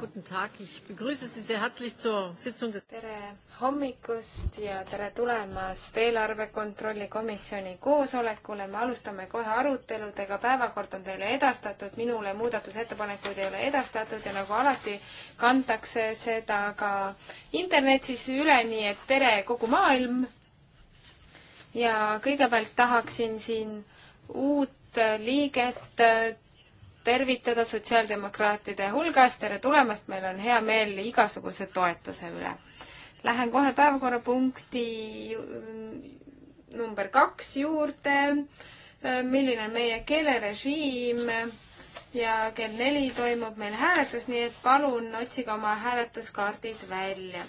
Guten Tag, ich begrüße Sie sehr herzlich zur Sitzung des tere hommikust ja tere tulemast eelarvekontrolli komisjoni koosolekule. me alustame kohe aruteludega, päevakord on teile edastatud, minule muudatusettepanekuid ei ole edastatud ja nagu alati kantakse seda ka internetis üle, nii et tere kogu maailm. ja kõigepealt tahaksin siin uut liiget tervitada sotsiaaldemokraatide hulgas, tere tulemast, meil on hea meel igasuguse toetuse üle. Lähen kohe päevakorrapunkti number kaks juurde, milline on meie keelerežiim ja kell neli toimub meil hääletus, nii et palun otsige oma hääletuskaardid välja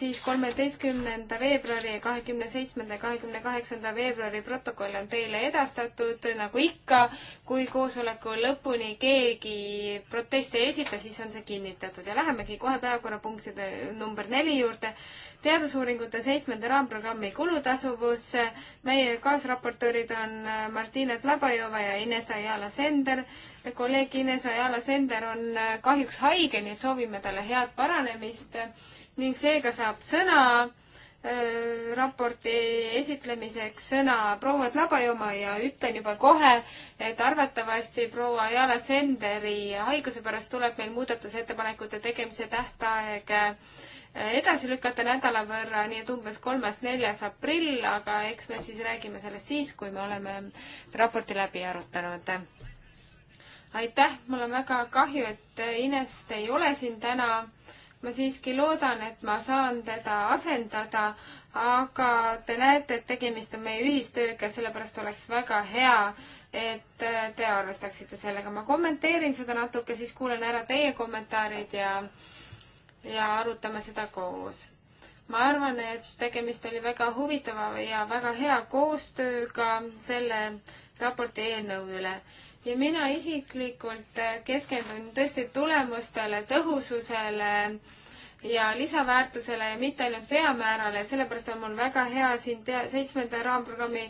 siis kolmeteistkümnenda veebruari ja kahekümne seitsmenda ja kahekümne kaheksanda veebruari protokoll on teile edastatud, nagu ikka, kui koosoleku lõpuni keegi proteste ei esita, siis on see kinnitatud ja lähemegi kohe päevakorrapunktide number neli juurde. teadusuuringute seitsmenda raamprogrammi kulutasuvus. meie kaasraportöörid on Martina Tlabajova ja Ines Ajala-Sender. kolleeg Ines Ajala-Sender on kahjuks haige, nii et soovime talle head paranemist ning seega saab sõna äh, raporti esitlemiseks sõna proua Tlabajõma ja ütlen juba kohe, et arvatavasti proua Jala Senderi haiguse pärast tuleb meil muudatusettepanekute tegemise tähtaeg äh, edasi lükata nädala võrra, nii et umbes kolmas-neljas aprill, aga eks me siis räägime sellest siis, kui me oleme raporti läbi arutanud aitäh, mul on väga kahju, et Inest ei ole siin täna ma siiski loodan, et ma saan teda asendada, aga te näete, et tegemist on meie ühistööga, sellepärast oleks väga hea, et äh, te arvestaksite sellega. ma kommenteerin seda natuke, siis kuulen ära teie kommentaarid ja, ja arutame seda koos. ma arvan, et tegemist oli väga huvitava ja väga hea koostööga selle raporti eelnõu üle ja mina isiklikult äh, keskendun tõesti tulemustele, tõhususele ja lisaväärtusele ja mitte ainult veamäärale, sellepärast on mul väga hea siin tea-, seitsmenda raamprogrammi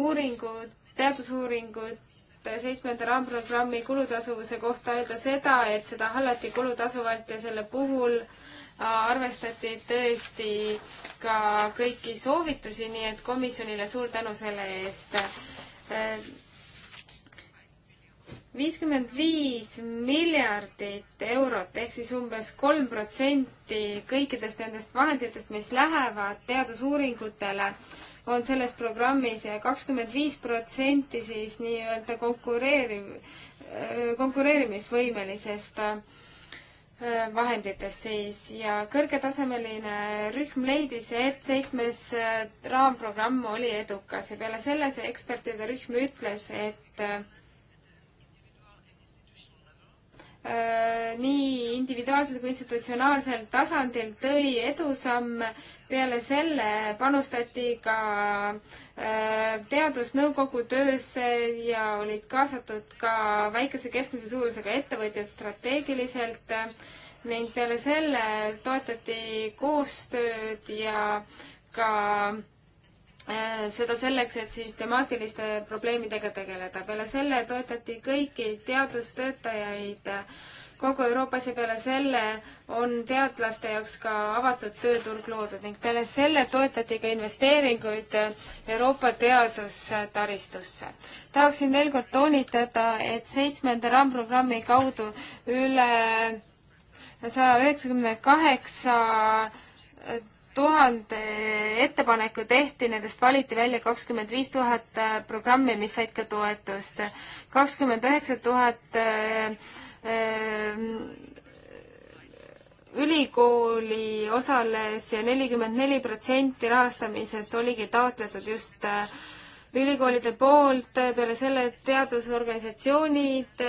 uuringud, teadusuuringud seitsmenda raamprogrammi kulutasuvuse kohta öelda seda, et seda hallati kulutasuvalt ja selle puhul äh, arvestati tõesti ka kõiki soovitusi, nii et komisjonile suur tänu selle eest äh, viiskümmend viis miljardit eurot ehk siis umbes kolm protsenti kõikidest nendest vahenditest, mis lähevad teadusuuringutele, on selles programmis ja kakskümmend viis protsenti siis nii-öelda konkureeriv, konkureerimisvõimelisest vahenditest siis ja kõrgetasemeline rühm leidis, et seitsmes raamprogramm oli edukas ja peale selle see ekspertide rühm ütles, et Äh, nii individuaalsel kui institutsionaalsel tasandil tõi edusamme. peale selle panustati ka äh, teadusnõukogu töösse ja olid kaasatud ka väikese keskmise suurusega ettevõtjad strateegiliselt ning peale selle toetati koostööd ja ka äh, Äh, seda selleks, et siis temaatiliste probleemidega tegeleda. peale selle toetati kõiki teadustöötajaid kogu Euroopas ja peale selle on teadlaste jaoks ka avatud tööturg loodud ning peale selle toetati ka investeeringuid Euroopa teadustaristusse. tahaksin veel kord toonitada, et seitsmenda RAM-programmi kaudu üle saja üheksakümne kaheksa tuhande ettepaneku tehti, nendest valiti välja kakskümmend viis tuhat äh, programmi, mis said ka toetust. kakskümmend üheksa tuhat äh, äh, ülikooli osales ja nelikümmend neli protsenti rahastamisest oligi taotletud just ülikoolide poolt, peale selle teadusorganisatsioonid,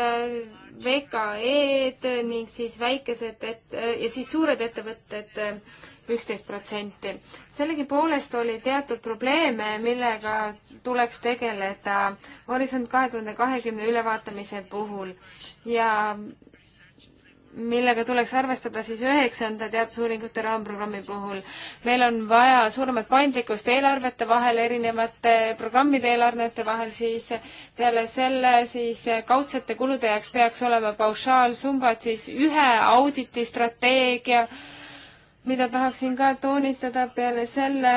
VKE-d ning siis väikesed et- ja siis suured ettevõtted et, üksteist protsenti. sellegipoolest oli teatud probleeme, millega tuleks tegeleda Horisont kahe tuhande kahekümne ülevaatamise puhul ja millega tuleks arvestada siis üheksanda teadusuuringute raamprogrammi puhul. meil on vaja suuremat paindlikkust eelarvete vahel, erinevate programmide eelarvete vahel, siis peale selle siis kaudsete kulude jaoks peaks olema paušaalsumbad siis ühe auditi strateegia äh, mida tahaksin ka toonitada peale selle,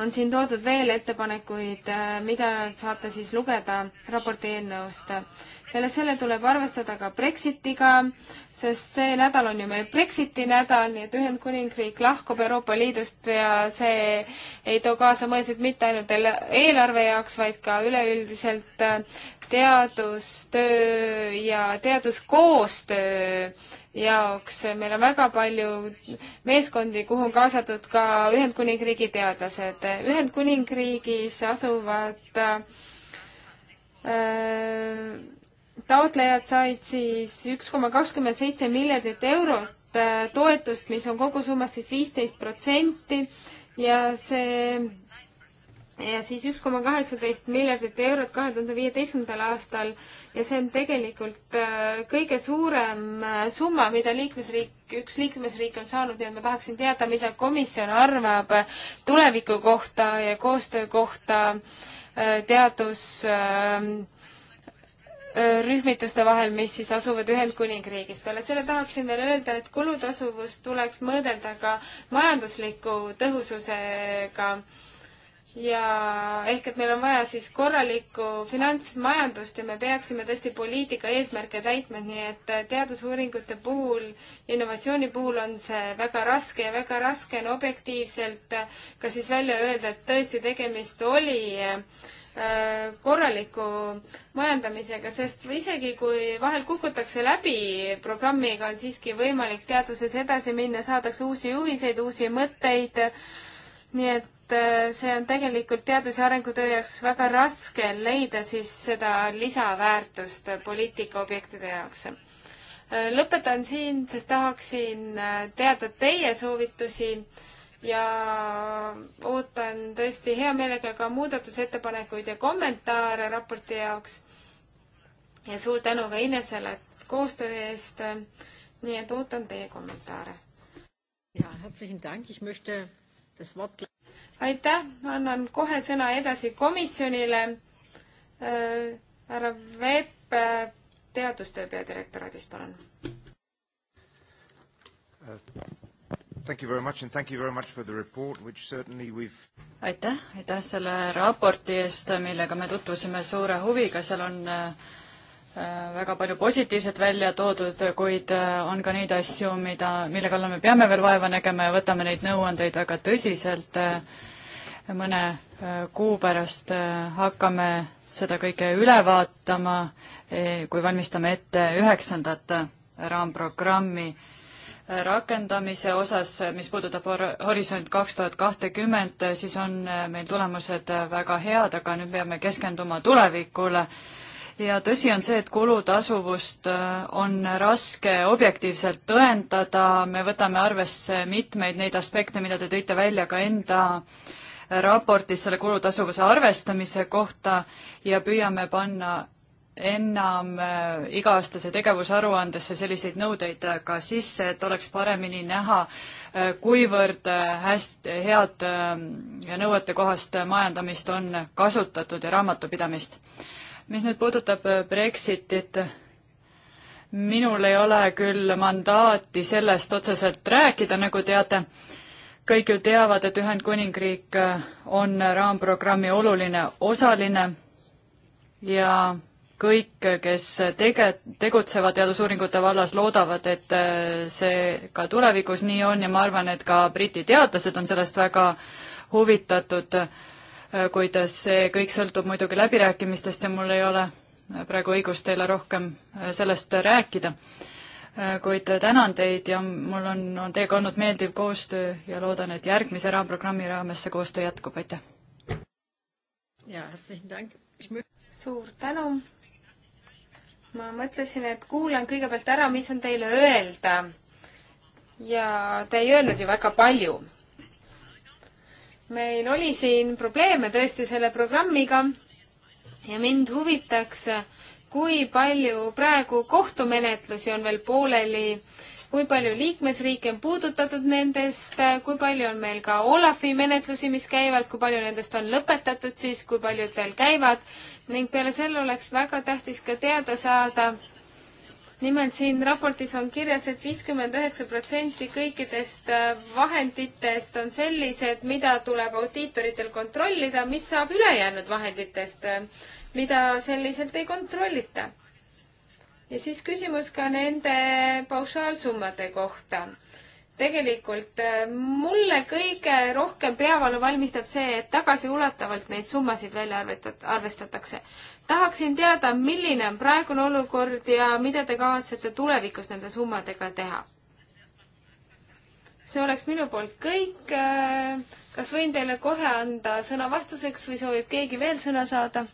on siin toodud veel ettepanekuid, äh, mida saate siis lugeda raporti eelnõust peale selle tuleb arvestada ka Brexitiga, sest see nädal on ju meil Brexiti nädal, nii et Ühendkuningriik lahkub Euroopa Liidust ja see ei too kaasa mõjusid mitte ainult eelarve jaoks, vaid ka üleüldiselt äh, teadustöö ja teaduskoostöö jaoks. meil on väga palju meeskondi, kuhu on kaasatud ka Ühendkuningriigi teadlased. Ühendkuningriigis asuvad äh, taotlejad said siis üks koma kakskümmend seitse miljardit eurot äh, toetust, mis on kogusummast siis viisteist protsenti ja see ja siis üks koma kaheksateist miljardit eurot kahe tuhande viieteistkümnendal aastal ja see on tegelikult äh, kõige suurem äh, summa, mida liikmesriik, üks liikmesriik on saanud ja ma tahaksin teada, mida komisjon arvab tuleviku kohta ja koostöö kohta teadus äh, rühmituste vahel, mis siis asuvad Ühendkuningriigis. peale selle tahaksin veel öelda, et kulutasuvust tuleks mõõdelda ka majandusliku tõhususega ja ehk et meil on vaja siis korralikku finantsmajandust ja me peaksime tõesti poliitika eesmärke täitma, nii et teadusuuringute puhul, innovatsiooni puhul on see väga raske ja väga raske on objektiivselt ka siis välja öelda, et tõesti tegemist oli äh, Äh, korraliku majandamisega, sest isegi kui vahel kukutakse läbi programmiga, on siiski võimalik teaduses edasi minna, saadakse uusi juhiseid, uusi mõtteid. nii et äh, see on tegelikult teadus- ja arengutöö jaoks väga raske leida siis seda lisaväärtust poliitikaobjektide jaoks. Äh, lõpetan siin, sest tahaksin teada teie soovitusi ja ootan tõesti hea meelega ka muudatusettepanekuid ja kommentaare raporti jaoks. ja suur tänu ka Inesele koostöö eest. nii et ootan teie kommentaare. ja, herzlichen Dank, ich möchte das Wort. aitäh, annan kohe sõna edasi komisjonile äh,. härra Veep äh, teadustöö peadirektoraadist, palun äh aitäh, aitäh selle raporti eest, millega me tutvusime suure huviga, seal on äh, äh, väga palju positiivset välja toodud, kuid äh, on ka neid asju, mida, mille kallal me peame veel vaeva nägema ja võtame neid nõuandeid väga tõsiselt. mõne kuu pärast hakkame seda kõike üle vaatama, eh, kui valmistame ette üheksandat raamprogrammi rakendamise osas, mis puudutab Horisont kaks tuhat kahtekümmend, siis on meil tulemused väga head, aga nüüd peame keskenduma tulevikule. ja tõsi on see, et kulutasuvust äh, on raske objektiivselt tõendada, me võtame arvesse mitmeid neid aspekte, mida te tõite välja ka enda raportis selle kulutasuvuse arvestamise kohta ja püüame panna enam äh, iga-aastase tegevusaruandesse selliseid nõudeid äh, ka sisse, et oleks paremini näha, äh, kuivõrd hästi, head ja nõuetekohast majandamist on kasutatud ja raamatupidamist. mis nüüd puudutab Brexitit, minul ei ole küll mandaati sellest otseselt rääkida, nagu teate, kõik ju teavad, et Ühendkuningriik on raamprogrammi oluline osaline ja kõik, kes tege-, tegutsevad teadusuuringute vallas, loodavad, et äh, see ka tulevikus nii on ja ma arvan, et ka Briti teadlased on sellest väga huvitatud, äh, kuid see kõik sõltub muidugi läbirääkimistest ja mul ei ole äh, praegu õigust teile rohkem sellest rääkida. kuid tänan teid ja mul on, on teiega olnud meeldiv koostöö ja loodan, et järgmise raamprogrammi raames see koostöö jätkub, aitäh! suur tänu! ma mõtlesin, et kuulan kõigepealt ära, mis on teile öelda. ja te ei öelnud ju väga palju. meil oli siin probleeme tõesti selle programmiga ja mind huvitaks, kui palju praegu kohtumenetlusi on veel pooleli äh, kui palju liikmesriike on puudutatud nendest, kui palju on meil ka Olafi menetlusi, mis käivad, kui palju nendest on lõpetatud siis, kui paljud veel käivad ning peale selle oleks väga tähtis ka teada saada, nimelt siin raportis on kirjas et, et viiskümmend üheksa protsenti kõikidest äh, vahenditest on sellised, mida tuleb audiitoritel kontrollida, mis saab ülejäänud vahenditest, äh, mida selliselt ei kontrollita ja siis küsimus ka nende paušaalsummade kohta. tegelikult äh, mulle kõige rohkem peavalu valmistab see, et tagasiulatavalt neid summasid välja arvetat-, arvestatakse. tahaksin teada, milline on praegune olukord ja mida te kavatsete tulevikus nende summadega teha? see oleks minu poolt kõik. Äh, kas võin teile kohe anda sõna vastuseks või soovib keegi veel sõna saada?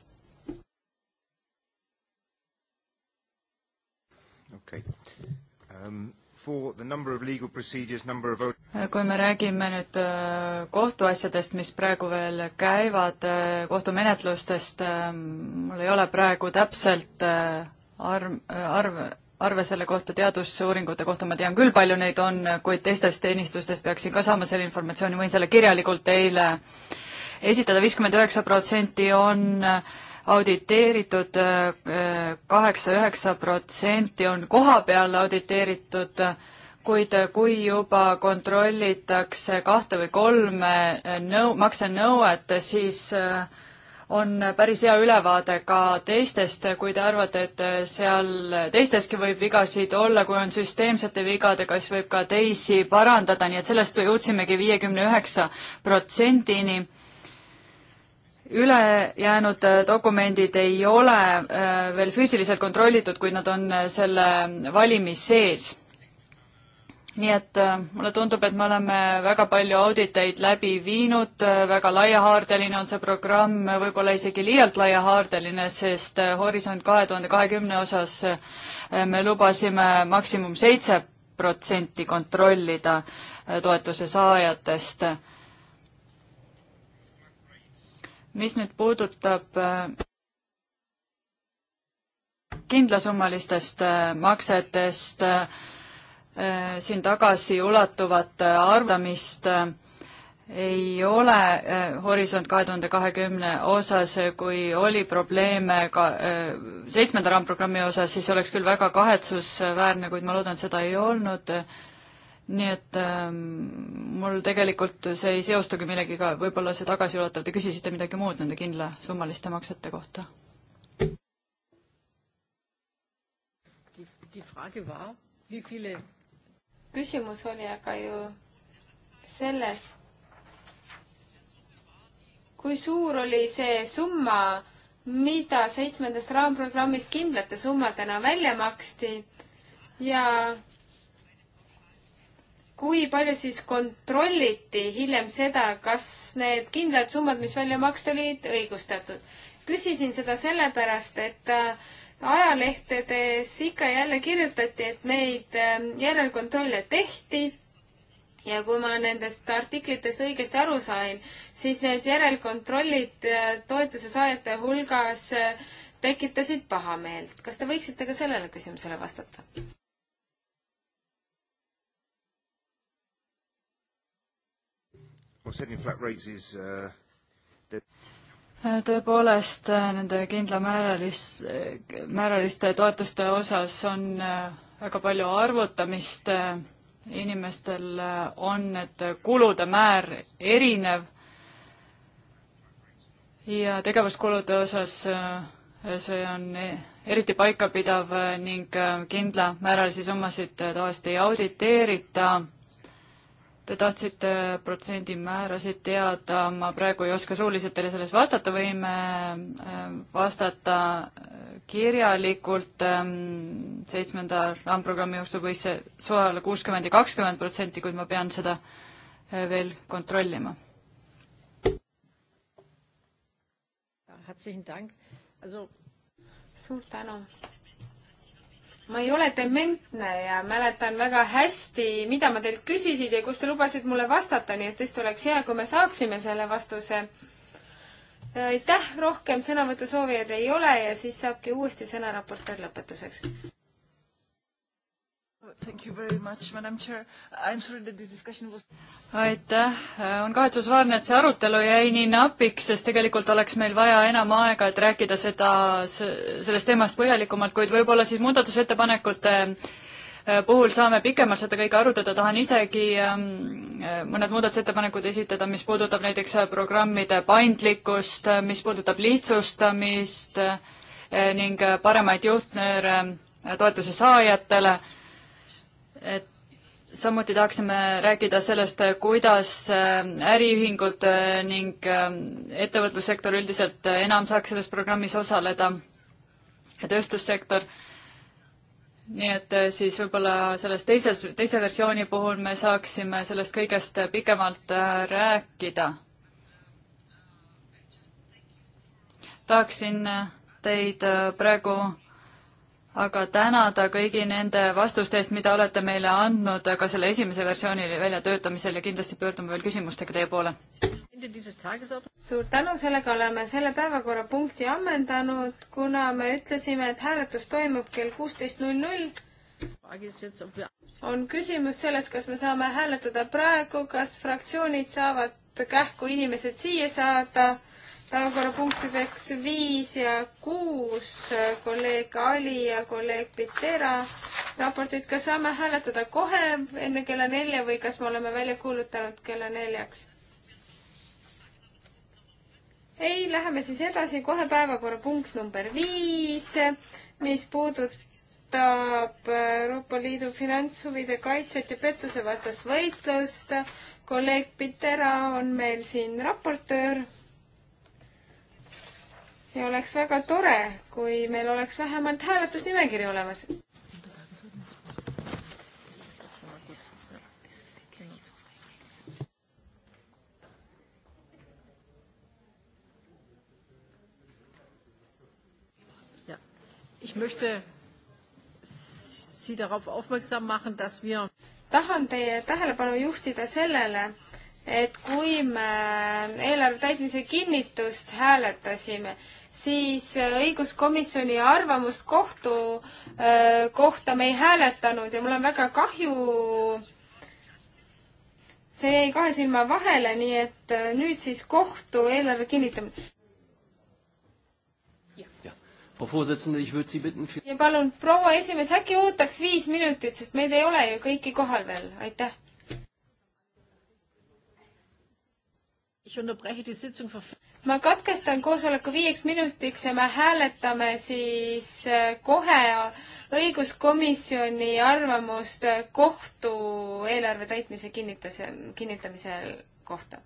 Okay. Um, for the number of legal procedures, number of äh, kui me räägime nüüd äh, kohtuasjadest, mis praegu veel käivad, äh, kohtumenetlustest, mul ei ole praegu täpselt arv, arv, arve selle kohta, teadusuuringute kohta ma tean küll, palju neid on, kuid teistest teenistustest peaksin ka saama selle informatsiooni, võin selle kirjalikult teile esitada, viiskümmend üheksa protsenti on äh, auditeeritud kaheksa, üheksa protsenti on kohapeal auditeeritud, kuid kui juba kontrollitakse kahte või kolme nõu-, maksenõuet, siis on päris hea ülevaade ka teistest, kui te arvate, et seal teisteski võib vigasid olla, kui on süsteemsete vigadega, siis võib ka teisi parandada, nii et sellest jõudsimegi viiekümne üheksa protsendini ülejäänud äh, dokumendid ei ole äh, veel füüsiliselt kontrollitud, kuid nad on äh, selle valimi sees. nii et mulle tundub, et me oleme väga palju auditeid läbi viinud, väga laiahaardeline on see programm, võib-olla isegi liialt laiahaardeline, sest Horisont kahe tuhande kahekümne osas me lubasime maksimum seitse protsenti kontrollida toetuse saajatest mis nüüd puudutab äh, kindlasummalistest äh, maksetest äh, siin tagasiulatuvat arvamist ei ole Horisont kahe tuhande kahekümne osas, kui oli probleeme ka seitsmenda raamprogrammi osas, siis oleks küll väga kahetsusväärne, kuid ma loodan, et seda ei olnud nii et ähm, mul tegelikult see ei seostugi millegiga, võib-olla see tagasiulatav, te küsisite midagi muud nende kindlasummaliste maksete kohta? küsimus oli aga ju selles, kui suur oli see summa, mida seitsmendast raamprogrammist kindlate summadena välja maksti ja kui palju siis kontrolliti hiljem seda, kas need kindlad summad, mis välja maksti, olid õigustatud? küsisin seda sellepärast, et äh, ajalehtedes ikka ja jälle kirjutati, et neid ähm, järelkontrolle tehti ja kui ma nendest artiklitest õigesti aru sain, siis need järelkontrollid äh, toetuse saajate hulgas äh, tekitasid pahameelt. kas te võiksite ka sellele küsimusele vastata? Uh, äh, tõepoolest äh, nende kindlamääralis-, äh, määraliste toetuste osas on väga palju arvutamist, inimestel on need kulude määr erinev ja tegevuskulude osas see on eriti paikapidav ning kindlamääral siis omasid tavaliselt ei auditeerita Te tahtsite protsendimäärasid teada, ma praegu ei oska suuliselt teile selles vastata, võime ähm, vastata äh, kirjalikult ähm, seitsmenda raamprogrammi jooksul võis see sojale kuuskümmend ja kakskümmend protsenti, kuid ma pean seda äh, veel kontrollima. suur tänu ma ei ole dementne ja mäletan väga hästi, mida ma teilt küsisid ja kus te lubasid mulle vastata, nii et tõesti oleks hea, kui me saaksime selle vastuse. aitäh, rohkem sõnavõtusoovijaid ei ole ja siis saabki uuesti sõna raportöör lõpetuseks aitäh, on kahetsusväärne, et see arutelu jäi nii napiks, sest tegelikult oleks meil vaja enam aega, et rääkida seda, sellest teemast põhjalikumalt, kuid võib-olla siis muudatusettepanekute äh, puhul saame pikemalt seda kõike arutada, tahan isegi ähm, äh, mõned muudatusettepanekud esitada, mis puudutab näiteks äh, programmide paindlikkust, mis puudutab lihtsustamist ning paremaid juhtnööre toetuse saajatele et samuti tahaksime rääkida sellest, kuidas äh, äriühingud äh, ning äh, ettevõtlussektor üldiselt enam saaks selles programmis osaleda ja tööstussektor. nii et siis võib-olla selles teises, teise versiooni puhul me saaksime sellest kõigest pikemalt rääkida. tahaksin teid praegu aga tänada kõigi nende vastuste eest, mida olete meile andnud ka selle esimese versiooni väljatöötamisel ja kindlasti pöördume veel küsimustega teie poole. suur tänu, sellega oleme selle päevakorrapunkti ammendanud, kuna me ütlesime, et hääletus toimub kell kuusteist null null. on küsimus selles, kas me saame hääletada praegu, kas fraktsioonid saavad kähku inimesed siia saada päevakorrapunktideks viis ja kuus kolleeg Ali ja kolleeg Pitera raportit. kas saame hääletada kohe enne kella nelja või kas me oleme välja kuulutanud kella neljaks? ei, läheme siis edasi kohe päevakorrapunkt number viis, mis puudutab Euroopa Liidu finantshuvide kaitset ja pettusevastast võitlust. kolleeg Pitera on meil siin raportöör ja oleks väga tore, kui meil oleks vähemalt hääletusnimekiri olemas. Ich möchte Sie darauf aufmerksam machen, dass wir tahan teie tähelepanu juhtida sellele, et kui me eelarve täitmise kinnitust hääletasime, siis äh, õiguskomisjoni arvamust kohtu äh, kohta me ei hääletanud ja mul on väga kahju, see jäi kahe silma vahele, nii et äh, nüüd siis kohtu eelarve kinnitamine. ja palun, proua esimees, äkki ootaks viis minutit, sest meid ei ole ju kõiki kohal veel, aitäh ma katkestan koosoleku viieks minutiks ja me hääletame siis äh, kohe õiguskomisjoni arvamust kohtu eelarve täitmise kinnitase, kinnitamise kohta.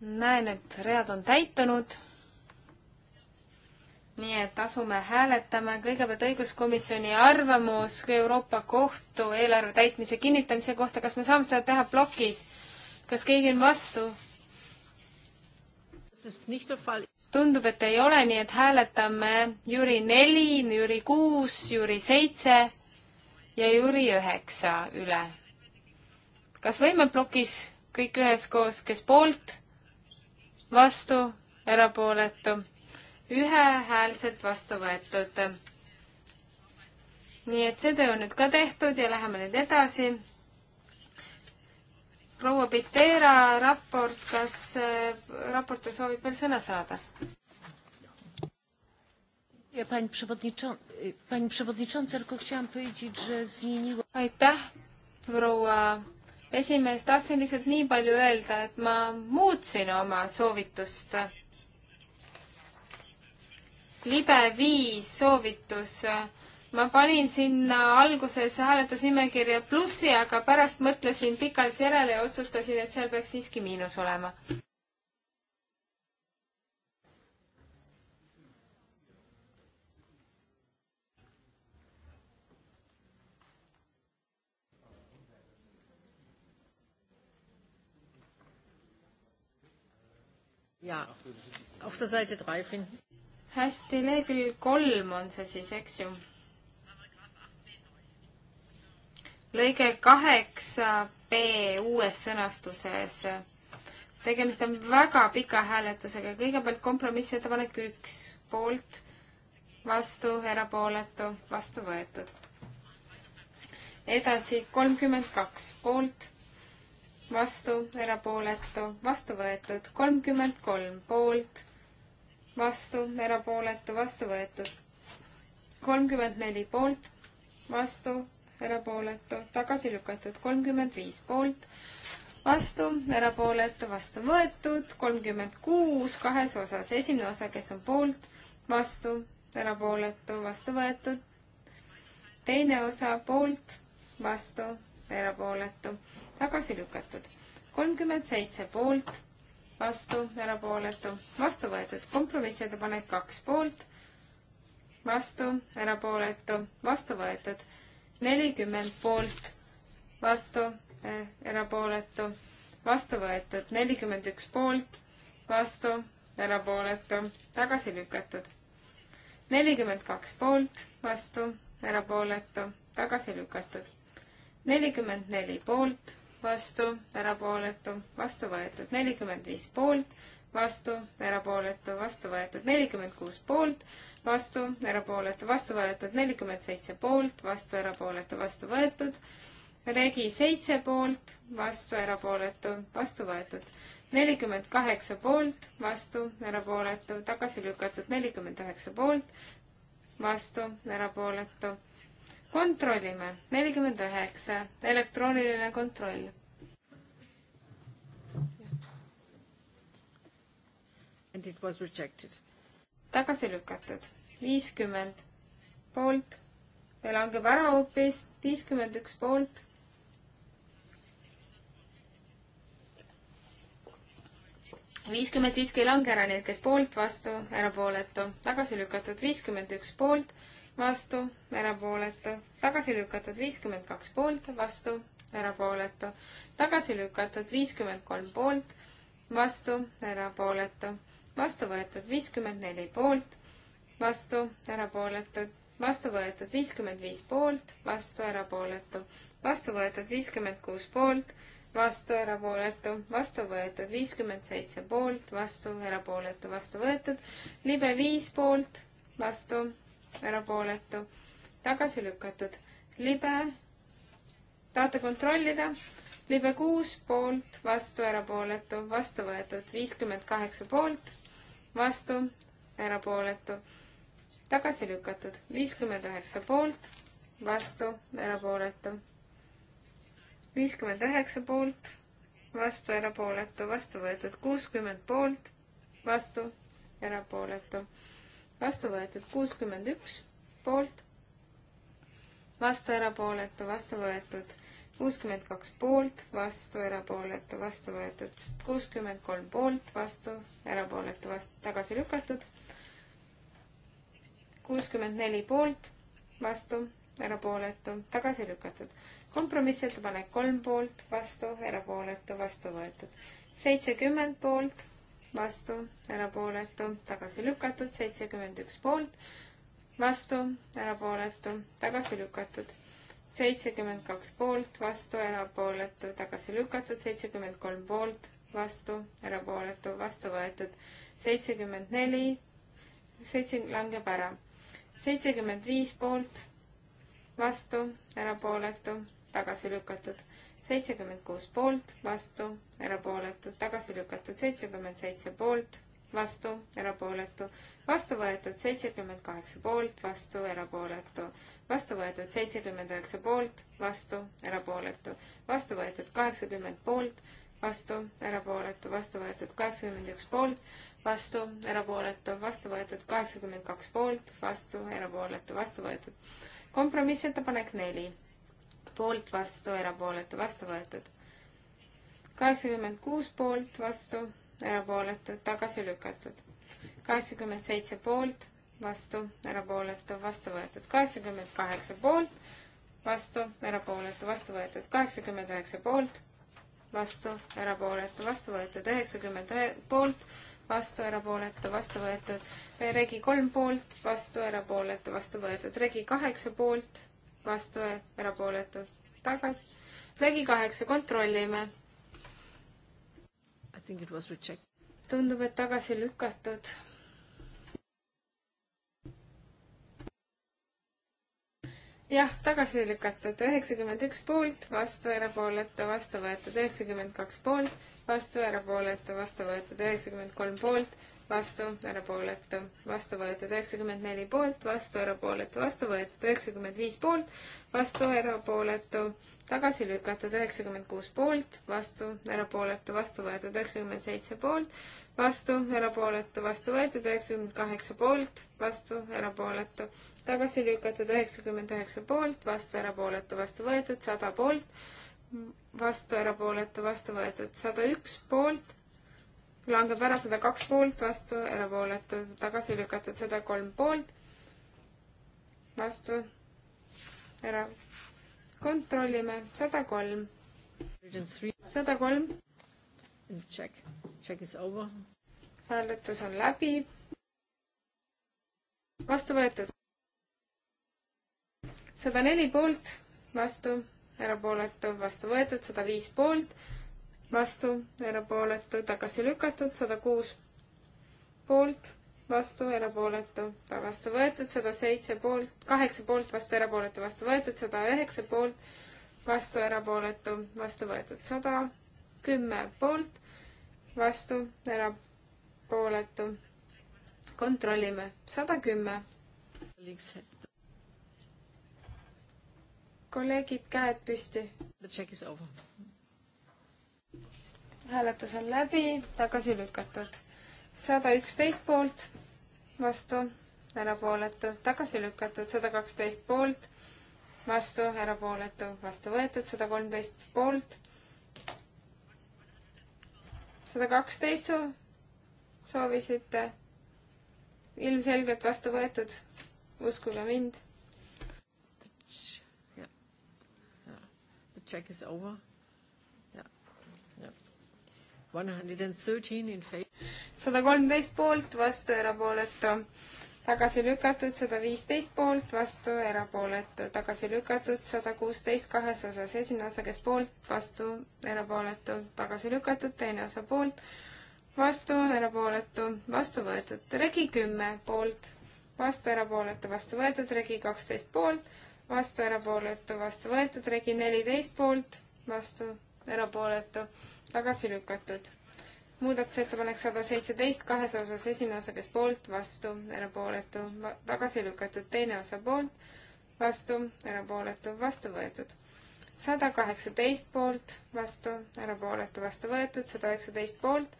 näen, et read on täitunud. nii et asume hääletama kõigepealt õiguskomisjoni arvamus Euroopa Kohtu eelarve täitmise kinnitamise kohta. kas me saame seda teha plokis? kas keegi on vastu? tundub, et ei ole, nii et hääletame Jüri neli, Jüri kuus, Jüri seitse ja Jüri üheksa üle kas võime plokis kõik üheskoos, kes poolt, vastu, erapooletu, ühehäälselt vastu võetud. nii et see töö on nüüd ka tehtud ja läheme nüüd edasi. proua Pitera raport, kas äh, raportöör soovib veel sõna saada? Pani przewodnicząca, pani przewodnicząca, tylko chciałam powiedzieć, że zmieniło... Aitäh, proua esimees, tahtsin lihtsalt nii palju öelda, et ma muutsin oma soovitust. libe viis soovitus. ma panin sinna alguses hääletusnimekirja plussi, aga pärast mõtlesin pikalt järele ja otsustasin, et seal peaks siiski miinus olema. hästi, lehekülg kolm on see siis, eks ju? lõige kaheksa B uues sõnastuses. tegemist on väga pika hääletusega, kõigepealt kompromissettepanek üks, poolt, vastu, erapooletu, vastu võetud. edasi kolmkümmend kaks, poolt vastu, erapooletu, vastu võetud. kolmkümmend kolm poolt, vastu, erapooletu, vastu võetud. kolmkümmend neli poolt, vastu, erapooletu, tagasi lükatud. kolmkümmend viis poolt, vastu, erapooletu, vastu võetud. kolmkümmend kuus kahes osas. esimene osa, kes on poolt, vastu, erapooletu, vastu võetud. teine osa poolt, vastu, erapooletu tagasi lükatud. kolmkümmend seitse poolt, vastu, erapooletu, vastu võetud. kompromissettepanek kaks poolt, vastu, erapooletu, vastu võetud. nelikümmend poolt, vastu, erapooletu, vastu võetud. nelikümmend üks poolt, vastu, erapooletu, tagasi lükatud. nelikümmend kaks poolt, vastu, erapooletu, tagasi lükatud nelikümmend neli poolt, vastu, erapooletu, vastu võetud nelikümmend viis poolt, vastu, erapooletu, vastu võetud nelikümmend kuus poolt, vastu, erapooletu, vastu võetud nelikümmend seitse poolt, vastu, erapooletu, vastu võetud, regi seitse poolt, vastu, erapooletu, vastu võetud nelikümmend kaheksa poolt, vastu, erapooletu, tagasi lükatud nelikümmend üheksa poolt, vastu, erapooletu kontrollime, nelikümmend üheksa, elektrooniline kontroll. And it was rejected. tagasi lükatud, viiskümmend poolt ja langeb ära hoopis viiskümmend üks poolt. viiskümmend siiski ei lange ära, nii et kes poolt, vastu, erapooletu, tagasi lükatud, viiskümmend üks poolt vastu, erapooletu, tagasi lükatud viiskümmend kaks poolt, vastu, erapooletu, tagasi lükatud viiskümmend kolm poolt, vastu, erapooletu, vastu võetud viiskümmend neli poolt, vastu, erapooletud, vastu võetud viiskümmend viis poolt, vastu, erapooletu, vastu võetud viiskümmend kuus poolt, vastu, erapooletu, vastu võetud viiskümmend seitse poolt, vastu, erapooletu, vastu võetud, libe viis poolt, vastu, erapooletu, tagasi lükatud. libe, tahate kontrollida? libe kuus poolt, vastu, erapooletu, vastu võetud, viiskümmend kaheksa poolt, vastu, erapooletu, tagasi lükatud, viiskümmend üheksa poolt, vastu, erapooletu, viiskümmend üheksa poolt, vastu, erapooletu, vastu võetud, kuuskümmend poolt, vastu, erapooletu vastu võetud kuuskümmend üks poolt, vastu erapooletu, vastu võetud kuuskümmend kaks poolt, vastu erapooletu, vastu võetud kuuskümmend kolm poolt, vastu erapooletu, vastu tagasi lükatud, kuuskümmend neli poolt, vastu erapooletu, tagasi lükatud. kompromissettepanek kolm poolt, vastu erapooletu, vastu võetud seitsekümmend poolt vastu, erapooletu, tagasi lükatud, seitsekümmend üks poolt, vastu, erapooletu, tagasi lükatud, seitsekümmend kaks poolt, vastu, erapooletu, tagasi lükatud, seitsekümmend kolm poolt, vastu, erapooletu, vastu võetud, seitsekümmend neli, seitse langeb ära, seitsekümmend viis poolt, vastu, erapooletu, tagasi lükatud seitsekümmend kuus poolt, vastu, erapooletud, tagasi lükatud seitsekümmend seitse poolt, vastu, erapooletu, vastu võetud seitsekümmend kaheksa poolt, vastu, erapooletu, vastu võetud seitsekümmend üheksa poolt, vastu, erapooletu, vastu võetud kaheksakümmend poolt, vastu, erapooletu, vastu võetud kaheksakümmend üks poolt, vastu, erapooletu, vastu võetud kaheksakümmend kaks poolt, vastu, erapooletu, vastu võetud. kompromissettepanek neli poolt, vastu, erapooletu, vastu võetud. kaheksakümmend kuus poolt, vastu, erapooletu, tagasi lükatud. kaheksakümmend seitse poolt, vastu, erapooletu, vastu võetud. kaheksakümmend kaheksa poolt, vastu, erapooletu, vastu võetud. kaheksakümmend üheksa poolt, vastu, erapooletu, vastu võetud. üheksakümmend poolt, vastu, erapooletu, vastu võetud. regi kolm poolt, vastu, erapooletu, vastu võetud. regi kaheksa poolt vastu, erapooletud, tagasi. Regi kaheksa, kontrollime. tundub, et tagasi lükatud. jah, tagasi lükatud, üheksakümmend üks poolt, vastu, erapooletu, vastu võetud, üheksakümmend kaks poolt, vastu, erapooletu, vastu võetud, üheksakümmend kolm poolt, vastu, erapooletu, vastu võetud üheksakümmend neli poolt, vastu, erapooletu, vastu võetud üheksakümmend viis poolt, vastu, erapooletu, tagasi lükatud üheksakümmend kuus poolt, vastu, erapooletu, vastu võetud üheksakümmend seitse poolt, vastu, erapooletu, vastu võetud üheksakümmend kaheksa poolt, vastu, erapooletu, tagasi lükatud üheksakümmend üheksa poolt, vastu, erapooletu, vastu võetud sada poolt, vastu, erapooletu, vastu võetud sada üks poolt langeb ära sada kaks poolt, vastu, erapooletud, tagasi lükatud sada kolm poolt, vastu, ära. kontrollime, sada kolm. sada kolm. Check, check is over. hääletus on läbi. vastu võetud. sada neli poolt, vastu, erapooletu, vastu võetud, sada viis poolt vastu, erapooletu, tagasi lükatud, sada kuus poolt, vastu, erapooletu, ta vastu võetud, sada seitse poolt, kaheksa poolt, vastu, erapooletu, vastu võetud, sada üheksa poolt, vastu, erapooletu, vastu võetud, sada kümme poolt, vastu, erapooletu. kontrollime, sada kümme. kolleegid, käed püsti. The check is over hääletus on läbi, tagasi lükatud. sada üksteist poolt, vastu, erapooletu, tagasi lükatud, sada kaksteist poolt, vastu, erapooletu, vastu võetud, sada kolmteist poolt, sada kaksteist soovisite, ilmselgelt vastu võetud, uskuge mind. The check is over sada kolmteist poolt, vastu, erapooletu, tagasi lükatud, sada viisteist poolt, vastu, erapooletu, tagasi lükatud, sada kuusteist kahes osas, esimene osa, kes poolt, vastu, erapooletu, tagasi lükatud, teine osa poolt, vastu, erapooletu, vastu võetud, regi kümme poolt, vastu, erapooletu, vastu võetud, regi kaksteist poolt, vastu, erapooletu, vastu võetud, regi neliteist poolt, vastu, erapooletu tagasi lükatud. muudatusettepanek sada seitseteist kahes osas, esimene osa, kes poolt, vastu, erapooletu, tagasi lükatud, teine osa poolt, vastu, erapooletu, vastu võetud. sada kaheksateist poolt, vastu, erapooletu, vastu võetud, sada üheksateist poolt,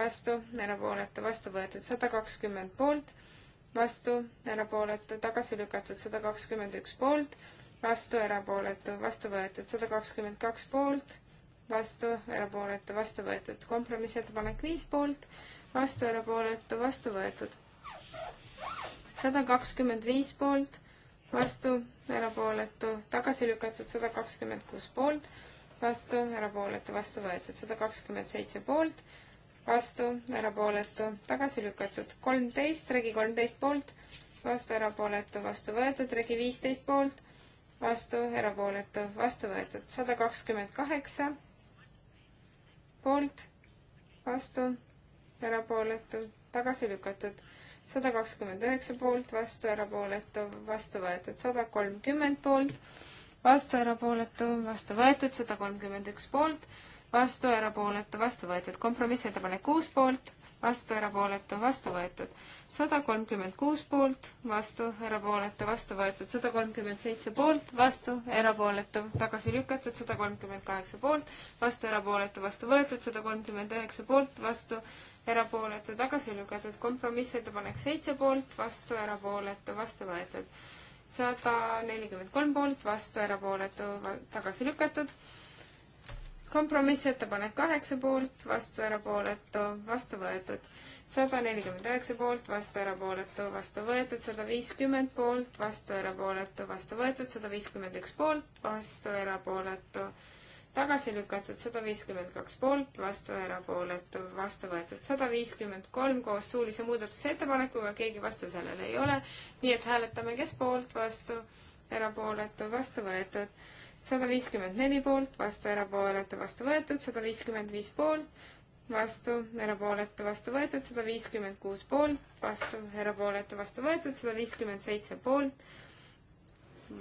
vastu, erapooletu, vastu võetud, sada kakskümmend poolt, vastu, erapooletu, tagasi lükatud, sada kakskümmend üks poolt, vastu, erapooletu, vastu võetud, sada kakskümmend kaks poolt vastu, erapooletu, vastu võetud. kompromissettepanek viis poolt, vastu, erapooletu, vastu võetud. sada kakskümmend viis poolt, vastu, erapooletu, tagasi lükatud, sada kakskümmend kuus poolt, vastu, erapooletu, vastu võetud, sada kakskümmend seitse poolt, vastu, erapooletu, tagasi lükatud, kolmteist, regi kolmteist poolt, vastu, erapooletu, vastu võetud, regi viisteist poolt, vastu, erapooletu, vastu võetud, sada kakskümmend kaheksa poolt, vastu, erapooletu, tagasi lükatud. sada kakskümmend üheksa poolt, vastu, erapooletu, vastu võetud. sada kolmkümmend poolt, vastu, erapooletu, vastu võetud. sada kolmkümmend üks poolt, vastu, erapooletu, vastu võetud. kompromissettepanek kuus poolt vastu, erapooletu, vastu võetud. sada kolmkümmend kuus poolt, vastu, erapooletu, vastu võetud. sada kolmkümmend seitse poolt, vastu, erapooletu, tagasi lükatud. sada kolmkümmend kaheksa poolt, vastu, erapooletu, vastu võetud. sada kolmkümmend üheksa poolt, vastu, erapooletu, tagasi lükatud. kompromissettepanek seitse poolt, vastu, erapooletu, vastu võetud. sada nelikümmend kolm poolt, vastu, erapooletu, tagasi lükatud kompromissettepanek kaheksa poolt, vastu erapooletu, vastu võetud. sada nelikümmend üheksa poolt, vastu erapooletu, vastu võetud, sada viiskümmend poolt, vastu erapooletu, vastu võetud, sada viiskümmend üks poolt, vastu erapooletu, tagasi lükatud, sada viiskümmend kaks poolt, vastu erapooletu, vastu võetud, sada viiskümmend kolm koos suulise muudatusettepanekuga, keegi vastu sellele ei ole, nii et hääletame, kes poolt, vastu, erapooletu, vastu võetud sada viiskümmend neli poolt, vastu, erapooletu, vastu võetud, sada viiskümmend viis poolt, vastu, erapooletu, vastu võetud, sada viiskümmend kuus poolt, vastu, erapooletu, vastu võetud, sada viiskümmend seitse poolt,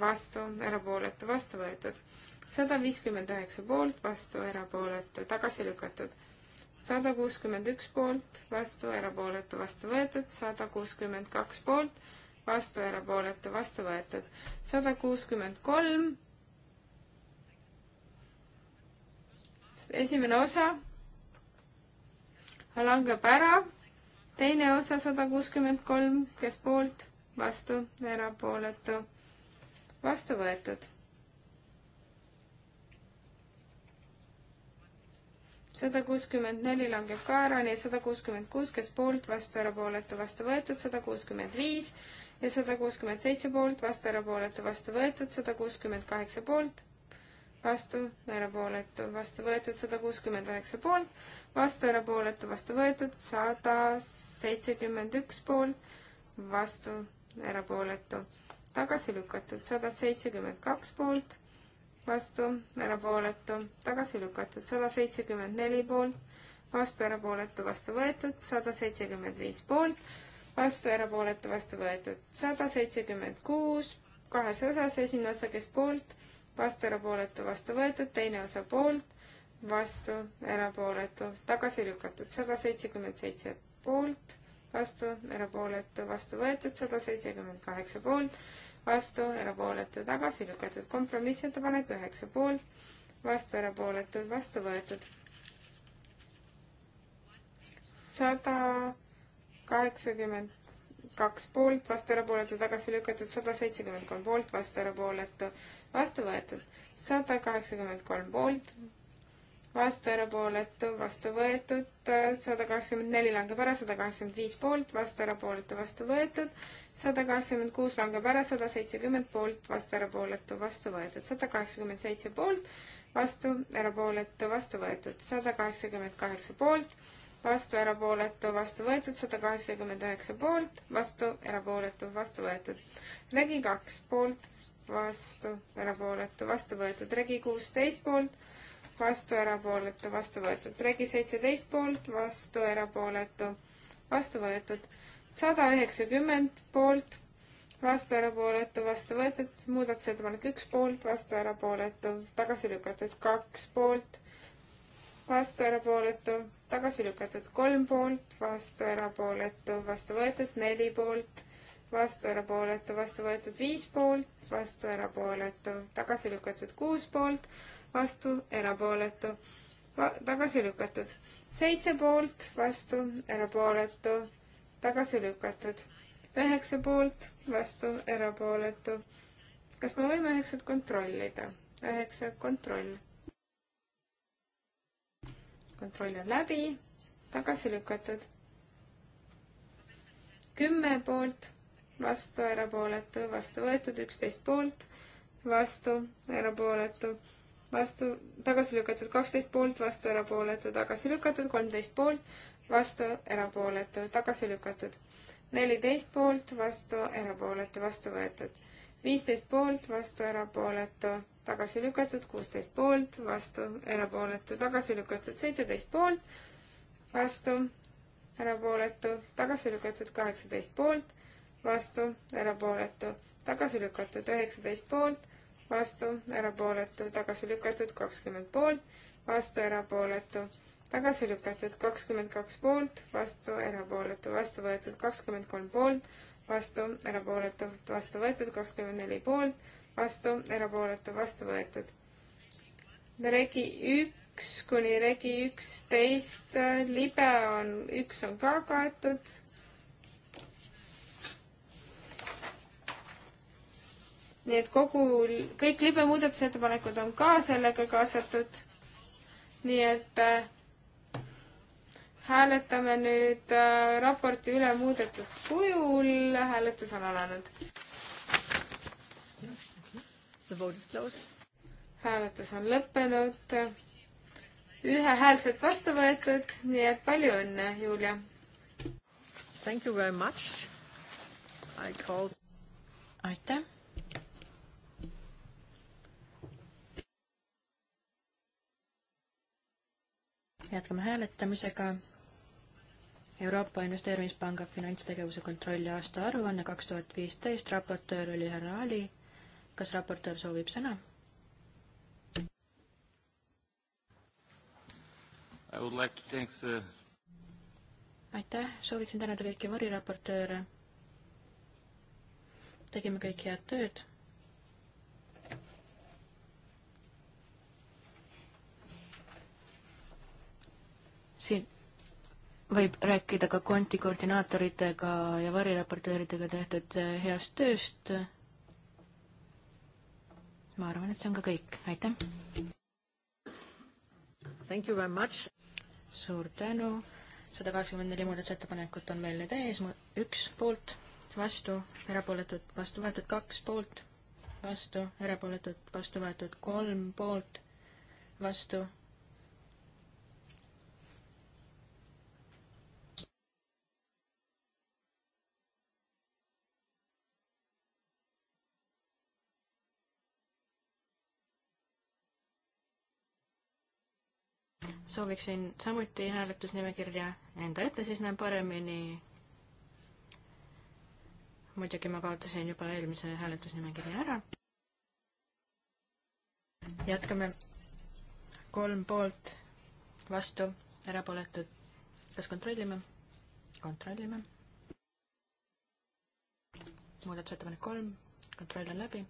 vastu, erapooletu, vastu võetud, sada viiskümmend üheksa poolt, vastu, erapooletu, tagasi lükatud, sada kuuskümmend üks poolt, vastu, erapooletu, vastu võetud, sada kuuskümmend kaks poolt, vastu, erapooletu, vastu võetud, sada kuuskümmend kolm esimene osa langeb ära, teine osa sada kuuskümmend kolm, kes poolt, vastu, erapooletu, vastu võetud. sada kuuskümmend neli langeb ka ära, nii et sada kuuskümmend kuus, kes poolt, vastu, erapooletu, vastu võetud, sada kuuskümmend viis ja sada kuuskümmend seitse poolt, vastu, erapooletu, vastu võetud, sada kuuskümmend kaheksa poolt vastu, erapooletu, vastu võetud sada kuuskümmend üheksa poolt, vastu erapooletu, vastu võetud sada seitsekümmend üks poolt, vastu erapooletu, tagasi lükatud sada seitsekümmend kaks poolt, vastu erapooletu, tagasi lükatud sada seitsekümmend neli poolt, vastu erapooletu, vastu võetud sada seitsekümmend viis poolt, vastu erapooletu, vastu võetud sada seitsekümmend kuus, kahes osas, esimene osa, kes poolt vastu, erapooletu, vastu võetud, teine osa poolt, vastu, erapooletu, tagasi lükatud, sada seitsekümmend seitse poolt, vastu, erapooletu, vastu võetud, sada seitsekümmend kaheksa poolt, vastu, erapooletu, tagasi lükatud, kompromissettepanek üheksa poolt, vastu, erapooletu, vastu võetud. sada kaheksakümmend kaks poolt, vastu erapooletu, tagasi lükatud sada seitsekümmend kolm poolt, vastu erapooletu, vastu võetud sada kaheksakümmend kolm poolt, vastu erapooletu, vastu võetud sada kaheksakümmend neli langeb ära, sada kaheksakümmend viis poolt, vastu erapooletu, vastu võetud sada kaheksakümmend kuus langeb ära, sada seitsekümmend poolt, vastu erapooletu, vastu võetud sada kaheksakümmend seitse poolt, vastu erapooletu, vastu võetud sada kaheksakümmend kaheksa poolt vastu, erapooletu, vastu võetud, sada kaheksakümmend üheksa poolt, vastu, erapooletu, vastu võetud. regi kaks poolt, vastu, erapooletu, vastu võetud, regi kuusteist poolt, vastu, erapooletu, vastu võetud, regi seitseteist poolt, vastu, erapooletu, vastu võetud, sada üheksakümmend poolt, vastu, erapooletu, vastu võetud, muudatusettepanek üks poolt, vastu, erapooletu, tagasi lükatud kaks poolt vastu, erapooletu, tagasi lükatud kolm poolt, vastu, erapooletu, vastu võetud neli poolt, vastu, erapooletu, vastu võetud viis poolt, vastu, erapooletu, tagasi lükatud kuus poolt, vastu, erapooletu, tagasi lükatud seitse poolt, vastu, erapooletu, tagasi lükatud üheksa poolt, vastu, erapooletu. kas me võime üheksat kontrollida? üheksa, kontroll kontroll on läbi, tagasi lükatud. kümme poolt, vastu, erapooletu, vastu võetud, üksteist poolt, vastu, erapooletu, vastu, tagasi lükatud, kaksteist poolt, vastu, erapooletu, tagasi lükatud, kolmteist poolt, vastu, erapooletu, tagasi lükatud. neliteist poolt, vastu, erapooletu, vastu võetud viisteist poolt, vastu, erapooletu, tagasi lükatud, kuusteist poolt, vastu, erapooletu, tagasi lükatud, seitseteist poolt, vastu, erapooletu, tagasi lükatud, kaheksateist poolt, vastu, erapooletu, tagasi lükatud, üheksateist poolt, vastu, erapooletu, tagasi lükatud, kakskümmend poolt, vastu, erapooletu, tagasi lükatud, kakskümmend kaks poolt, vastu, erapooletu, vastu võetud, kakskümmend kolm poolt vastu, erapooletult vastu võetud, kakskümmend neli poolt, vastu, erapooletu vastu võetud. regi üks kuni regi üksteist, libe on, üks on ka kaetud. nii et kogu, kõik libe muudatusettepanekud on ka sellega kaasatud. nii et äh, hääletame nüüd äh, raporti üle muudetud kujul, hääletus on alanud. hääletus on lõppenud, ühehäälselt vastu võetud, nii et palju õnne, Julia! Thank you very much. I called... aitäh! jätkame hääletamisega Euroopa Investeerimispanga finantstegevuse kontrolli aasta aruanne kaks tuhat viisteist, raportöör oli härra Ali. kas raportöör soovib sõna? Like thanks, uh... aitäh, sooviksin tänada kõiki variraportööre. tegime kõik head tööd siin võib rääkida ka konti koordinaatoritega ja variraportööridega tehtud äh, heast tööst. ma arvan, et see on ka kõik, aitäh. Thank you very much. suur tänu. sada kaheksakümmend neli muudatusettepanekut on meil nüüd ees, üks poolt, vastu, erapooletud, vastu võetud kaks poolt, vastu, erapooletud, vastu võetud kolm poolt, vastu sooviksin samuti hääletusnimekirja enda ette, siis näen paremini. muidugi ma kaotasin juba eelmise hääletusnimekirja ära. jätkame. kolm poolt, vastu, erapooletud. kas kontrollime? kontrollime. muudatusettepanek kolm, kontroll on läbi.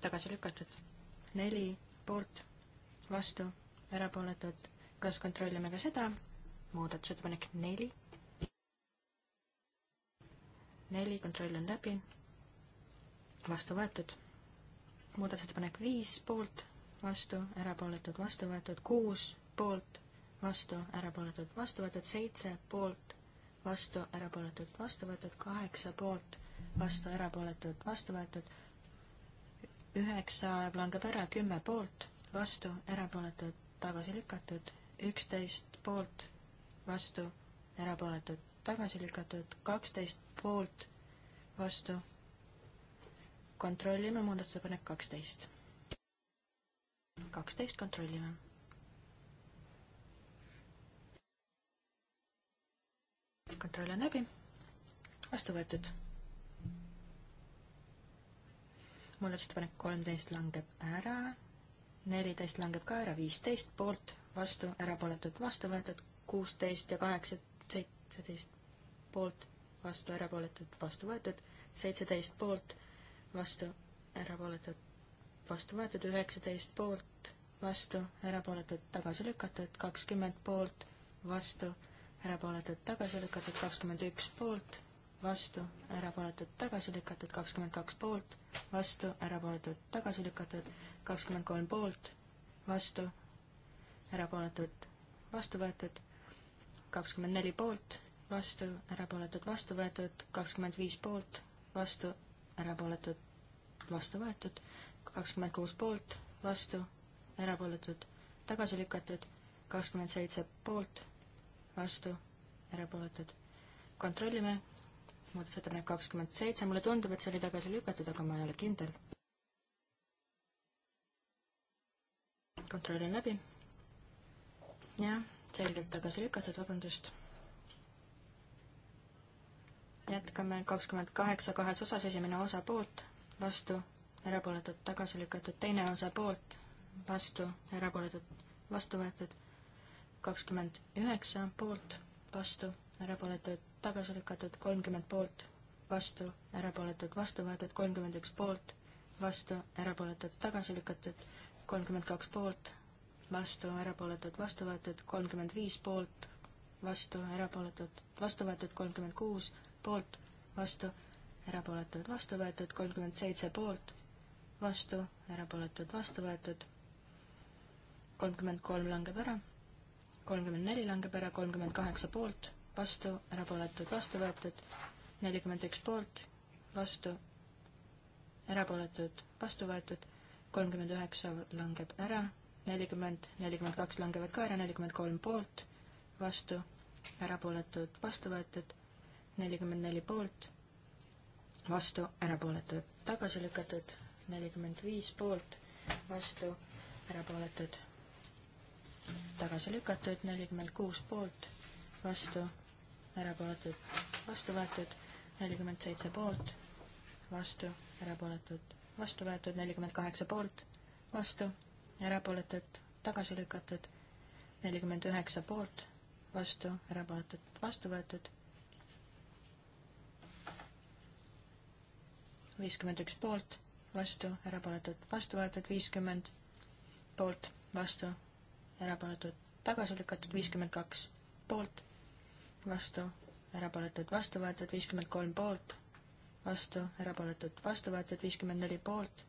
tagasi lükatud. neli poolt, vastu erapooletud. kas kontrollime ka seda? muudatusettepanek neli. neli, kontroll on läbi. vastu võetud. muudatusettepanek viis, poolt, vastu, erapooletud, vastu võetud, kuus, poolt, vastu, erapooletud, vastu võetud, seitse, poolt, vastu, erapooletud, vastu võetud, kaheksa poolt, vastu, erapooletud, vastu võetud, üheksa langeb ära, kümme poolt, vastu, erapooletud, tagasi lükatud, üksteist poolt, vastu, erapooletud, tagasi lükatud, kaksteist poolt, vastu. kontrollime muudatusepanek kaksteist. kaksteist kontrollime. kontroll on läbi, vastu võetud. muudatusettepanek kolmteist langeb ära neliteist langeb ka ära, viisteist poolt, vastu, erapooletud, vastu võetud, kuusteist ja kaheksa, seitseteist poolt, vastu, erapooletud, vastu võetud, seitseteist poolt, vastu, erapooletud, vastu võetud, üheksateist poolt, vastu, erapooletud, tagasi lükatud, kakskümmend poolt, vastu, erapooletud, tagasi lükatud, kakskümmend üks poolt, vastu, erapooletud, tagasi lükatud, kakskümmend kaks poolt, vastu, erapooletud, tagasi lükatud, kakskümmend kolm poolt, vastu, erapooletud, vastu võetud, kakskümmend neli poolt, vastu, erapooletud, vastu võetud, kakskümmend viis poolt, vastu, erapooletud, vastu võetud, kakskümmend kuus poolt, vastu, erapooletud, tagasi lükatud, kakskümmend seitse poolt, vastu, erapooletud. kontrollime, muudatusettepanek kakskümmend seitse, mulle tundub, et see oli tagasi lükatud, aga ma ei ole kindel. kontrollin läbi. jah, selgelt tagasi lükatud, vabandust. jätkame kakskümmend kaheksa kahes osas, esimene osa poolt, vastu, erapooletud, tagasi lükatud, teine osa poolt, vastu, erapooletud, vastu võetud, kakskümmend üheksa poolt, vastu, erapooletud tagasi lükatud, kolmkümmend poolt, vastu, erapooletud, vastu võetud, kolmkümmend üks poolt, vastu, erapooletud, tagasi lükatud, kolmkümmend kaks poolt, vastu, erapooletud, vastu võetud, kolmkümmend viis poolt, vastu, erapooletud, vastu võetud, kolmkümmend kuus poolt, vastu, erapooletud, vastu võetud, kolmkümmend seitse poolt, vastu, erapooletud, vastu võetud, kolmkümmend kolm langeb ära, kolmkümmend neli langeb ära, kolmkümmend kaheksa poolt vastu, erapooletud, vastu võetud, nelikümmend üks poolt, vastu, erapooletud, vastu võetud, kolmkümmend üheksa langeb ära, nelikümmend, nelikümmend kaks langevad ka ära, nelikümmend kolm poolt, vastu, erapooletud, vastu võetud, nelikümmend neli poolt, vastu, erapooletud, tagasi lükatud, nelikümmend viis poolt, vastu, erapooletud, tagasi lükatud, nelikümmend kuus poolt, vastu erapooletud, vastu võetud, nelikümmend seitse poolt, vastu, erapooletud, vastu võetud, nelikümmend kaheksa poolt, vastu, erapooletud, tagasi lükatud, nelikümmend üheksa poolt, vastu, erapooletud, vastu võetud, viiskümmend üks poolt, vastu, erapooletud, vastu võetud, viiskümmend poolt, vastu, erapooletud, tagasi lükatud, viiskümmend kaks poolt vastu, erapooletud, vastu võetud viiskümmend kolm poolt, vastu, erapooletud, vastu võetud viiskümmend neli poolt,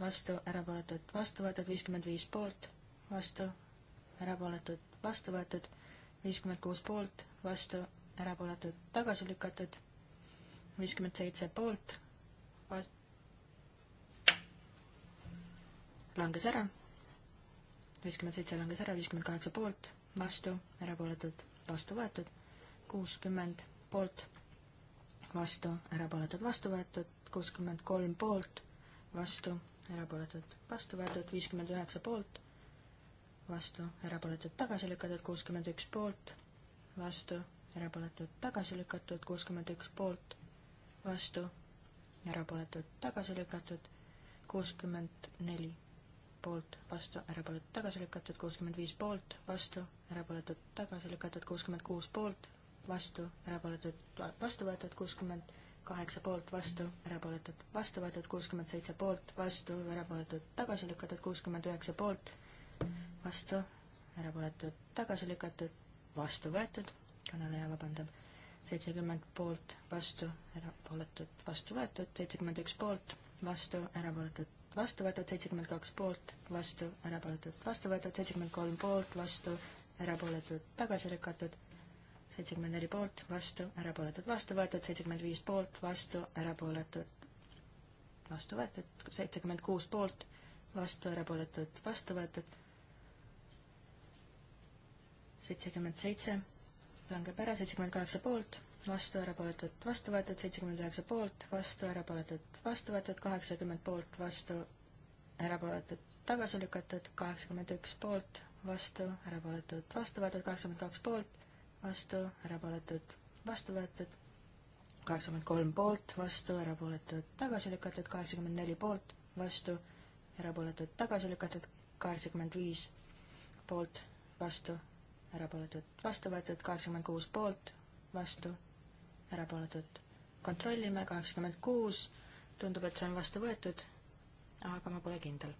vastu, erapooletud, vastu võetud viiskümmend viis poolt, vastu, erapooletud, vastu võetud viiskümmend kuus poolt, vastu, erapooletud, tagasi lükatud viiskümmend seitse poolt, vastu, langes ära, viiskümmend seitse langes ära, viiskümmend kaheksa poolt, vastu, erapooletud, vastu võetud kuuskümmend poolt, vastu, erapooletud, vastu võetud, kuuskümmend kolm poolt, vastu, erapooletud, vastu võetud, viiskümmend üheksa poolt, vastu, erapooletud, tagasi lükatud, kuuskümmend üks poolt, vastu, erapooletud, tagasi lükatud, kuuskümmend üks poolt, vastu, erapooletud, tagasi lükatud, kuuskümmend neli poolt, vastu, erapooletud, tagasi lükatud, kuuskümmend viis poolt, vastu, erapooletud, tagasi lükatud, kuuskümmend kuus poolt, vastu, erapooletud, vastu võetud kuuskümmend kaheksa poolt, vastu, erapooletud, vastu võetud kuuskümmend seitse poolt, vastu, erapooletud, tagasi lükatud kuuskümmend üheksa poolt, vastu, erapooletud, tagasi lükatud, vastu võetud, kõneleja vabandab, seitsekümmend poolt, vastu, erapooletud, vastu võetud, seitsekümmend üks poolt, vastu, erapooletud, vastu võetud, seitsekümmend kaks poolt, vastu, erapooletud, vastu võetud, seitsekümmend kolm poolt, vastu, erapooletud, tagasi lükatud seitsekümmend neli poolt, vastu, erapooletud, vastu võetud, seitsekümmend viis poolt, vastu, erapooletud, vastu võetud, seitsekümmend kuus poolt, vastu, erapooletud, vastu võetud, seitsekümmend seitse langeb ära, seitsekümmend kaheksa poolt, vastu, erapooletud, vastu võetud, seitsekümmend üheksa poolt, vastu, erapooletud, vastu võetud, kaheksakümmend poolt, vastu, erapooletud, tagasi lükatud, kaheksakümmend üks poolt, vastu, erapooletud, vastu võetud, kaheksakümmend kaks poolt, vastu, erapooletud, vastu võetud, kaheksakümmend kolm poolt, vastu, erapooletud, tagasi lükatud, kaheksakümmend neli poolt, vastu, erapooletud, tagasi lükatud, kaheksakümmend viis poolt, vastu, erapooletud, vastu võetud, kaheksakümmend kuus poolt, vastu, erapooletud. kontrollime, kaheksakümmend kuus, tundub, et see on vastu võetud, aga ma pole kindel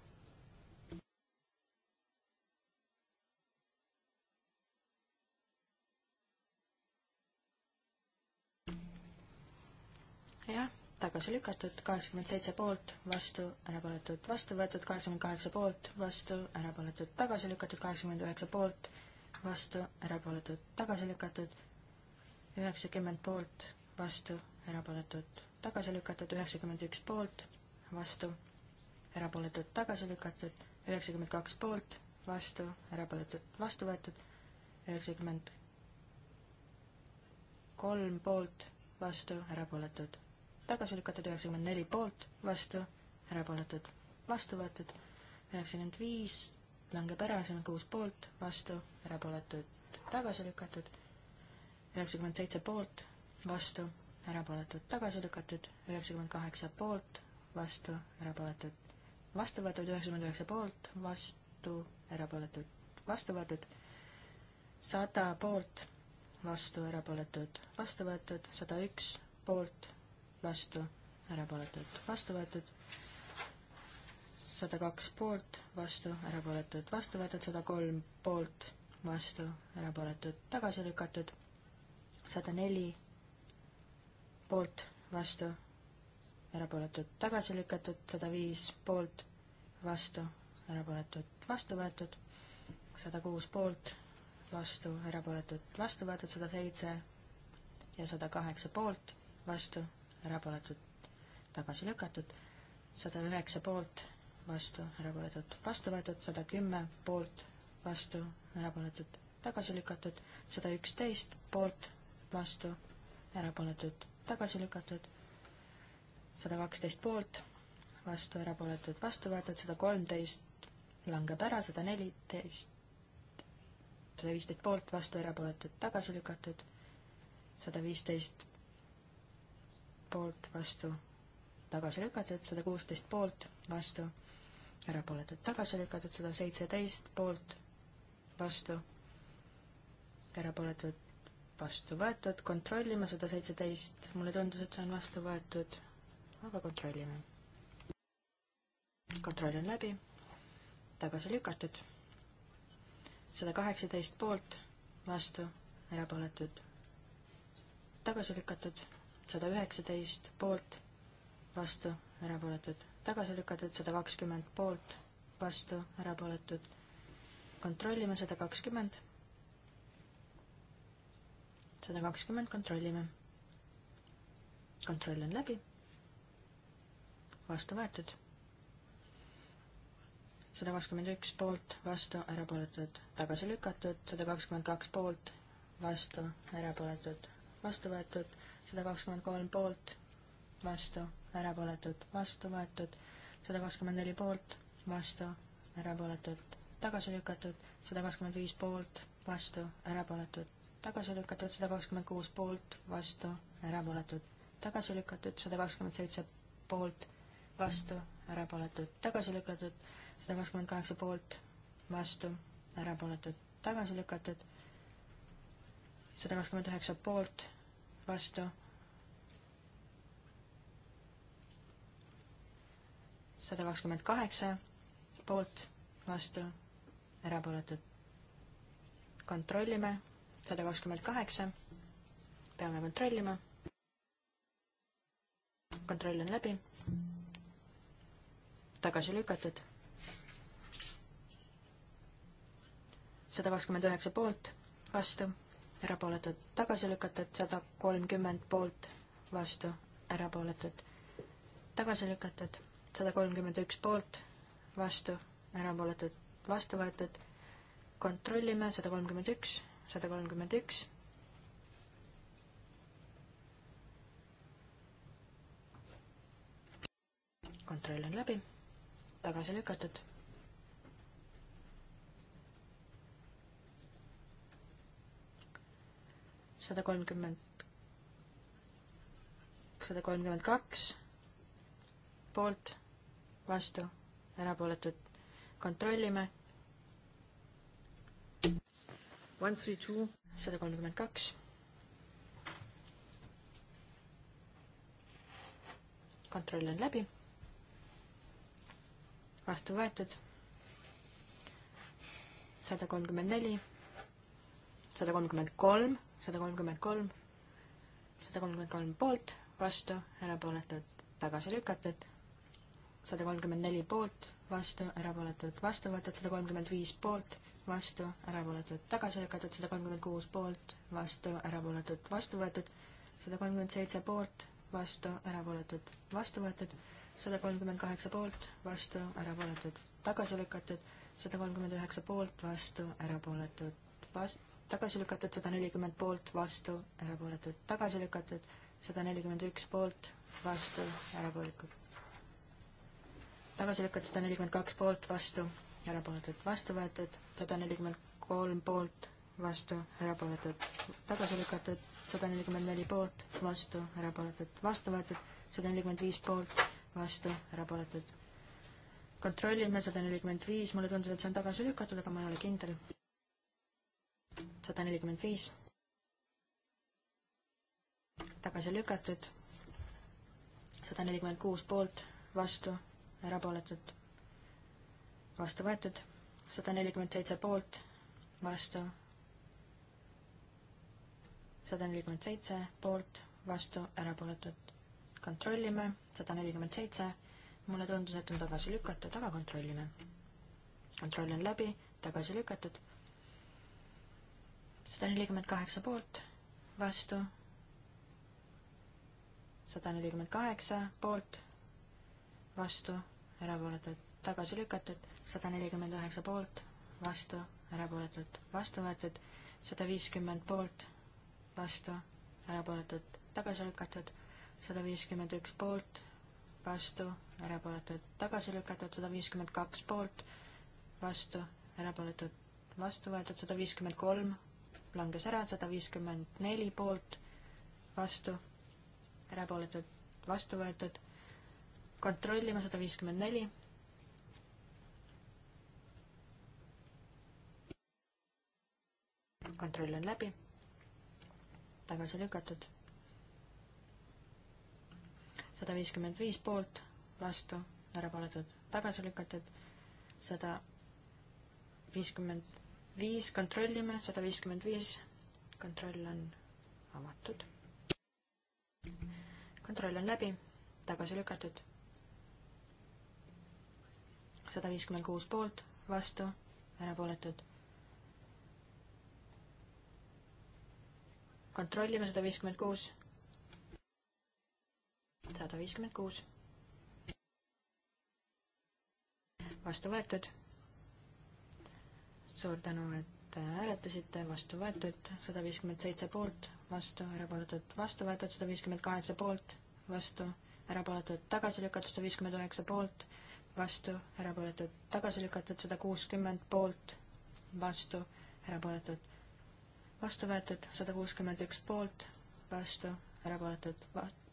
tagasi lükatud, kaheksakümmend seitse poolt, vastu, erapooletud, vastu võetud, kaheksakümmend kaheksa poolt, vastu, erapooletud, tagasi lükatud, kaheksakümmend üheksa poolt, vastu, erapooletud, tagasi lükatud, üheksakümmend poolt, vastu, erapooletud, tagasi lükatud, üheksakümmend üks poolt, vastu, erapooletud, tagasi lükatud, üheksakümmend kaks poolt, vastu, erapooletud, vastu võetud, üheksakümmend kolm poolt, vastu, erapooletud tagasi lükatud, üheksakümmend neli poolt, vastu, erapooletud, vastu võetud, üheksakümmend viis langeb ära, üheksakümmend kuus poolt, vastu, erapooletud, tagasi lükatud, üheksakümmend seitse poolt, vastu, erapooletud, tagasi lükatud, üheksakümmend kaheksa poolt, vastu, erapooletud, vastu võetud, üheksakümmend üheksa poolt, vastu, erapooletud, vastu võetud, sada poolt, vastu, erapooletud, vastu võetud, sada üks poolt, vastu, erapooletud, vastu võetud. sada kaks poolt, vastu, erapooletud, vastu võetud, sada kolm poolt, vastu, erapooletud, tagasi lükatud. sada neli poolt, vastu, erapooletud, tagasi lükatud, sada viis poolt, vastu, erapooletud, vastu võetud, sada kuus poolt, vastu, erapooletud, vastu võetud sada seitse ja sada kaheksa poolt, vastu, erapooletud, tagasi lükatud, sada üheksa poolt, vastu, erapooletud, vastu võetud, sada kümme poolt, vastu, erapooletud, tagasi lükatud, sada üksteist poolt, vastu, erapooletud, tagasi lükatud, sada kaksteist poolt, vastu, erapooletud, vastu võetud, sada kolmteist langeb ära, sada neliteist, sada viisteist poolt, vastu, erapooletud, tagasi lükatud, sada viisteist poolt, vastu, tagasi lükatud, sada kuusteist poolt, vastu, erapooletud, tagasi lükatud, sada seitseteist poolt, vastu, erapooletud, vastu võetud, kontrollime sada seitseteist, mulle tundus, et see on vastu võetud, aga kontrollime. kontroll on läbi, tagasi lükatud, sada kaheksateist poolt, vastu, erapooletud, tagasi lükatud sada üheksateist poolt, vastu, erapooletud, tagasi lükatud, sada kakskümmend poolt, vastu, erapooletud. kontrollime sada kakskümmend. sada kakskümmend kontrollime. kontroll on läbi. vastu võetud. sada kakskümmend üks poolt, vastu, erapooletud, tagasi lükatud, sada kakskümmend kaks poolt, vastu, erapooletud, vastu võetud sada kakskümmend kolm poolt, vastu, erapooletud, vastu võetud, sada kakskümmend neli poolt, vastu, erapooletud, tagasi lükatud, sada kakskümmend viis poolt, vastu, erapooletud, tagasi lükatud, sada kakskümmend kuus poolt, vastu, erapooletud, tagasi lükatud, sada kakskümmend seitse poolt, vastu, erapooletud, tagasi lükatud, sada kakskümmend kaheksa poolt, vastu, erapooletud, tagasi lükatud, sada kakskümmend üheksa poolt, vastu. sada kakskümmend kaheksa poolt, vastu, erapooletud. kontrollime, sada kakskümmend kaheksa, peame kontrollima. kontroll on läbi. tagasi lükatud sada kakskümmend üheksa poolt, vastu, erapooletud, tagasi lükatud sada kolmkümmend poolt, vastu, erapooletud, tagasi lükatud sada kolmkümmend üks poolt, vastu, erapooletud, vastu võetud. kontrollime sada kolmkümmend üks, sada kolmkümmend üks. kontroll on läbi, tagasi lükatud sada kolmkümmend, sada kolmkümmend kaks poolt, vastu, erapooletud. kontrollime. sada kolmkümmend kaks. kontroll on läbi. vastu võetud. sada kolmkümmend neli, sada kolmkümmend kolm sada kolmkümmend kolm, sada kolmkümmend kolm poolt, vastu, erapooletud, tagasi lükatud, sada kolmkümmend neli poolt, vastu, erapooletud, vastu võetud, sada kolmkümmend viis poolt, vastu, erapooletud, tagasi lükatud, sada kolmkümmend kuus poolt, vastu, erapooletud, vastu võetud, sada kolmkümmend seitse poolt, vastu, erapooletud, vastu võetud, sada kolmkümmend kaheksa poolt, vastu, erapooletud, tagasi lükatud, sada kolmkümmend üheksa poolt, vastu, erapooletud, vas-, tagasi lükatud, sada nelikümmend poolt, vastu, erapooletud, tagasi lükatud, sada nelikümmend üks poolt, vastu, erapooletud. tagasi lükatud sada nelikümmend kaks poolt, vastu, erapooletud, vastu võetud, sada nelikümmend kolm poolt, vastu, erapooletud, tagasi lükatud, sada nelikümmend neli poolt, vastu, erapooletud, vastu võetud, sada nelikümmend viis poolt, vastu, erapooletud. kontrollime sada nelikümmend viis, mulle tundus, et see on tagasi lükatud, aga ma ei ole kindel sada nelikümmend viis. tagasi lükatud. sada nelikümmend kuus poolt, vastu, erapooletud, vastu võetud. sada nelikümmend seitse poolt, vastu. sada nelikümmend seitse poolt, vastu, erapooletud. kontrollime, sada nelikümmend seitse. mulle tundus, et on tagasi lükatud, aga kontrollime. kontroll on läbi, tagasi lükatud sada nelikümmend kaheksa poolt, vastu, sada nelikümmend kaheksa poolt, vastu, erapooletud, tagasi lükatud, sada nelikümmend üheksa poolt, vastu, erapooletud, vastu võetud, sada viiskümmend poolt, vastu, erapooletud, tagasi lükatud, sada viiskümmend üks poolt, vastu, erapooletud, tagasi lükatud, sada viiskümmend kaks poolt, vastu, erapooletud, vastu võetud, sada viiskümmend kolm langes ära, sada viiskümmend neli poolt, vastu, erapooletud, vastu võetud. kontrollime sada viiskümmend neli. kontroll on läbi, tagasi lükatud. sada viiskümmend viis poolt, vastu, erapooletud, tagasi lükatud, sada viiskümmend viis, kontrollime, sada viiskümmend viis, kontroll on avatud. kontroll on läbi, tagasi lükatud. sada viiskümmend kuus poolt, vastu, erapooletud. kontrollime sada viiskümmend kuus. sada viiskümmend kuus. vastu võetud suur tänu, et äh, hääletasite, vastu võetud, sada viiskümmend seitse poolt, vastu, erapooletud, vastu võetud, sada viiskümmend kaheksa poolt, vastu, erapooletud, tagasi lükatud, sada viiskümmend üheksa poolt, vastu, erapooletud, tagasi lükatud, sada kuuskümmend poolt, vastu, erapooletud, vastu võetud, sada kuuskümmend üks poolt, vastu, erapooletud,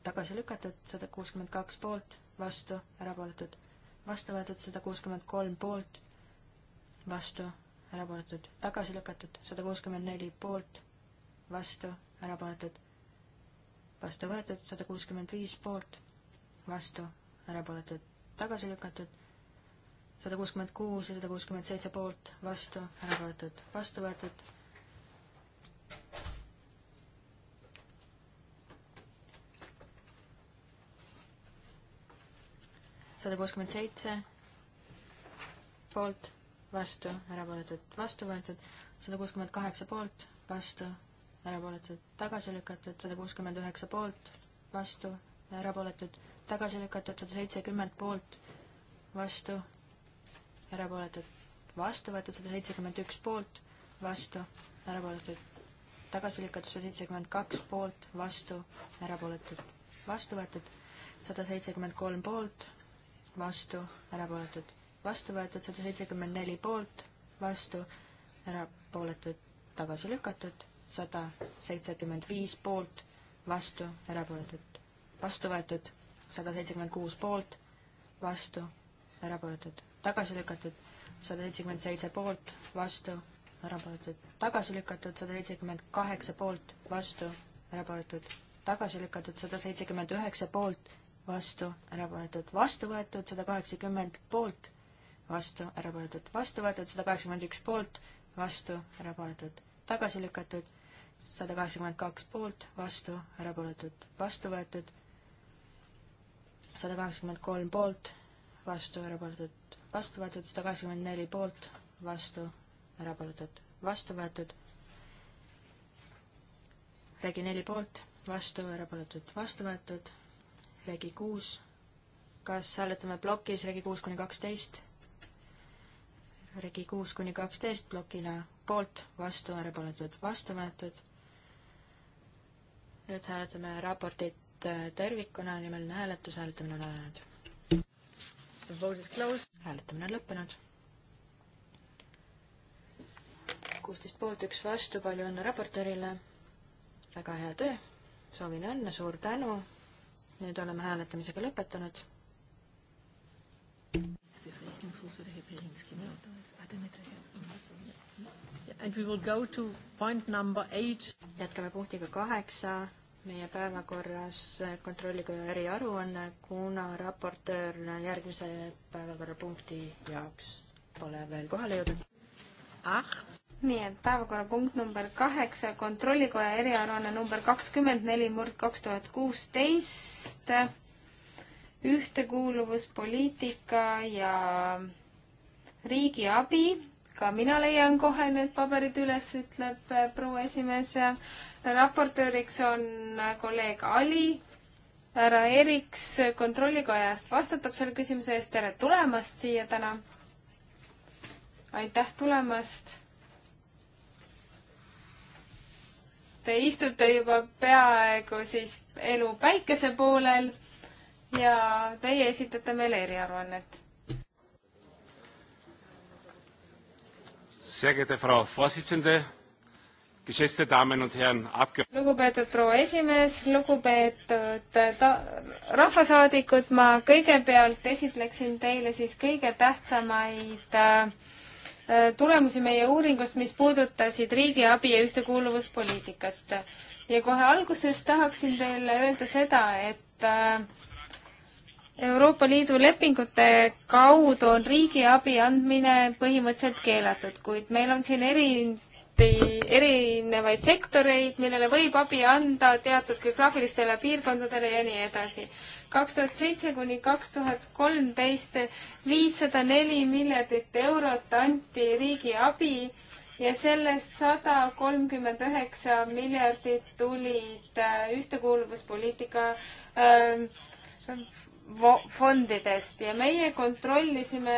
tagasi lükatud, sada kuuskümmend kaks poolt, vastu, erapooletud, vastu võetud, sada kuuskümmend kolm poolt, vastu, erapooletud, tagasi lükatud, sada kuuskümmend neli poolt, vastu, erapooletud, vastu võetud, sada kuuskümmend viis poolt, vastu, erapooletud, tagasi lükatud, sada kuuskümmend kuus ja sada kuuskümmend seitse poolt, vastu, erapooletud, vastu võetud, sada kuuskümmend seitse poolt vastu, erapooletud, vastu võetud, sada kuuskümmend kaheksa poolt, vastu, erapooletud, tagasi lükatud, sada kuuskümmend üheksa poolt, vastu, erapooletud, tagasi lükatud, sada seitsekümmend poolt, vastu, erapooletud, vastu võetud, sada seitsekümmend üks poolt, vastu, erapooletud, tagasi lükatud, sada seitsekümmend kaks poolt, vastu, erapooletud, vastu võetud, sada seitsekümmend kolm poolt, vastu, erapooletud vastu võetud, sada seitsekümmend neli poolt, vastu, erapooletud, tagasi lükatud, sada seitsekümmend viis poolt, vastu, erapooletud, vastu võetud, sada seitsekümmend kuus poolt, vastu, erapooletud, tagasi lükatud, sada seitsekümmend seitse poolt, vastu, erapooletud, tagasi lükatud, sada seitsekümmend kaheksa poolt, vastu, erapooletud, tagasi lükatud, sada seitsekümmend üheksa poolt, vastu, erapooletud, vastu võetud, sada kaheksakümmend poolt, vastu, erapooletud, vastu võetud, sada kaheksakümmend üks poolt, vastu, erapooletud, tagasi lükatud, sada kaheksakümmend kaks poolt, vastu, erapooletud, vastu võetud, sada kaheksakümmend kolm poolt, vastu, erapooletud, vastu võetud, sada kaheksakümmend neli poolt, vastu, erapooletud, vastu võetud, regi neli poolt, vastu, erapooletud, vastu võetud, regi kuus, kas hääletame plokis regi kuus kuni kaksteist? regi kuus kuni kaksteist plokina poolt, vastu, erapooletud, vastu võetud. nüüd hääletame raportit äh, tervikuna, nimeline hääletus, hääletamine on alanud. hääletamine on lõppenud. kuusteist poolt, üks vastu, palju õnne raportöörile, väga hea töö, soovin õnne, suur tänu, nüüd oleme hääletamisega lõpetanud des Rechnungshofs oder Herr Perinski. Ne? And we will go to point number eight. jätkame punktiga kaheksa meie päevakorras kontrollikoja eriaruanne, kuna raportöör järgmise päevakorrapunkti jaoks pole veel kohale jõudnud. aht nii et päevakorrapunkt number kaheksa, kontrollikoja eriaruanne number kakskümmend neli murd kaks tuhat kuusteist ühtekuuluvuspoliitika ja riigiabi, ka mina leian kohe need paberid üles, ütleb äh, proua esimees. raportööriks on äh, kolleeg Ali, härra Eriks Kontrollikojast vastutab selle küsimuse eest, tere tulemast siia täna. aitäh tulemast. Te istute juba peaaegu siis elu päikese poolel ja teie esitate meile eriaruannet. lugupeetud proua esimees, lugupeetud äh, rahvasaadikud, ma kõigepealt esitleksin teile siis kõige tähtsamaid äh, äh, tulemusi meie uuringust, mis puudutasid riigiabi ja ühtekuuluvuspoliitikat. ja kohe alguses tahaksin teile öelda seda, et Euroopa Liidu lepingute kaudu on riigiabi andmine põhimõtteliselt keelatud, kuid meil on siin eriti erinevaid sektoreid, millele võib abi anda teatud geograafilistele piirkondadele ja nii edasi. kaks tuhat seitse kuni kaks tuhat kolmteist viissada neli miljardit eurot anti riigiabi ja sellest sada kolmkümmend üheksa miljardit tulid äh, ühtekuuluvuspoliitika äh, fondidest ja meie kontrollisime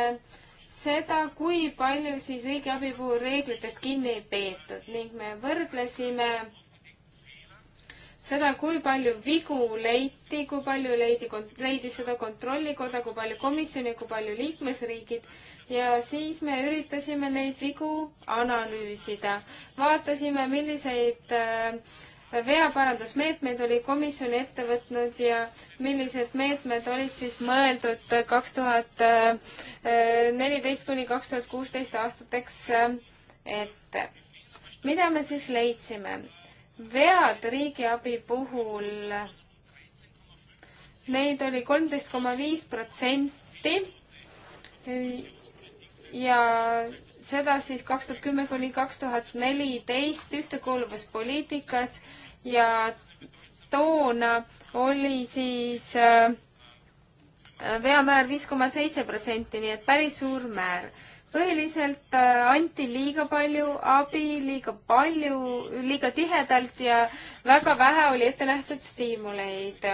seda, kui palju siis riigiabi puhul reeglitest kinni ei peetud ning me võrdlesime seda, kui palju vigu leiti, kui palju leidi, leidis seda kontrollikoda, kui palju komisjon ja kui palju liikmesriigid ja siis me üritasime neid vigu analüüsida. vaatasime, milliseid äh, veaparandusmeetmeid oli komisjon ette võtnud ja millised meetmed olid siis mõeldud kaks tuhat eh, neliteist kuni kaks tuhat kuusteist aastateks eh, ette. mida me siis leidsime? vead riigiabi puhul, neid oli kolmteist koma viis protsenti ja seda siis kaks tuhat kümme kuni kaks tuhat neliteist ühtekuuluvuspoliitikas ja toona oli siis äh, veamäär viis koma seitse protsenti, nii et päris suur määr. põhiliselt äh, anti liiga palju abi, liiga palju, liiga tihedalt ja väga vähe oli ette nähtud stiimuleid.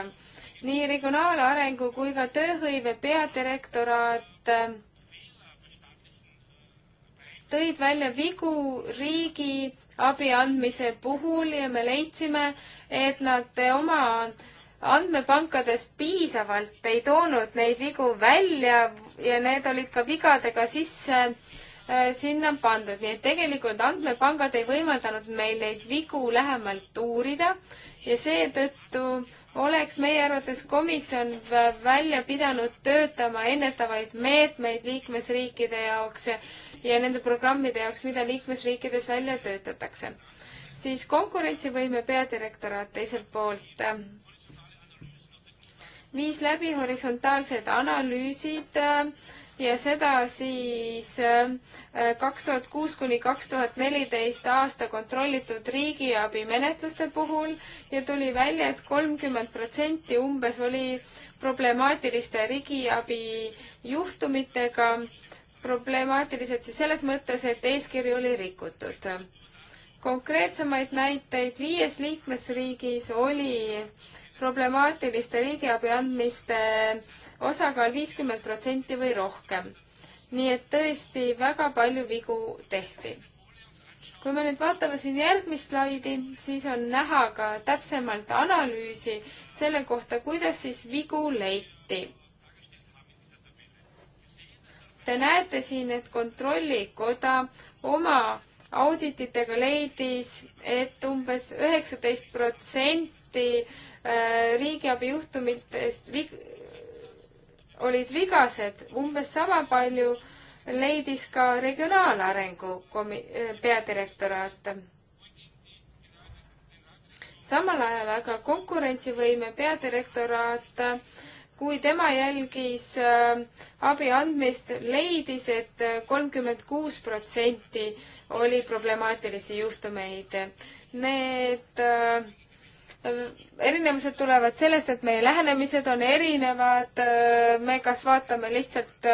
nii regionaalarengu kui ka tööhõive peadirektoraat äh, tõid välja vigu riigi abi andmise puhul ja me leidsime, et nad oma andmepankadest piisavalt ei toonud neid vigu välja ja need olid ka vigadega sisse äh, sinna pandud, nii et tegelikult andmepangad ei võimaldanud meil neid vigu lähemalt uurida ja seetõttu oleks meie arvates komisjon välja pidanud töötama ennetavaid meetmeid liikmesriikide jaoks ja nende programmide jaoks, mida liikmesriikides välja töötatakse. siis konkurentsivõime peadirektoraat teiselt poolt ähm, viis läbi horisontaalsed analüüsid ähm, ja seda siis ähm, äh, kaks tuhat kuus kuni kaks tuhat neliteist aasta kontrollitud riigiabi menetluste puhul ja tuli välja et, et kolmkümmend protsenti umbes oli problemaatiliste riigiabi juhtumitega problemaatilised siis selles mõttes, et eeskirju oli rikutud. konkreetsemaid näiteid viies liikmesriigis oli problemaatiliste riigiabi andmiste osakaal viiskümmend protsenti või rohkem. nii et tõesti väga palju vigu tehti. kui me nüüd vaatame siin järgmist slaidi, siis on näha ka täpsemalt analüüsi selle kohta, kuidas siis vigu leiti Te näete siin, et Kontrollikoda oma audititega leidis, et umbes üheksateist protsenti äh, riigiabi juhtumitest vig olid vigased, umbes sama palju leidis ka regionaalarengu komi-, äh, peadirektoraat. samal ajal aga konkurentsivõime peadirektoraat äh, kui tema jälgis äh, abi andmist, leidis et, et kolmkümmend kuus protsenti oli problemaatilisi juhtumeid. Need äh, erinevused tulevad sellest, et meie lähenemised on erinevad, äh, me kas vaatame lihtsalt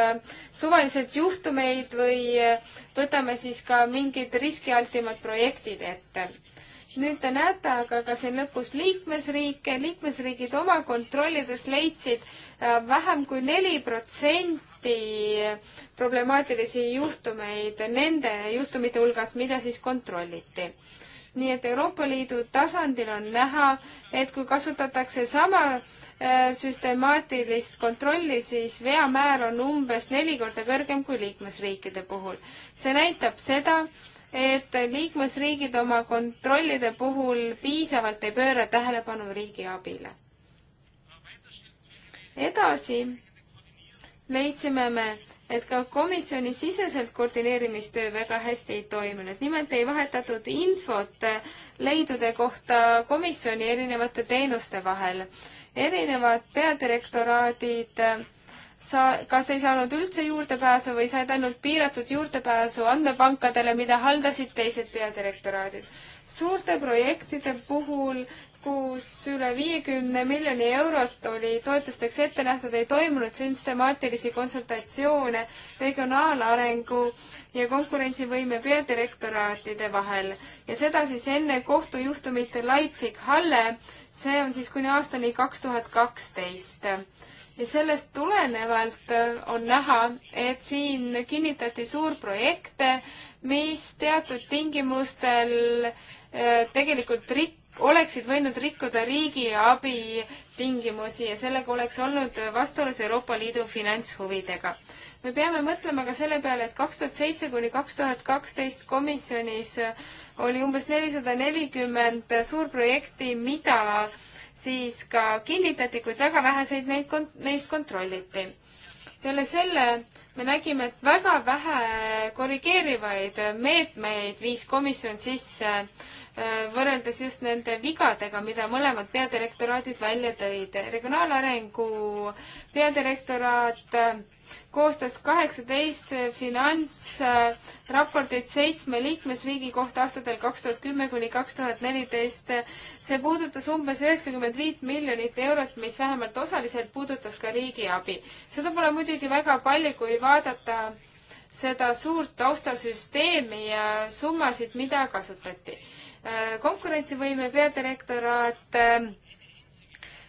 suvaliselt juhtumeid või võtame siis ka mingid riskialtimad projektid ette nüüd te näete aga ka siin lõpus liikmesriike, liikmesriigid oma kontrollides leidsid äh, vähem kui neli protsenti problemaatilisi juhtumeid nende juhtumite hulgas, mida siis kontrolliti. nii et Euroopa Liidu tasandil on näha, et kui kasutatakse sama äh, süstemaatilist kontrolli, siis veamäär on umbes neli korda kõrgem kui liikmesriikide puhul. see näitab seda, et liikmesriigid oma kontrollide puhul piisavalt ei pööra tähelepanu riigiabile. edasi leidsime me, et ka komisjoni siseselt koordineerimistöö väga hästi ei toiminud. nimelt ei vahetatud infot leidude kohta komisjoni erinevate teenuste vahel. erinevad peadirektoraadid sa, kas ei saanud üldse juurdepääsu või said ainult piiratud juurdepääsu andmepankadele, mida haldasid teised peadirektoraadid. suurte projektide puhul, kus üle viiekümne miljoni eurot oli toetusteks ette nähtud, ei toimunud süstemaatilisi konsultatsioone regionaalarengu ja konkurentsivõime peadirektoraatide vahel ja seda siis enne kohtujuhtumit Leipzig-Halle, see on siis kuni aastani kaks tuhat kaksteist ja sellest tulenevalt äh, on näha, et siin kinnitati suurprojekte, mis teatud tingimustel äh, tegelikult rik-, oleksid võinud rikkuda riigiabi tingimusi ja sellega oleks olnud vastuolus Euroopa Liidu finantshuvidega. me peame mõtlema ka selle peale, et kaks tuhat seitse kuni kaks tuhat kaksteist komisjonis oli umbes nelisada nelikümmend suurprojekti, mida siis ka kinnitati, kuid väga väheseid neid kont-, neist kontrolliti. peale selle me nägime, et väga vähe korrigeerivaid meetmeid viis komisjon sisse äh, võrreldes just nende vigadega, mida mõlemad peadirektoraadid välja tõid. regionaalarengu peadirektoraat koostas kaheksateist finantsraportit seitsme liikmesriigi kohta aastatel kaks tuhat kümme kuni kaks tuhat neliteist. see puudutas umbes üheksakümmend viit miljonit eurot, mis vähemalt osaliselt puudutas ka riigiabi. seda pole muidugi väga palju, kui vaadata seda suurt taustasüsteemi ja summasid, mida kasutati. konkurentsivõime peadirektoraat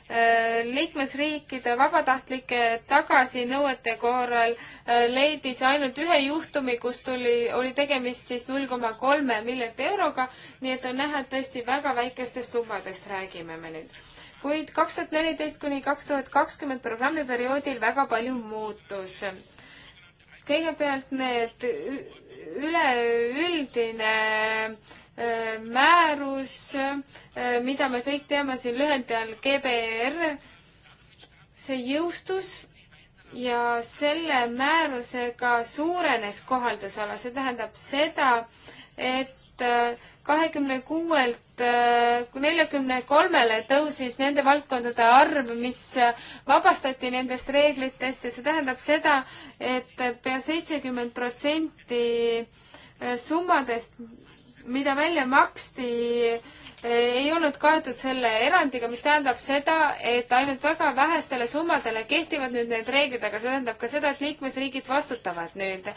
Äh, liikmesriikide vabatahtlike tagasinõuete korral äh, leidis ainult ühe juhtumi, kus tuli, oli tegemist siis null koma kolme miljonit euroga, nii et on näha, et tõesti väga väikestest summadest räägime me nüüd. kuid kaks tuhat neliteist kuni kaks tuhat kakskümmend programmiperioodil väga palju muutus. kõigepealt need üleüldine äh, Äh, määrus, äh, mida me kõik teame siin lühendi all GBR, see jõustus ja selle määrusega suurenes kohaldusala, see tähendab seda, et äh, kahekümne kuuelt neljakümne kolmele tõusis nende valdkondade arv, mis vabastati nendest reeglitest ja see tähendab seda, et pea seitsekümmend protsenti summadest, mida välja maksti, eh, ei olnud kaetud selle erandiga, mis tähendab seda, et ainult väga vähestele summadele kehtivad nüüd need reeglid, aga see tähendab ka seda, et liikmesriigid vastutavad nüüd.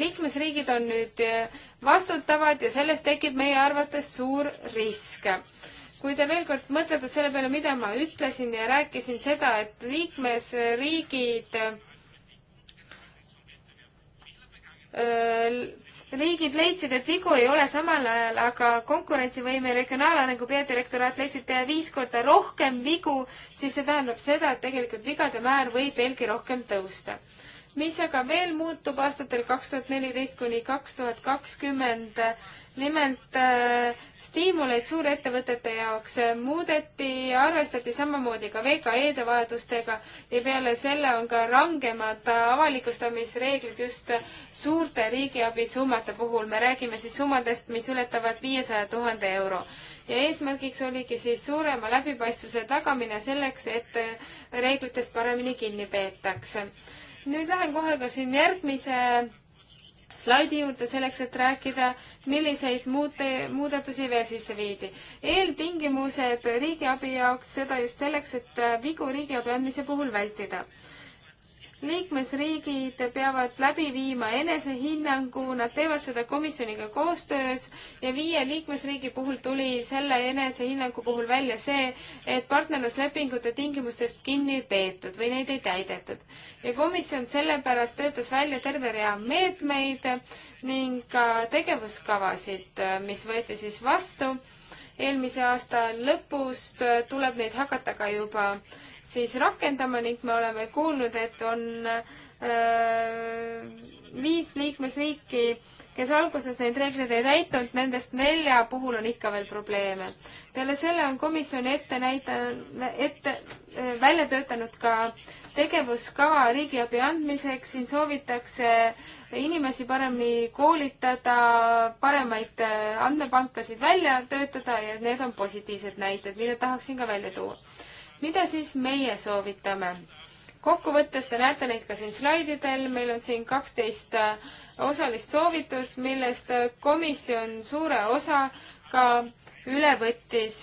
liikmesriigid on nüüd eh, vastutavad ja sellest tekib meie arvates suur risk kui te veel kord mõtlete selle peale, mida ma ütlesin ja rääkisin seda, et liikmesriigid öö, eh, riigid leidsid, et vigu ei ole samal ajal, aga konkurentsivõime ja regionaalarengu peadirektoraat leidsid pea viis korda rohkem vigu, siis see tähendab seda, et tegelikult vigade määr võib veelgi rohkem tõusta. mis aga veel muutub aastatel kaks tuhat neliteist kuni kaks tuhat kakskümmend, nimelt äh, stiimuleid suurettevõtete jaoks äh, muudeti, arvestati samamoodi ka VKE-de vajadustega ja peale selle on ka rangemad avalikustamisreeglid just suurte riigiabi summade puhul. me räägime siis summadest, mis ületavad viiesaja tuhande euro ja eesmärgiks oligi siis suurema läbipaistvuse tagamine selleks, et äh, reeglitest paremini kinni peetakse. nüüd lähen kohe ka siin järgmise slaidi juurde selleks, et rääkida, milliseid muute, muudatusi veel sisse viidi. eeltingimused riigiabi jaoks, seda just selleks, et vigu riigiabi andmise puhul vältida liikmesriigid peavad läbi viima enesehinnangu, nad teevad seda komisjoniga koostöös ja viie liikmesriigi puhul tuli selle enesehinnangu puhul välja see, et partnerluslepingute tingimustest kinni ei peetud või neid ei täidetud. ja komisjon sellepärast töötas välja terve rea meetmeid ning ka tegevuskavasid, mis võeti siis vastu. eelmise aasta lõpust tuleb neid hakata ka juba äh, siis rakendama ning me oleme kuulnud, et on öö, äh, viis liikmesriiki, kes alguses neid reegleid ei täitnud, nendest nelja puhul on ikka veel probleeme. peale selle on komisjon ette näidanud, ette öö, äh, välja töötanud ka tegevuskava riigiabi andmiseks, siin soovitakse inimesi paremini koolitada, paremaid äh, andmepankasid välja töötada ja need on positiivsed näited, mida tahaksin ka välja tuua mida siis meie soovitame? kokkuvõttes te näete neid ka siin slaididel, meil on siin kaksteist äh, osalist soovitust, millest äh, komisjon suure osa ka üle võttis.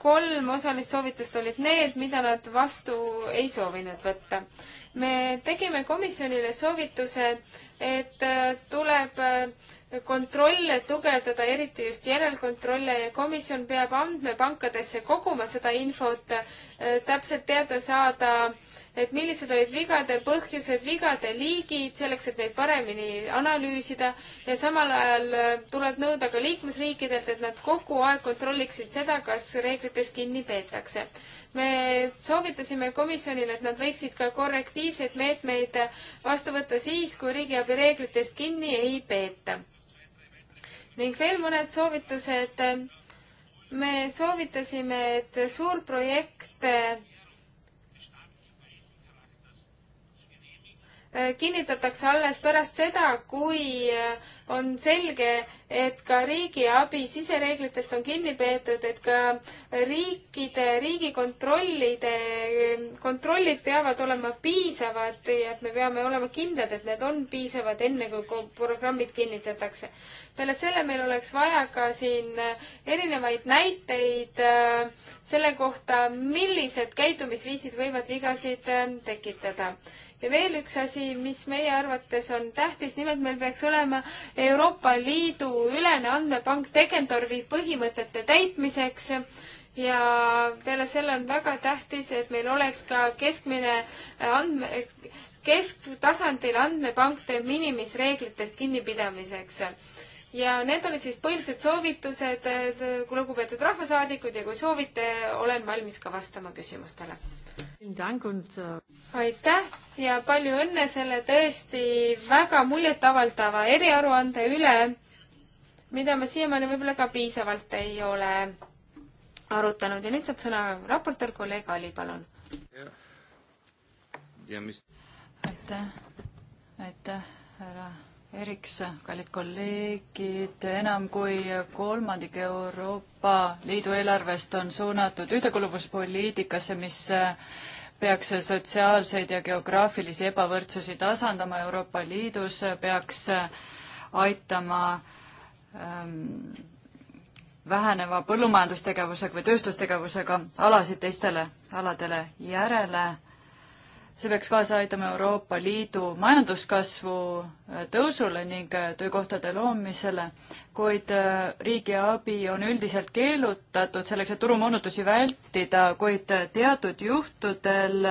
kolm osalist soovitust olid need, mida nad vastu ei soovinud võtta. me tegime komisjonile soovituse, et äh, tuleb kontrolle tugevdada, eriti just järelkontrolle ja komisjon peab andmepankadesse koguma seda infot, äh, täpselt teada saada, et millised olid vigade põhjused, vigade liigid, selleks, et neid paremini analüüsida ja samal ajal äh, tuleb nõuda ka liikmesriikidelt, et nad kogu aeg kontrolliksid seda, kas reeglitest kinni peetakse. me soovitasime komisjonile, et nad võiksid ka korrektiivseid meetmeid vastu võtta siis, kui riigiabi reeglitest kinni ei peeta ning veel mõned soovitused. me soovitasime, et suurprojekte Äh, kinnitatakse alles pärast seda, kui äh, on selge, et ka riigiabi sisereeglitest on kinni peetud, et ka riikide, riigikontrollide äh, kontrollid peavad olema piisavad ja et me peame olema kindlad, et need on piisavad, enne kui programmid kinnitatakse. peale selle meil oleks vaja ka siin erinevaid näiteid selle kohta, millised käitumisviisid võivad vigasid tekitada ja veel üks asi, mis meie arvates on tähtis, nimelt meil peaks olema Euroopa Liidu ülene andmepank Tegendorfi põhimõtete täitmiseks ja peale selle on väga tähtis, et meil oleks ka keskmine andme, kesktasandil andmepank de minimis reeglitest kinnipidamiseks ja need olid siis põhilised soovitused, lugupeetud rahvasaadikud ja kui soovite, olen valmis ka vastama küsimustele Äh, aitäh ja palju õnne selle tõesti väga muljetavaldava eriaruande üle, mida me siiamaani võib-olla ka piisavalt ei ole arutanud ja nüüd saab sõna raportöör kolleeg Ali, palun. aitäh, aitäh, härra Eriks, kallid kolleegid, enam kui kolmandik Euroopa Liidu eelarvest on suunatud ühtekuuluvuspoliitikasse, mis peaks sotsiaalseid ja geograafilisi ebavõrdsusi tasandama Euroopa Liidus, peaks aitama ähm, väheneva põllumajandustegevusega või tööstustegevusega alasid teistele aladele järele see peaks kaasa aitama Euroopa Liidu majanduskasvu äh, tõusule ning äh, töökohtade loomisele, kuid äh, riigiabi on üldiselt keelutatud selleks, et turumoonutusi vältida, kuid teatud juhtudel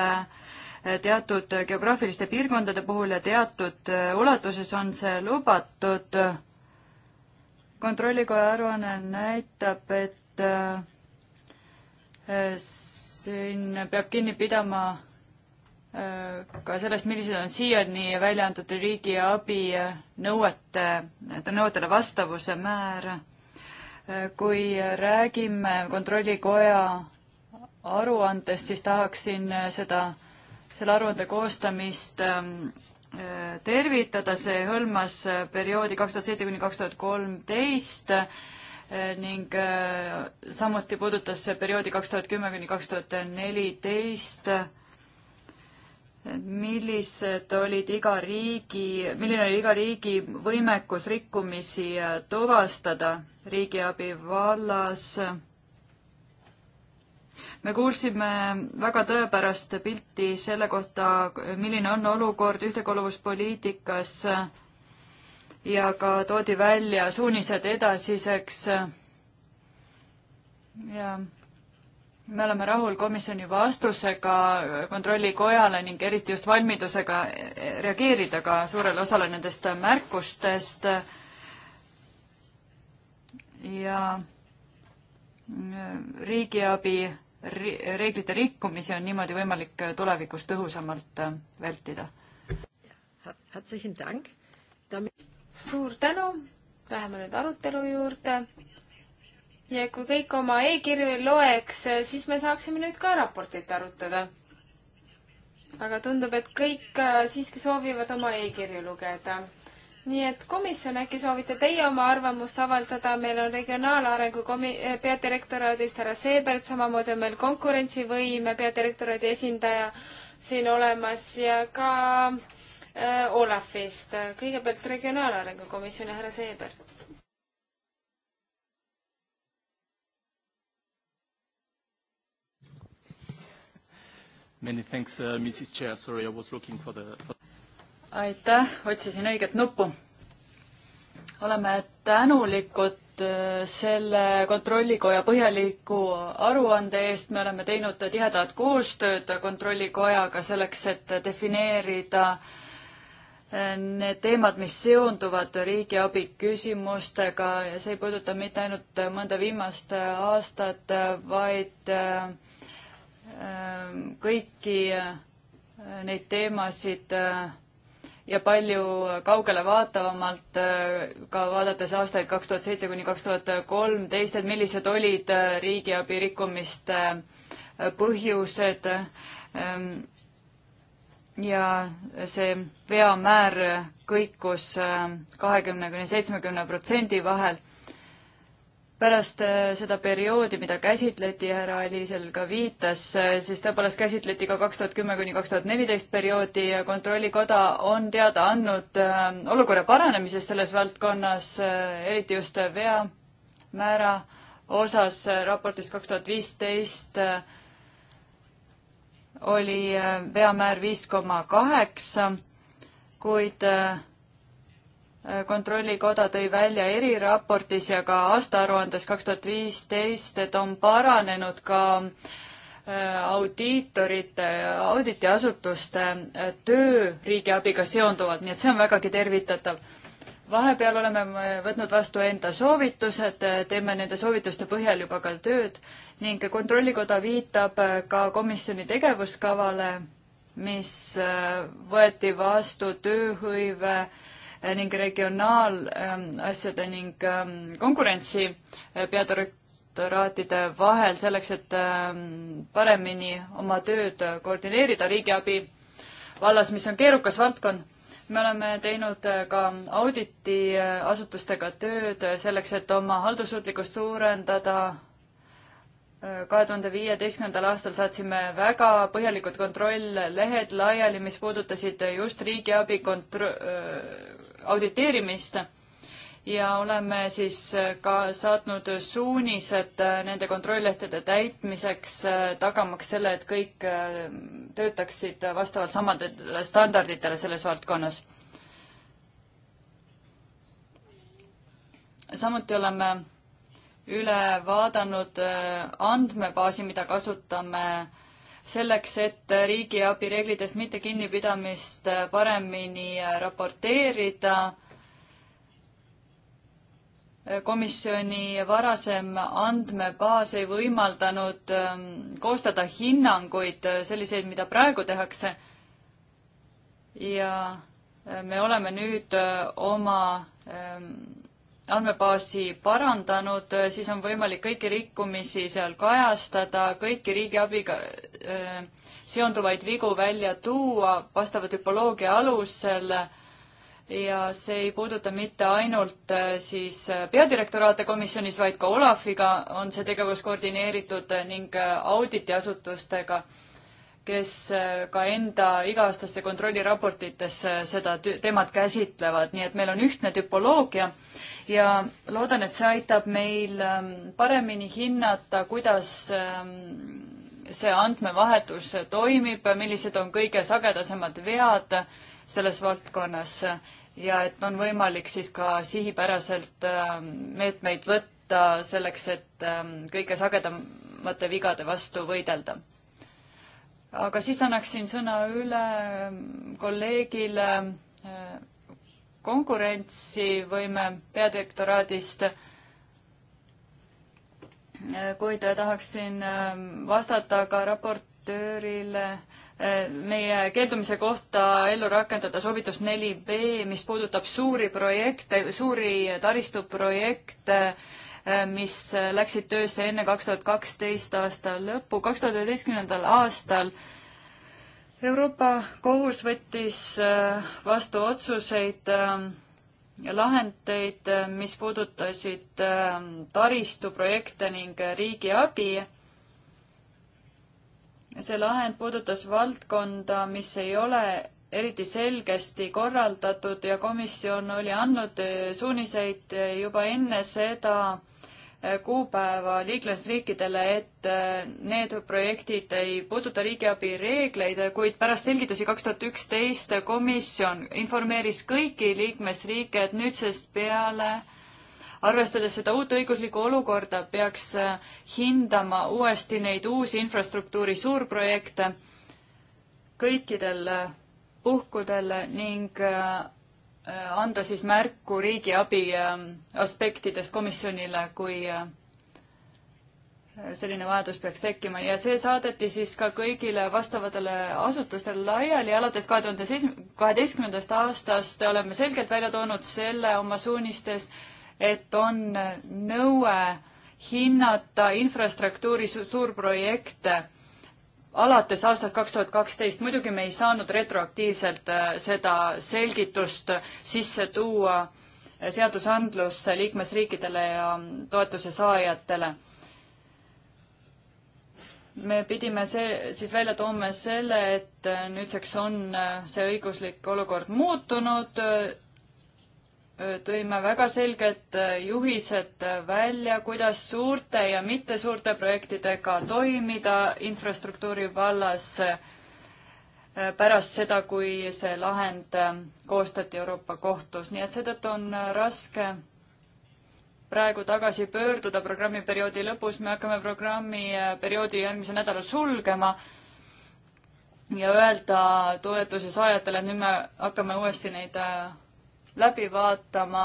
teatud geograafiliste piirkondade puhul ja teatud ulatuses on see lubatud. kontrollikoja aruanne näitab, et siin peab kinni pidama ka sellest, millised on siiani välja antud riigi abi nõuete, nende nõuetele vastavuse määr. kui räägime Kontrollikoja aruandest, siis tahaksin seda, selle aruande koostamist ähm, tervitada, see hõlmas perioodi kaks tuhat seitse kuni kaks tuhat kolmteist äh, ning äh, samuti puudutas see perioodi kaks tuhat kümme kuni kaks tuhat neliteist millised olid iga riigi, milline oli iga riigi võimekus rikkumisi äh, tuvastada riigiabi vallas. me kuulsime väga tõepärast pilti selle kohta, milline on olukord ühtekuuluvuspoliitikas äh, ja ka toodi välja suunised edasiseks äh, ja me oleme rahul komisjoni vastusega Kontrollikojale ning eriti just valmidusega reageerida ka suurele osale nendest märkustest. ja mm, riigiabi reeglite rikkumisi on niimoodi võimalik tulevikus tõhusamalt vältida. suur tänu, läheme nüüd arutelu juurde ja kui kõik oma e-kirju ei loeks, siis me saaksime nüüd ka raportit arutada. aga tundub, et kõik äh, siiski soovivad oma e-kirju lugeda. nii et komisjon, äkki soovite teie oma arvamust avaldada, meil on regionaalarengu komi-, äh, peadirektoraadist härra Seebert, samamoodi on meil konkurentsivõime peadirektoraadi esindaja siin olemas ja ka äh, Olafist, kõigepealt Regionaalarengu komisjoni härra Seebert Many thanks uh,, Mrs Chair, sorry I was looking for the for... aitäh, otsisin õiget nuppu. oleme tänulikud äh, selle Kontrollikoja põhjaliku aruande eest, me oleme teinud tihedat koostööd Kontrollikojaga selleks, et defineerida äh, need teemad, mis seonduvad riigiabi küsimustega ja see ei puuduta mitte ainult mõnda viimast aastat, vaid äh, Ähm, kõiki äh, neid teemasid äh, ja palju kaugele vaatavamalt äh, ka vaadates aastaid kaks tuhat seitse kuni kaks tuhat kolmteist, et millised olid riigiabi rikkumiste põhjused. Ähm, ja see veamäär kõikus kahekümne kuni seitsmekümne protsendi vahel pärast äh, seda perioodi, mida käsitleti, härra Ali seal ka viitas, äh, siis tõepoolest käsitleti ka kaks tuhat kümme kuni kaks tuhat neliteist perioodi ja Kontrollikoda on teada andnud äh, olukorra paranemisest selles valdkonnas, eriti just veamäära osas raportis kaks tuhat viisteist oli veamäär viis koma kaheksa, kuid äh, kontrollikoda tõi välja eriraportis ja ka aastaaruandes kaks tuhat viisteist, et on paranenud ka äh, audiitorite, auditiasutuste äh, töö riigiabiga seonduvalt, nii et see on vägagi tervitatav. vahepeal oleme võtnud vastu enda soovitused, äh, teeme nende soovituste põhjal juba ka tööd ning Kontrollikoda viitab ka komisjoni tegevuskavale, mis võeti vastu tööhõive äh, Äh, ning regionaalasjade ning ähm, konkurentsi äh, peadirektoraatide vahel selleks, et ähm, paremini oma tööd koordineerida riigiabi vallas, mis on keerukas valdkond. me oleme teinud äh, ka auditiasutustega tööd selleks, et oma haldussuutlikkust suurendada kahe tuhande viieteistkümnendal aastal saatsime väga põhjalikud kontrolllehed laiali, mis puudutasid just riigiabi kontro-, auditeerimist ja oleme siis ka saatnud suunised nende kontrolllehtede täitmiseks, tagamaks selle, et kõik äh, töötaksid vastavalt samadele standarditele selles valdkonnas. samuti oleme üle vaadanud äh, andmebaasi, mida kasutame selleks, et riigiabi reeglitest mitte kinnipidamist paremini raporteerida. komisjoni varasem andmebaas ei võimaldanud ähm, koostada hinnanguid, selliseid, mida praegu tehakse. ja äh, me oleme nüüd äh, oma ähm, andmebaasi parandanud, äh, siis on võimalik kõiki rikkumisi seal kajastada, kõiki riigiabiga äh, seonduvaid vigu välja tuua vastava tüpoloogia alusel ja see ei puuduta mitte ainult äh, siis äh, peadirektoraate komisjonis, vaid ka Olafiga on see tegevus koordineeritud ning äh, auditiasutustega, kes ka enda iga-aastasse kontrolliraportitesse seda teemat käsitlevad, nii et meil on ühtne tüpoloogia ja loodan, et see aitab meil ähm, paremini hinnata, kuidas ähm, see andmevahetus toimib, millised on kõige sagedasemad vead selles valdkonnas ja et on võimalik siis ka sihipäraselt ähm, meetmeid võtta selleks, et kõige sagedamate vigade vastu võidelda aga siis annaksin sõna üle kolleegile äh, konkurentsivõime peadirektoraadist kuid tahaksin ähm, vastata ka raportöörile äh, meie keeldumise kohta ellu rakendada soovitust neli B, mis puudutab suuri projekte, suuri taristuprojekte, äh, mis äh, läksid töösse enne kaks tuhat kaksteist aasta lõppu. kaks tuhat üheteistkümnendal aastal äh, Euroopa Kohus võttis äh, vastu otsuseid äh, ja lahendeid, äh, mis puudutasid taristuprojekte ning riigiabi. see lahend puudutas valdkonda, mis ei ole eriti selgesti korraldatud ja komisjon oli andnud suuniseid juba enne seda, kuupäeva liiklasriikidele, et äh, need projektid ei puuduta riigiabi reegleid, kuid pärast selgitusi kaks tuhat üksteist komisjon informeeris kõiki liikmesriike, et nüüdsest peale arvestades seda uut õiguslikku olukorda, peaks äh, hindama uuesti neid uusi infrastruktuuri suurprojekte kõikidel äh, puhkudel ning Äh, anda siis märku riigiabi ähm, aspektidest komisjonile, kui äh, selline vajadus peaks tekkima ja see saadeti siis ka kõigile vastavatele asutustele laiali. alates kahe tuhande seitsme, kaheteistkümnendast aastast oleme selgelt välja toonud selle oma suunistes, et on nõue hinnata infrastruktuuri suurprojekte alates aastast kaks tuhat kaksteist. muidugi me ei saanud retroaktiivselt äh, seda selgitust sisse tuua äh, seadusandlusse liikmesriikidele ja mm, toetuse saajatele me pidime see, siis välja tooma selle, et äh, nüüdseks on see õiguslik olukord muutunud, tõime väga selged juhised välja, kuidas suurte ja mittesuurte projektidega toimida infrastruktuuri vallas pärast seda, kui see lahend koostati Euroopa Kohtus, nii et seetõttu on raske praegu tagasi pöörduda programmiperioodi lõpus, me hakkame programmiperioodi järgmisel nädalal sulgema ja öelda toetuse saajatele, et nüüd me hakkame uuesti neid läbi vaatama.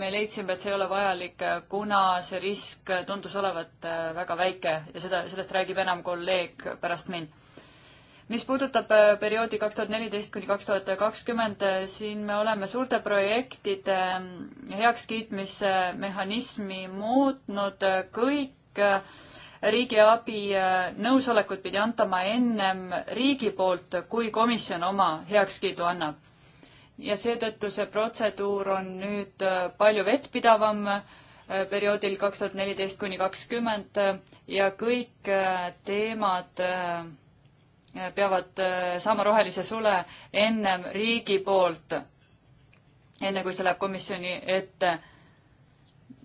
me leidsime, et see ei ole vajalik, kuna see risk tundus olevat äh, väga väike ja seda, sellest räägib enam kolleeg pärast mind mis puudutab äh, perioodi kaks tuhat neliteist kuni kaks tuhat kakskümmend, äh, siin me oleme suurte projektide heakskiitmise mehhanismi muutnud, kõik riigiabi nõusolekud pidi antama ennem riigi poolt, kui komisjon oma heakskiidu annab ja seetõttu see protseduur on nüüd äh, palju vettpidavam äh, perioodil kaks tuhat neliteist kuni kakskümmend äh, ja kõik teemad peavad saama rohelise sule ennem riigi poolt, enne kui see läheb komisjoni ette.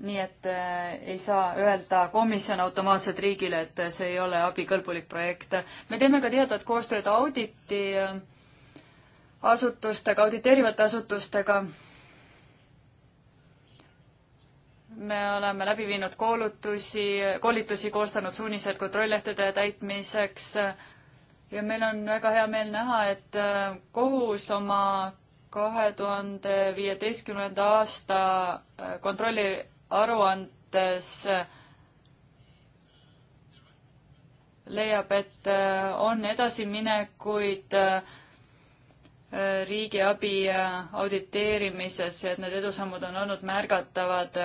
nii et ei saa öelda komisjon automaatselt riigile, et see ei ole abikõlbulik projekt. me teeme ka tihedat koostööd auditi äh, asutustega, auditeerivate asutustega. me oleme läbi viinud koolutusi, koolitusi, koostanud suunised kontrolllehtede täitmiseks ja meil on väga hea meel näha, et äh, kohus oma kahe tuhande viieteistkümnenda aasta äh, kontrolli aruandes äh, leiab, et on edasiminekuid äh, riigiabi äh, auditeerimises, et need edusammud on olnud märgatavad,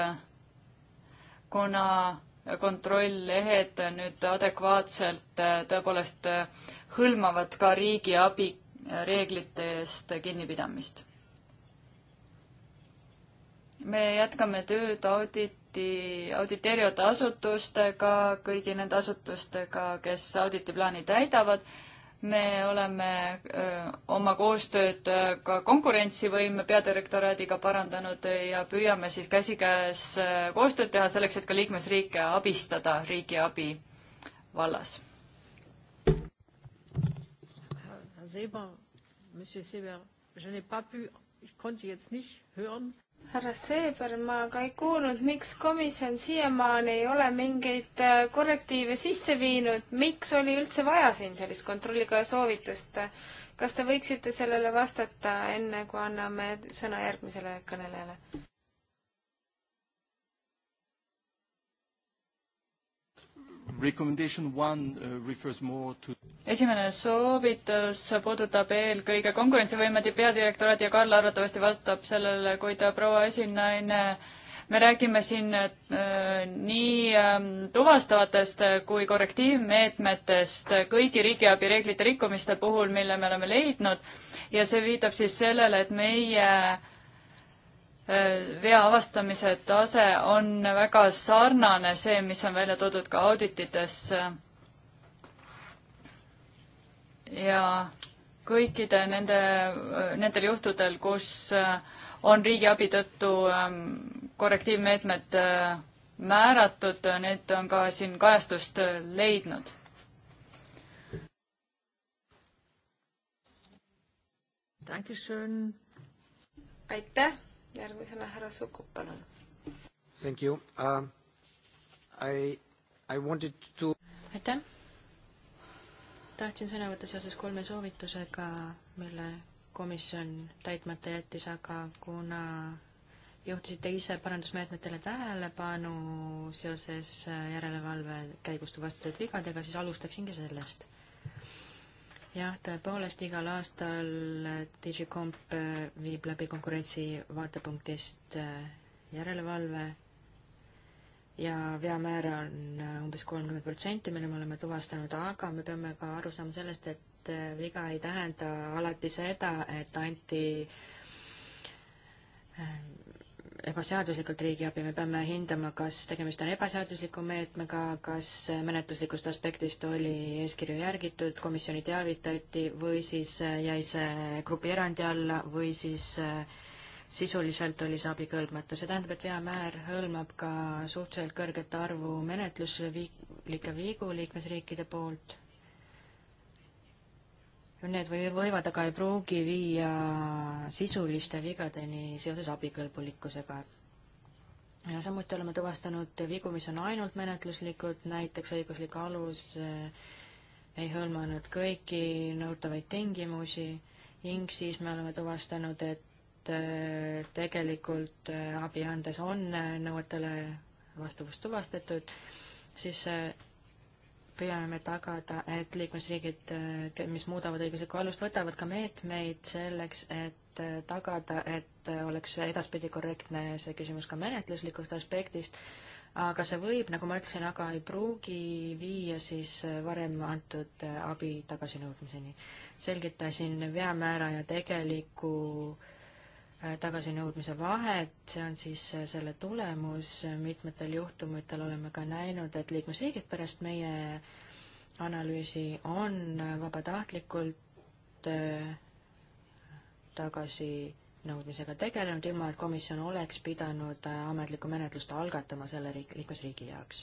kuna kontrolllehed nüüd adekvaatselt äh, tõepoolest äh, hõlmavad ka riigiabi reeglite eest kinnipidamist. me jätkame tööd auditi, auditeerivate asutustega, kõigi nende asutustega, kes auditiplaani täidavad me oleme oma koostööd ka konkurentsivõime peadirektoraadiga parandanud ja püüame siis käsikäes koostööd teha selleks, et ka liikmesriike abistada riigiabi vallas. Seber, Monsieur Seber, je n'ai pas pu, ich konnte jetzt nicht hören härra Seeber, ma ka ei kuulnud, miks komisjon siiamaani ei ole mingeid äh, korrektiive sisse viinud, miks oli üldse vaja siin sellist kontrollikoja soovitust? kas te võiksite sellele vastata, enne kui anname sõna järgmisele kõnelejale? Uh, to... esimene soovitus puudutab eelkõige konkurentsivõimedi peadirektoraadi ja Karl arvatavasti vastab sellele, kui ta proua esinaine me räägime siin äh, nii äh, tuvastavatest kui korrektiivmeetmetest kõigi riigiabi reeglite rikkumiste puhul, mille me oleme leidnud ja see viitab siis sellele, et meie äh, Äh, vea avastamise tase on väga sarnane see, mis on välja toodud ka auditites. ja kõikide nende, nendel juhtudel, kus äh, on riigiabi tõttu ähm, korrektiivmeetmed äh, määratud, need on ka siin kajastust leidnud. aitäh järgmisena härra Sukup, palun. Thank you uh,. I, I wanted to. aitäh. tahtsin sõna võtta seoses kolme soovitusega, mille komisjon täitmata jättis, aga kuna juhtisite ise parandusmeetmetele tähelepanu seoses äh, järelevalve käigus tuvastatud vigadega, siis alustaksingi sellest jah, tõepoolest igal aastal DigiComp äh, viib läbi konkurentsi vaatepunktist äh, järelevalve ja veamäär on äh, umbes kolmkümmend protsenti, mille me oleme tuvastanud, aga me peame ka aru saama sellest, et viga ei tähenda alati seda, et anti ebaseaduslikult riigiabi, me peame hindama, kas tegemist on ebaseadusliku meetmega, kas menetluslikust aspektist oli eeskirju järgitud, komisjoni teavitati või siis jäi see grupierandi alla või siis äh, sisuliselt oli see abikõlbmatu, see tähendab, et veamäär hõlmab ka suhteliselt kõrget arvu menetlusliike viigu liikmesriikide poolt Need või, võivad aga ei pruugi viia sisuliste vigadeni seoses abikõlbulikkusega. ja samuti oleme tuvastanud vigu, mis on ainult menetluslikud, näiteks õiguslik alus eh, ei hõlmanud kõiki nõutavaid tingimusi ning siis me oleme tuvastanud, et eh, tegelikult eh, abi andes on nõuetele vastavus tuvastatud, siis püüame me tagada, et liikmesriigid, mis muudavad õiguslikku alust, võtavad ka meetmeid selleks, et tagada, et oleks edaspidi korrektne see küsimus ka menetluslikust aspektist, aga see võib, nagu ma ütlesin, aga ei pruugi viia siis varem antud abi tagasinõudmiseni. selgitasin veamäära ja tegeliku äh, Äh, tagasinõudmise vahet, see on siis äh, selle tulemus, mitmetel juhtumitel oleme ka näinud, et liikmesriigid pärast meie analüüsi on äh, vabatahtlikult tagasinõudmisega tegelenud, ilma et komisjon oleks pidanud ametlikku menetlust algatama selle riik, liikmesriigi jaoks.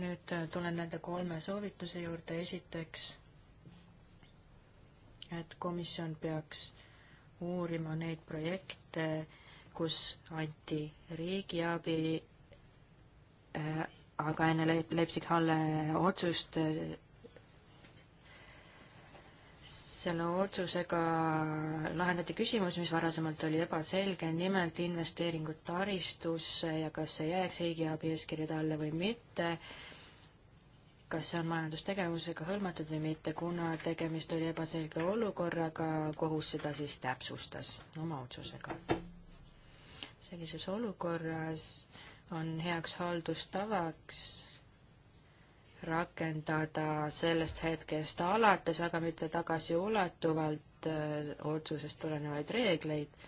nüüd tulen nende kolme soovituse juurde, esiteks, et komisjon peaks uurima neid projekte, kus anti riigiabi, äh, aga enne Leip-, Leipzig-Halle otsust äh, selle otsusega lahendati küsimus, mis varasemalt oli ebaselge, nimelt investeeringud taristusse ja kas see jääks riigiabi eeskirjade alla või mitte kas see on majandustegevusega hõlmatud või mitte, kuna tegemist oli ebaselge olukorraga, kohus seda siis täpsustas oma otsusega. sellises olukorras on heaks haldustavaks rakendada sellest hetkest alates, aga mitte tagasiulatuvalt äh, otsusest tulenevaid reegleid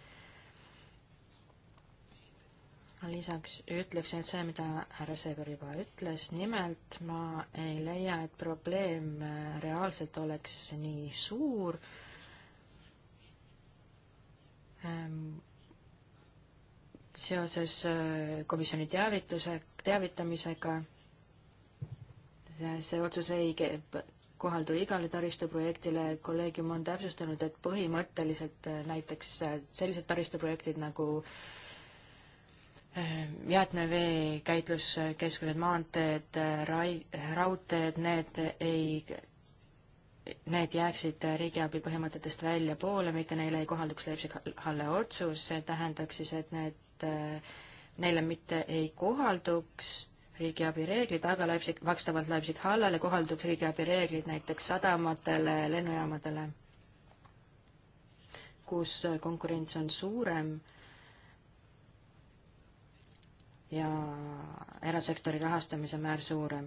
lisaks ütleksin, et see, mida härra Seeber juba ütles, nimelt ma ei leia, et probleem reaalselt oleks nii suur ähm, seoses äh, komisjoni teavituse, teavitamisega. see otsus ei kohaldu igale taristuprojektile, kolleegium on täpsustanud, et põhimõtteliselt äh, näiteks äh, sellised taristuprojektid nagu äh, jäätmevee käitluskeskused, maanteed, rai-, raudteed, need ei, need jääksid riigiabi põhimõtetest väljapoole, mitte neile ei kohalduks Leipzig-Halle otsus, see tähendaks siis, et need, neile mitte ei kohalduks riigiabi reeglid, aga Leipzig, vastavalt Leipzig-Hallale kohalduks riigiabi reeglid näiteks sadamatele, lennujaamadele, kus konkurents on suurem ja erasektori rahastamise määr suurem.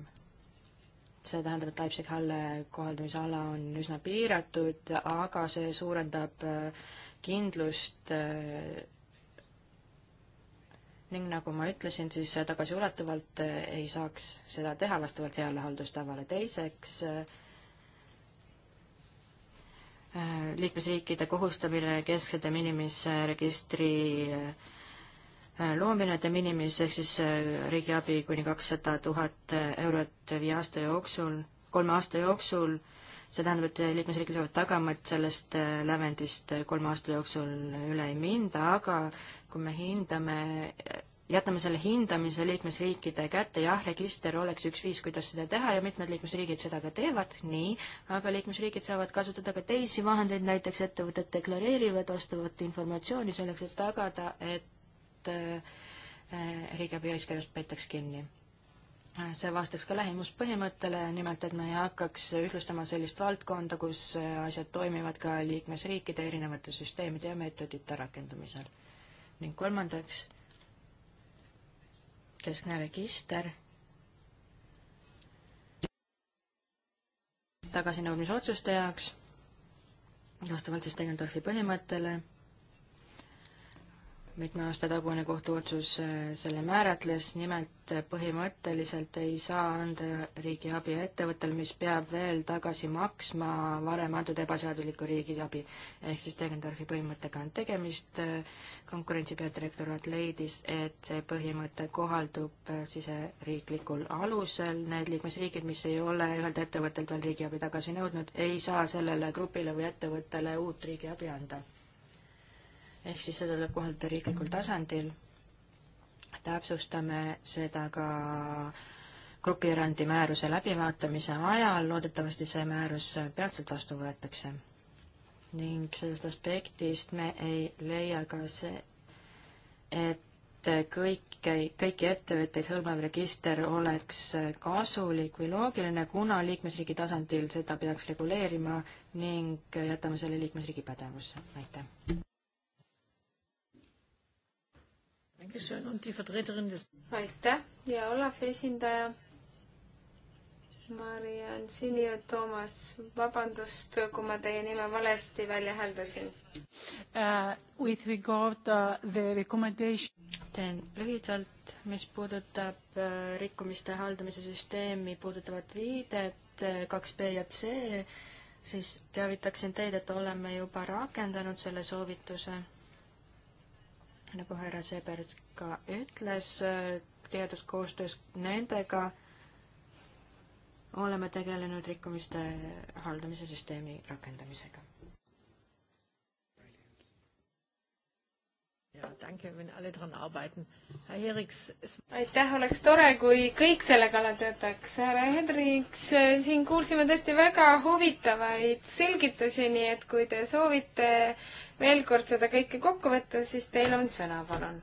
see tähendab, et Leipzig-Halle kohaldamise ala on üsna piiratud, aga see suurendab äh, kindlust äh, ning nagu ma ütlesin, siis tagasiulatuvalt äh, ei saaks seda teha vastavalt heale haldustavale. teiseks, liikmesriikide kohustamine keskse de minimis registri äh, Äh, loomine de minimis ehk siis äh, riigiabi kuni kakssada tuhat äh, eurot viie aasta jooksul, kolme aasta jooksul, see tähendab, et liikmesriigid peavad tagama, et sellest lävendist kolme aasta jooksul üle ei minda, aga kui me hindame jätame selle hindamise liikmesriikide kätte, jah, register oleks üks viis, kuidas seda teha ja mitmed liikmesriigid seda ka teevad, nii, aga liikmesriigid saavad kasutada ka teisi vahendeid, näiteks ettevõtted deklareerivad vastavat informatsiooni selleks, et tagada, et et eh, riigiabi eeskirjast peetaks kinni. see vastaks ka lähimuspõhimõttele, nimelt et me ei hakkaks ühtlustama sellist valdkonda, kus asjad toimivad ka liikmesriikide erinevate süsteemide ja meetodite rakendamisel. ning kolmandaks, keskne register tagasinõudmisotsuste jaoks, vastavalt siis Tegeldorfi põhimõttele mitme aasta tagune kohtuotsus äh, selle määratles, nimelt äh, põhimõtteliselt ei saa anda riigiabi ettevõttele, mis peab veel tagasi maksma varem antud ebaseaduslikku riigiabi. ehk siis Degendorfi põhimõttega on tegemist, äh, konkurentsi peadirektoraat leidis, et see põhimõte kohaldub siseriiklikul alusel, need liikmesriigid, mis ei ole ühelt ettevõttelt veel riigiabi tagasi nõudnud, ei saa sellele grupile või ettevõttele uut riigiabi anda ehk siis seda tuleb kohaldada riiklikul tasandil. täpsustame seda ka grupierandi määruse läbivaatamise ajal, loodetavasti see määrus peatselt vastu võetakse. ning sellest aspektist me ei leia ka see, et kõik, kõiki ettevõtteid hõlmav register oleks kasulik või loogiline, kuna liikmesriigi tasandil seda peaks reguleerima ning jätame selle liikmesriigi pädevusse. aitäh! aitäh ja Olavi esindaja Mariann Sinio Toomas, vabandust, kui ma teie nime valesti välja hääldasin uh,. With regard uh, the recommendation. teen lühidalt, mis puudutab uh, rikkumiste haldamise süsteemi puudutavat viidet uh, kaks B ja C, siis teavitaksin teid, et oleme juba rakendanud selle soovituse nagu härra Seberts ka ütles, teaduskoostöös nendega oleme tegelenud rikkumiste haldamise süsteemi rakendamisega aitäh, oleks tore, kui kõik selle kallal töötaks. härra Hendriks, äh, siin kuulsime tõesti väga huvitavaid selgitusi, nii et kui te soovite veel kord seda kõike kokku võtta, siis teil on sõna, palun.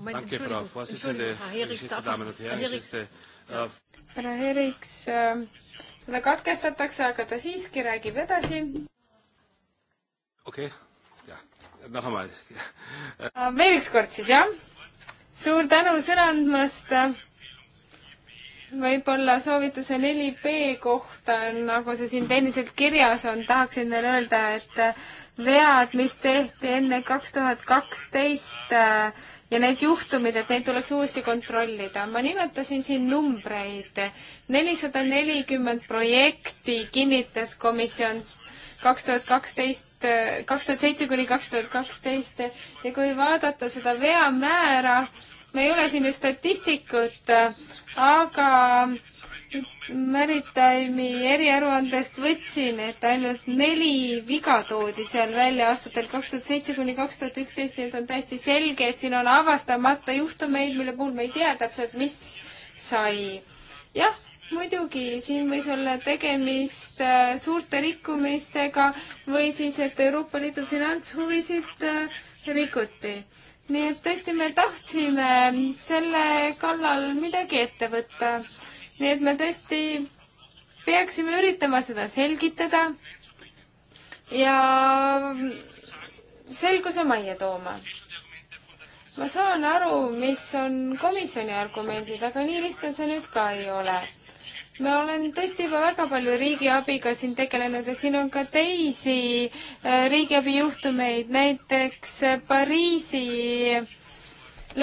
Äh, härra Heriks, äh, teda katkestatakse, aga ta siiski räägib edasi. okei okay Noh, äh, veel ükskord siis jah. suur tänu sõna andmast. võib-olla soovituse neli B kohta, nagu see siin tehniliselt kirjas on, tahaksin veel öelda, et äh, vead, mis tehti enne kaks tuhat kaksteist äh, ja need juhtumid, et neid tuleks uuesti kontrollida. ma nimetasin siin numbreid. nelisada nelikümmend projekti kinnitas komisjon kaks tuhat kaksteist, kaks tuhat seitse kuni kaks tuhat kaksteist ja kui vaadata seda veamäära, me ei ole siin ju statistikut, aga Maritime'i eriaruandest võtsin, et ainult neli viga toodi seal välja aastatel kaks tuhat seitse kuni kaks tuhat üksteist, nii et on täiesti selge, et siin on avastamata juhtumeid, mille puhul me ei tea täpselt, mis sai. jah, muidugi, siin võis olla tegemist äh, suurte rikkumistega või siis, et Euroopa Liidu finantshuvisid äh, rikuti. nii et tõesti, me tahtsime selle kallal midagi ette võtta. nii et me tõesti peaksime üritama seda selgitada ja selguse majja tooma ma saan aru, mis on komisjoni argumendid, aga nii lihtne see nüüd ka ei ole ma olen tõesti juba väga palju riigiabiga siin tegelenud ja siin on ka teisi äh, riigiabi juhtumeid, näiteks äh, Pariisi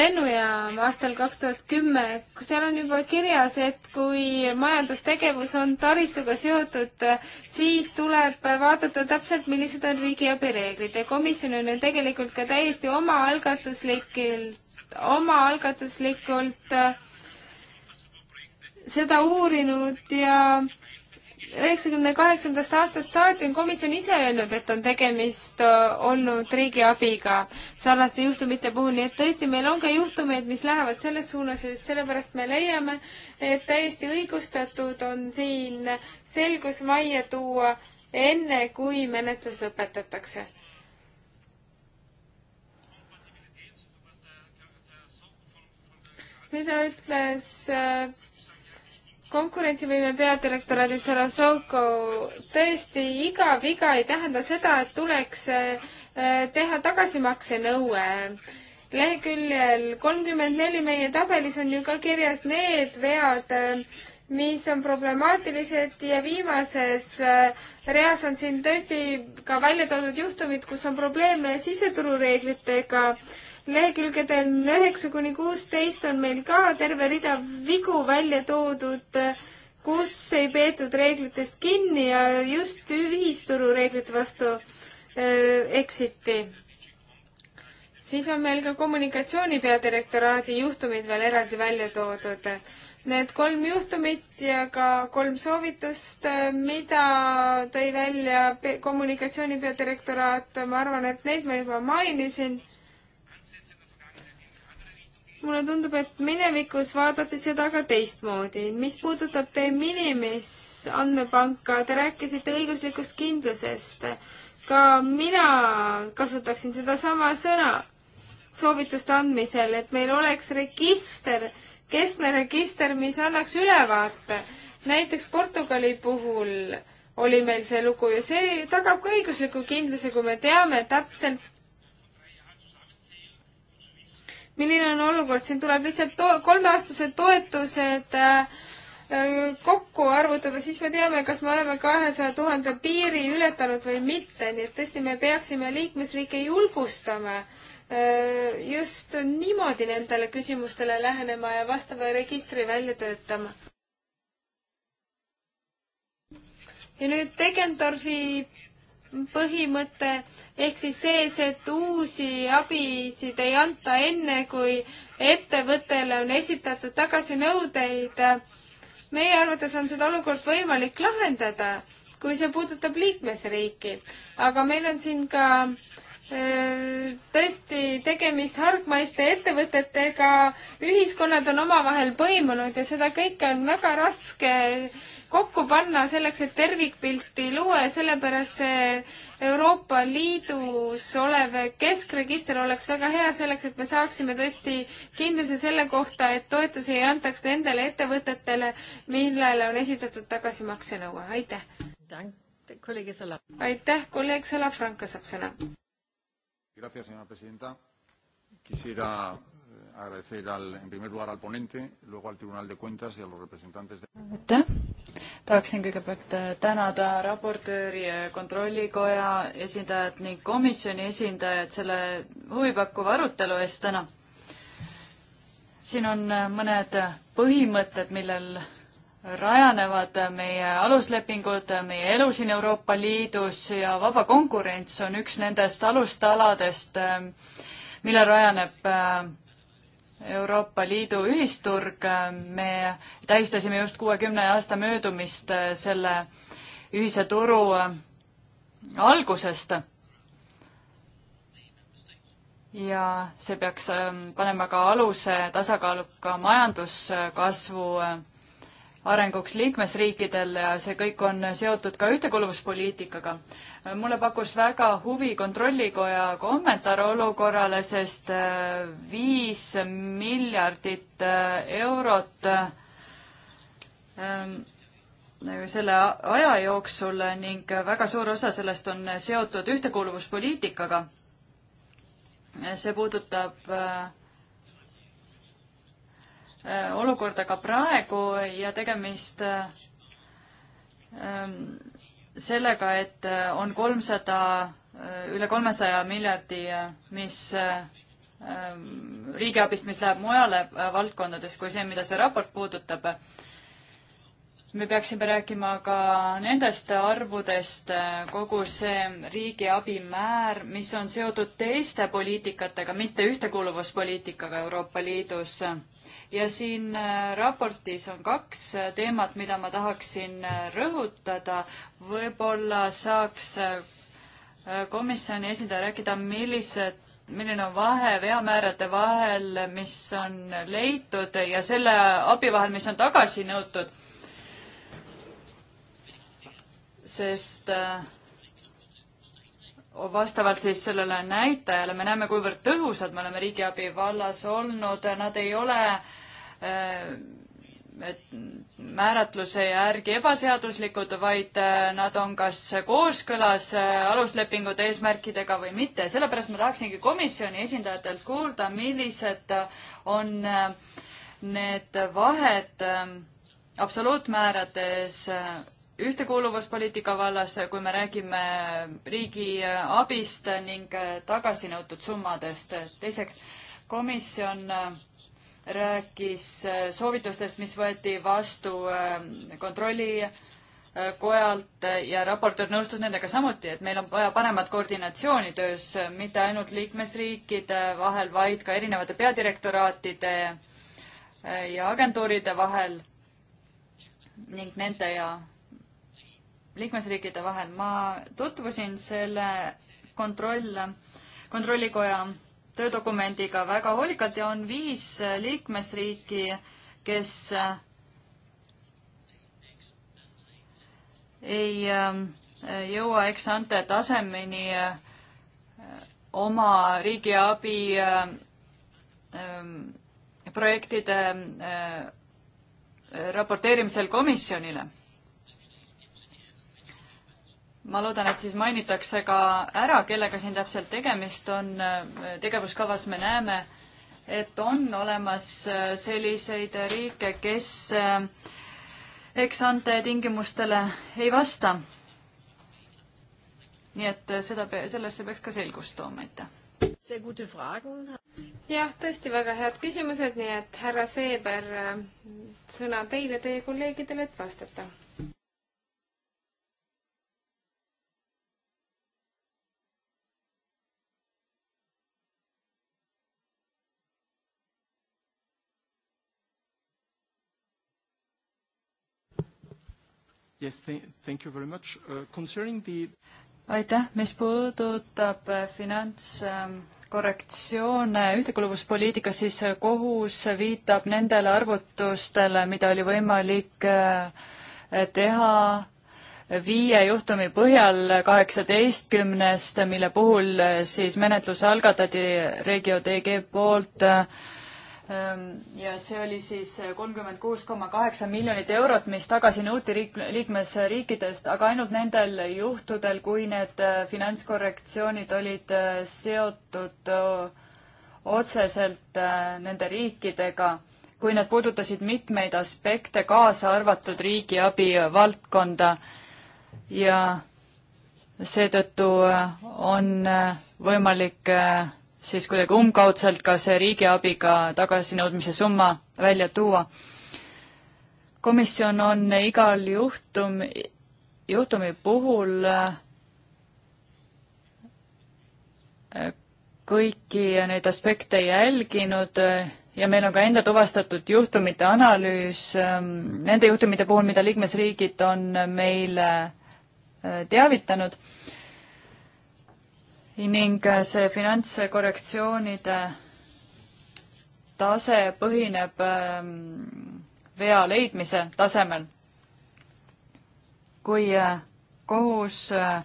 lennujaam aastal kaks tuhat kümme, seal on juba kirjas, et kui majandustegevus on taristuga seotud, siis tuleb vaadata täpselt, millised on riigiabi reeglid ja komisjon on ju tegelikult ka täiesti omaalgatuslikult, omaalgatuslikult äh, seda uurinud ja üheksakümne kaheksandast aastast saati on komisjon ise öelnud, et on tegemist äh, olnud riigiabiga sarnaste juhtumite puhul, nii et tõesti, meil on ka juhtumeid, mis lähevad selles suunas ja just sellepärast me leiame, et täiesti õigustatud on siin selgus majja tuua enne, kui menetlus lõpetatakse. mida ütles äh, konkurentsivõime peadirektoraadist härra Soko, tõesti iga viga ei tähenda seda, et tuleks äh, teha tagasimaksenõue. leheküljel kolmkümmend neli meie tabelis on ju ka kirjas need vead, äh, mis on problemaatilised ja viimases äh, reas on siin tõesti ka välja toodud juhtumid, kus on probleeme siseturureeglitega lehekülgedel üheksa kuni kuusteist on meil ka terve rida vigu välja toodud, kus ei peetud reeglitest kinni ja just ühisturu reeglite vastu äh, eksiti. siis on meil ka kommunikatsiooni peadirektoraadi juhtumid veel eraldi välja toodud. Need kolm juhtumit ja ka kolm soovitust, äh, mida tõi välja kommunikatsiooni peadirektoraat, ma arvan, et neid ma juba mainisin mulle tundub, et minevikus vaadati seda ka teistmoodi. mis puudutab de minimis andmepanka, te rääkisite õiguslikust kindlusest. ka mina kasutaksin sedasama sõna soovituste andmisel, et meil oleks register, keskne register, mis annaks ülevaate. näiteks Portugali puhul oli meil see lugu ja see tagab ka õigusliku kindluse, kui me teame täpselt, milline on olukord, siin tuleb lihtsalt to-, kolmeaastased toetused äh, äh, kokku arvutada, siis me teame, kas me oleme kahesaja tuhande piiri ületanud või mitte, nii et tõesti, me peaksime liikmesriike julgustama äh, just niimoodi nendele küsimustele lähenema ja vastava registri välja töötama. ja nüüd Degendorfi põhimõte ehk siis sees, et uusi abisid ei anta enne, kui ettevõttele on esitatud tagasinõudeid. meie arvates on seda olukord võimalik lahendada, kui see puudutab liikmesriiki, aga meil on siin ka tõesti tegemist hargmaiste ettevõtetega, ühiskonnad on omavahel põimunud ja seda kõike on väga raske kokku panna selleks, et tervikpilti luua ja sellepärast see Euroopa Liidus olev keskregister oleks väga hea selleks, et me saaksime tõesti kindluse selle kohta, et toetusi ei antaks nendele ettevõtetele, millele on esitatud tagasimaksenõue. aitäh! aitäh, kolleeg Salafranca saab sõna. Gracias, señora presidenta. Quisiera agradecer al, en primer lugar al ponente, luego al Tribunal de Cuentas y a los representantes de... aitäh! tahaksin kõigepealt eh, tänada raportööri, eh, kontrollikoja esindajat ning komisjoni esindajat selle huvipakkuva arutelu eest täna. siin on eh, mõned põhimõtted, millel rajanevad meie aluslepingud, meie elu siin Euroopa Liidus ja vaba konkurents on üks nendest alustaladest, millel rajaneb äh, Euroopa Liidu ühisturg, me tähistasime just kuuekümne aasta möödumist selle ühise turu algusest. ja see peaks ähm, panema ka aluse tasakaaluka majanduskasvu äh, arenguks liikmesriikidel ja see kõik on seotud ka ühtekuuluvuspoliitikaga. mulle pakkus väga huvi Kontrollikoja kommentaar olukorrale, sest äh, viis miljardit äh, eurot ähm, selle aja jooksul ning väga suur osa sellest on seotud ühtekuuluvuspoliitikaga. see puudutab äh, Äh, olukorda ka praegu ja tegemist ähm, sellega, et äh, on kolmsada, äh, üle kolmesaja miljardi, mis ähm, riigiabist, mis läheb mujale valdkondades kui see, mida see raport puudutab me peaksime rääkima ka nendest arvudest, eh, kogu see riigiabi määr, mis on seotud teiste poliitikatega, mitte ühtekuuluvuspoliitikaga Euroopa Liidus. ja siin eh, raportis on kaks teemat, mida ma tahaksin eh, rõhutada. võib-olla saaks komisjoni esindaja rääkida, millised milline on vahe veamäärade vahel, mis on leitud ja selle abi vahel, mis on tagasi nõutud sest äh, vastavalt siis sellele näitajale me näeme, kuivõrd tõhusad me oleme riigiabi vallas olnud, nad ei ole äh, määratluse järgi ebaseaduslikud, vaid äh, nad on kas kooskõlas aluslepingute eesmärkidega või mitte. sellepärast ma tahaksingi komisjoni esindajatelt kuulda, millised on need vahed absoluutmäärades ühtekuuluvuspoliitika vallas, kui me räägime riigi abist ning tagasinõutud summadest. teiseks, komisjon rääkis soovitustest, mis võeti vastu kontrollikojalt ja raportöör nõustus nendega samuti, et meil on vaja paremat koordinatsiooni töös, mitte ainult liikmesriikide vahel, vaid ka erinevate peadirektoraatide ja agentuuride vahel ning nende ja liikmesriikide vahel. ma tutvusin selle kontroll, kontrollikoja töödokumendiga väga hoolikalt ja on viis liikmesriiki, kes äh, ei äh, jõua eksante tasemeni äh, oma riigiabi ähm, projektide raporteerimisel komisjonile ma loodan, et siis mainitakse ka ära, kellega siin täpselt tegemist on. Äh, tegevuskavas me näeme, et on olemas äh, selliseid riike, kes äh, eksante tingimustele ei vasta. nii et seda, sellesse peaks ka selgust tooma, aitäh. jah, tõesti väga head küsimused, nii et härra Seeber, sõna teile, teie kolleegidele, et vastata Yes, thank you very much. Uh, concerning the aitäh, mis puudutab äh, finantskorrektsioone ähm, ühtekuluvuspoliitikas, siis äh, kohus viitab nendele arvutustele, mida oli võimalik äh, teha viie juhtumi põhjal kaheksateistkümnest, mille puhul siis menetlus algatati Regio DG poolt äh, Ehm, ja see oli siis kolmkümmend kuus koma kaheksa miljonit eurot, mis tagasi nõuti riik, liikmesriikidest, aga ainult nendel juhtudel, kui need äh, finantskorrektsioonid olid äh, seotud otseselt äh, nende riikidega, kui need puudutasid mitmeid aspekte, kaasa arvatud riigiabi valdkonda ja seetõttu on võimalik siis kuidagi umbkaudselt ka see riigiabiga tagasinõudmise summa välja tuua. komisjon on igal juhtum, juhtumi puhul äh, kõiki neid aspekte jälginud äh, ja meil on ka enda tuvastatud juhtumite analüüs ähm, nende juhtumite puhul, mida liikmesriigid on meile äh, teavitanud ning äh, see finantskorrektsioonide tase põhineb ähm, vea leidmise tasemel. kui äh, kohus äh,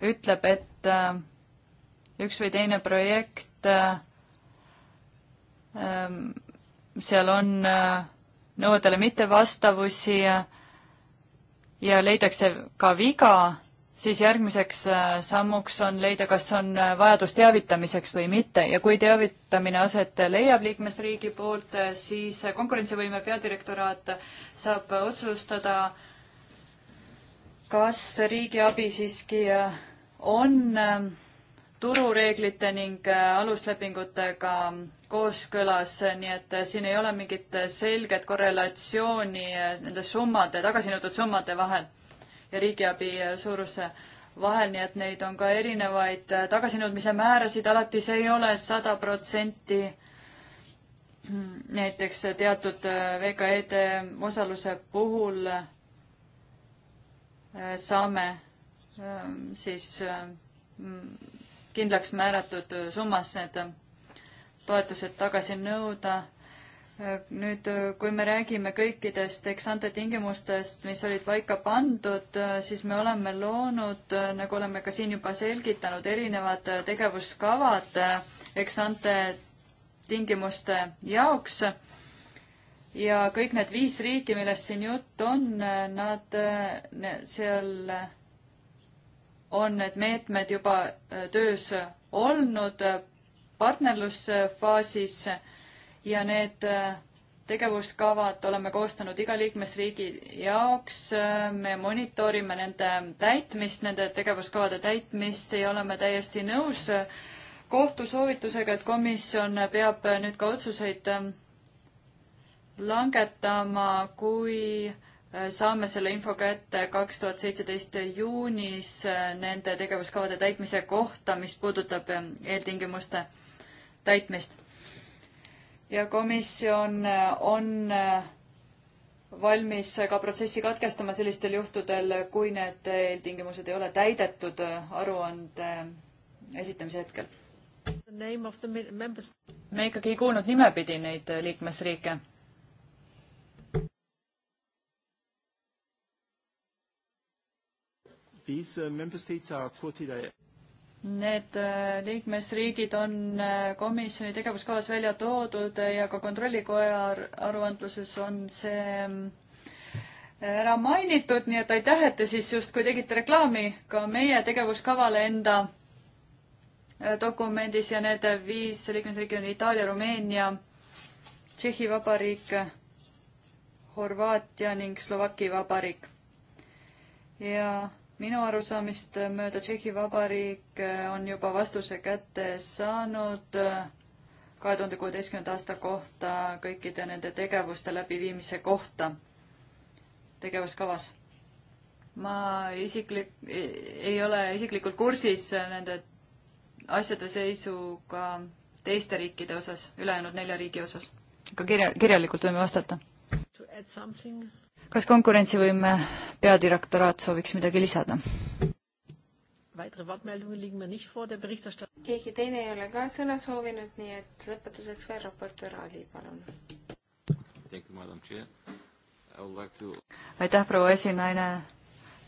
ütleb, et üks või teine projekt, ähm, seal on nõuetele mittevastavusi ja leitakse ka viga, siis järgmiseks äh, sammuks on leida, kas on äh, vajadus teavitamiseks või mitte ja kui teavitamine aset leiab liikmesriigi poolt, äh, siis konkurentsivõime peadirektoraat saab otsustada, kas riigiabi siiski on turureeglite ning aluslepingutega kooskõlas, nii et siin ei ole mingit selget korrelatsiooni nende summade, tagasinõutud summade vahel ja riigiabi suuruse vahel, nii et neid on ka erinevaid tagasinõudmise määrasid, alati see ei ole sada protsenti näiteks teatud VKE-de osaluse puhul saame ähm, siis ähm, kindlaks määratud summas need toetused tagasi nõuda nüüd, kui me räägime kõikidest eksante tingimustest, mis olid paika pandud, siis me oleme loonud, nagu oleme ka siin juba selgitanud, erinevad tegevuskavad eksante tingimuste jaoks. ja kõik need viis riiki, millest siin jutt on, nad seal on need meetmed juba töös olnud partnerlusfaasis ja need äh, tegevuskavad oleme koostanud iga liikmesriigi jaoks, äh, me monitoorime nende täitmist, nende tegevuskavade täitmist ja oleme täiesti nõus äh, kohtu soovitusega, et komisjon peab nüüd ka otsuseid langetama, kui saame selle info kätte kaks tuhat seitseteist juunis nende tegevuskavade täitmise kohta, mis puudutab eeltingimuste täitmist ja komisjon äh, on äh, valmis ka protsessi katkestama sellistel juhtudel, kui need eeltingimused ei ole täidetud äh, aruande esitamise hetkel. me ikkagi ei kuulnud nimepidi neid liikmesriike These member states are quoted Need äh, liikmesriigid on äh, komisjoni tegevuskavas välja toodud ja ka Kontrollikoja aruandluses on see mm, ära mainitud, nii et aitäh, et te siis justkui tegite reklaami ka meie tegevuskavale enda äh, dokumendis ja need viis liikmesriiki on Itaalia, Rumeenia, Tšehhi Vabariik, Horvaatia ning Slovaki Vabariik. ja minu arusaamist mööda Tšehhi Vabariik äh, on juba vastuse kätte saanud äh, kahe tuhande kuueteistkümnenda aasta kohta kõikide nende tegevuste läbiviimise kohta tegevuskavas. ma isiklik, e-, ei ole isiklikult kursis nende asjade seisuga teiste riikide osas, ülejäänud nelja riigi osas. aga kirja, kirjalikult võime vastata. To add something? kas konkurentsivõime peadirektoraat sooviks midagi lisada? keegi teine ei ole ka sõna soovinud, nii et lõpetuseks veel raportöör Ali, palun. aitäh, proua esinaine.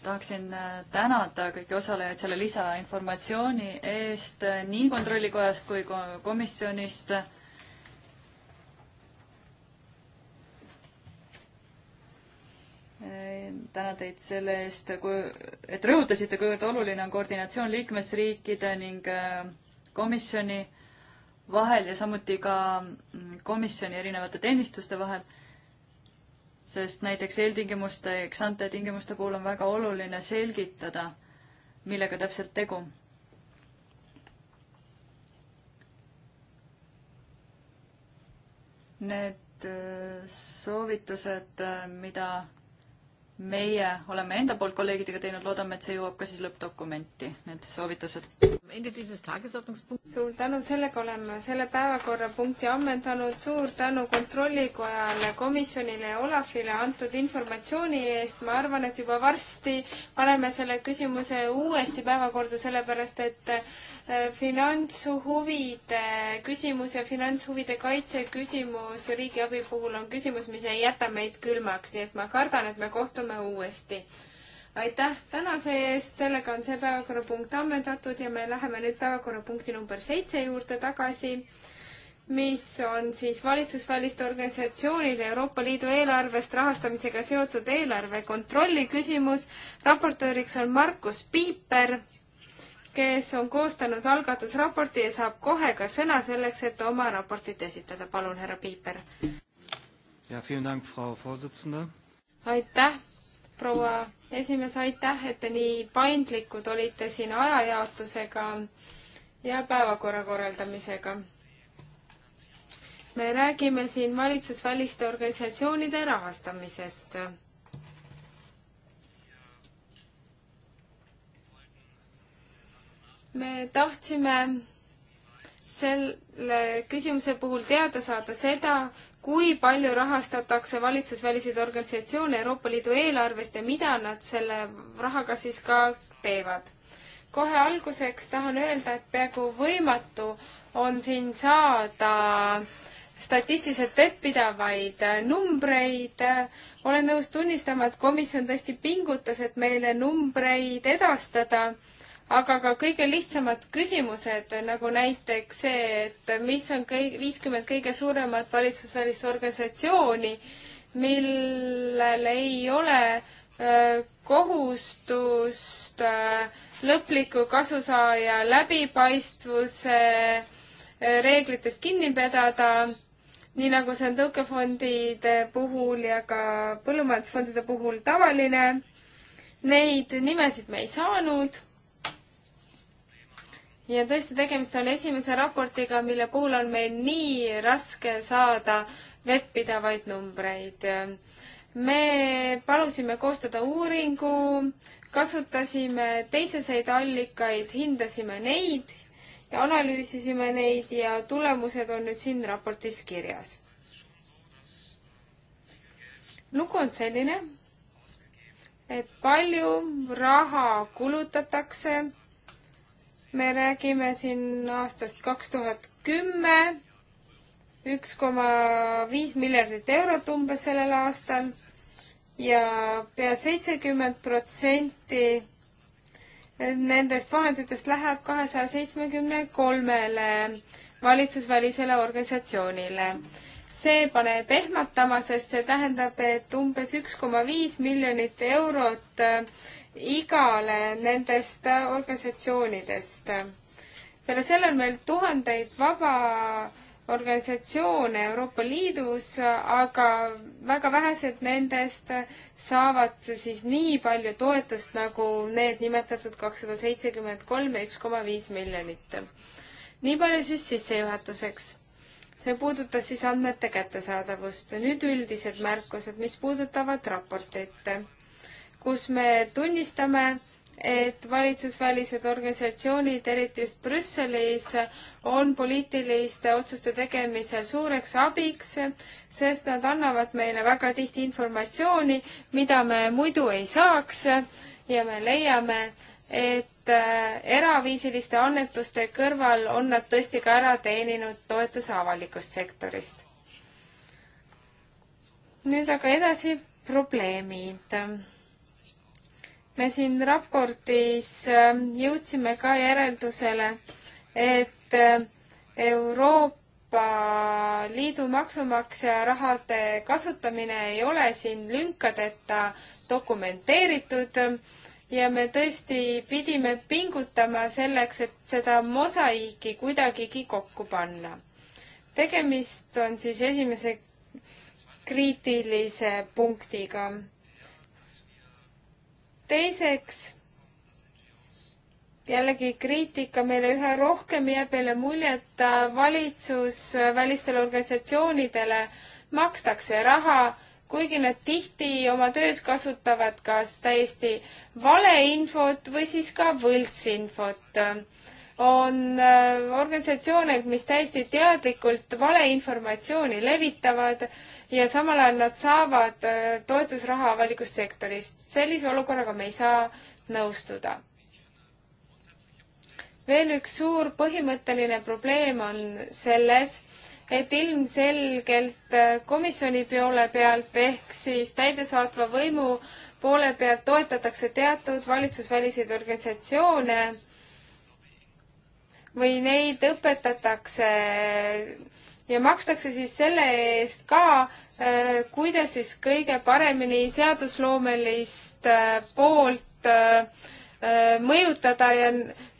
tahaksin äh, tänada kõiki osalejaid selle lisainformatsiooni eest äh, nii Kontrollikojast kui komisjonist tänan teid selle eest, et rõhutasite, kuivõrd oluline on koordinatsioon liikmesriikide ning äh, komisjoni vahel ja samuti ka mm, komisjoni erinevate teenistuste vahel. sest näiteks eeltingimuste, eksante tingimuste puhul on väga oluline selgitada, millega täpselt tegu. Need äh, soovitused, äh, mida meie oleme enda poolt kolleegidega teinud, loodame, et see jõuab ka siis lõppdokumenti, need soovitused. suur tänu, sellega oleme selle päevakorrapunkti ammendanud, suur tänu Kontrollikojale, komisjonile ja Olafile antud informatsiooni eest, ma arvan, et juba varsti paneme selle küsimuse uuesti päevakorda, sellepärast et äh, finantshuvide küsimus ja finantshuvide kaitse küsimus riigiabi puhul on küsimus, mis ei jäta meid külmaks, nii et ma kardan, et me kohtume alustame uuesti. aitäh tänase eest, sellega on see päevakorrapunkt ammendatud ja me läheme nüüd päevakorrapunkti number seitse juurde tagasi, mis on siis valitsusväliste organisatsioonide Euroopa Liidu eelarvest rahastamisega seotud eelarve kontrolli küsimus. raportööriks on Markus Piiper kes on koostanud algatusraporti ja saab kohe ka sõna selleks, et oma raportit esitada. palun, härra Piiper. ja, vielen Dank, Frau Vorsitzende aitäh, proua esimees, aitäh, et te nii paindlikud olite siin ajajaotusega ja päevakorra korraldamisega. me räägime siin valitsusväliste organisatsioonide rahastamisest me tahtsime selle küsimuse puhul teada saada seda, kui palju rahastatakse valitsusväliseid organisatsioone Euroopa Liidu eelarvest ja mida nad selle rahaga siis ka teevad. kohe alguseks tahan öelda, et peaaegu võimatu on siin saada statistiliselt vettpidavaid numbreid. olen nõus tunnistama, et komisjon tõesti pingutas, et meile numbreid edastada aga ka kõige lihtsamad küsimused, nagu näiteks see, et mis on kõi-, viiskümmend kõige suuremat valitsusvälist organisatsiooni, millel ei ole öö, äh, kohustust öö, äh, lõpliku kasusaaja läbipaistvuse äh, reeglitest kinni pidada, nii nagu see on tõukefondide puhul ja ka põllumajandusfondide puhul tavaline. Neid nimesid me ei saanud ja tõesti, tegemist on esimese raportiga, mille puhul on meil nii raske saada vettpidavaid numbreid. me palusime koostada uuringu, kasutasime teiseseid allikaid, hindasime neid ja analüüsisime neid ja tulemused on nüüd siin raportis kirjas. lugu on selline, et palju raha kulutatakse me räägime siin aastast kaks tuhat kümme, üks koma viis miljardit eurot umbes sellel aastal ja pea seitsekümmend protsenti nendest vahenditest läheb kahesaja seitsmekümne kolmele valitsusvälisele organisatsioonile. see paneb ehmatama, sest see tähendab, et umbes üks koma viis miljonit eurot igale nendest organisatsioonidest. peale selle on meil tuhandeid vaba organisatsioone Euroopa Liidus, aga väga vähesed nendest saavad siis nii palju toetust nagu need nimetatud kakssada seitsekümmend kolm ja üks koma viis miljonit. nii palju siis sissejuhatuseks. see puudutas siis andmete kättesaadavust. nüüd üldised märkused, mis puudutavad raportit kus me tunnistame, et valitsusvälised organisatsioonid, eriti just Brüsselis, on poliitiliste otsuste tegemisel suureks abiks, sest nad annavad meile väga tihti informatsiooni, mida me muidu ei saaks ja me leiame, et äh, eraviisiliste annetuste kõrval on nad tõesti ka ära teeninud toetuse avalikust sektorist. nüüd aga edasi probleemid me siin raportis ähm, jõudsime ka järeldusele, et äh, Euroopa Liidu maksumaksja rahade kasutamine ei ole siin lünkadeta dokumenteeritud ja me tõesti pidime pingutama selleks, et seda mosaiiki kuidagigi kokku panna. tegemist on siis esimese kriitilise punktiga teiseks, jällegi kriitika meile üha rohkem jääb meile mulje, et valitsus välistele organisatsioonidele makstakse raha, kuigi nad tihti oma töös kasutavad kas täiesti valeinfot või siis ka võltsinfot on äh, organisatsioone, mis täiesti teadlikult valeinformatsiooni levitavad ja samal ajal nad saavad äh, toetusraha avalikust sektorist. sellise olukorraga me ei saa nõustuda. veel üks suur põhimõtteline probleem on selles, et ilmselgelt äh, komisjoni poole pealt ehk siis täidesaatva võimu poole pealt toetatakse teatud valitsusväliseid organisatsioone või neid õpetatakse ja makstakse siis selle eest ka, äh, kuidas siis kõige paremini seadusloomelist äh, poolt äh, Äh, mõjutada ja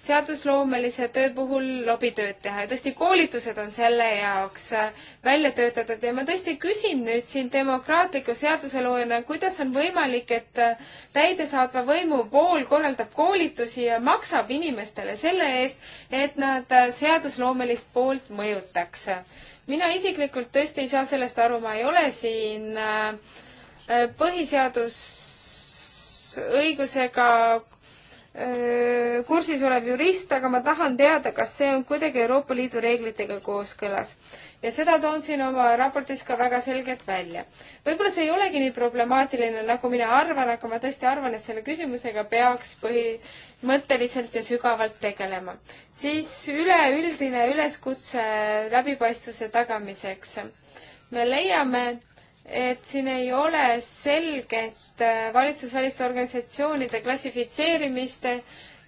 seadusloomelise töö puhul lobitööd teha ja tõesti koolitused on selle jaoks äh, välja töötatud ja ma tõesti küsin nüüd siin demokraatliku seaduseloojana, kuidas on võimalik, et äh, täidesaatva võimu pool korraldab koolitusi ja maksab inimestele selle eest, et nad seadusloomelist poolt mõjutaks. mina isiklikult tõesti ei saa sellest aru, ma ei ole siin põhiseadus õigusega kursis olev jurist, aga ma tahan teada, kas see on kuidagi Euroopa Liidu reeglitega kooskõlas. ja seda toon siin oma raportis ka väga selgelt välja. võib-olla see ei olegi nii problemaatiline, nagu mina arvan, aga ma tõesti arvan, et selle küsimusega peaks põhimõtteliselt ja sügavalt tegelema. siis üleüldine üleskutse läbipaistvuse tagamiseks. me leiame, et siin ei ole selget äh, valitsusväliste organisatsioonide klassifitseerimist.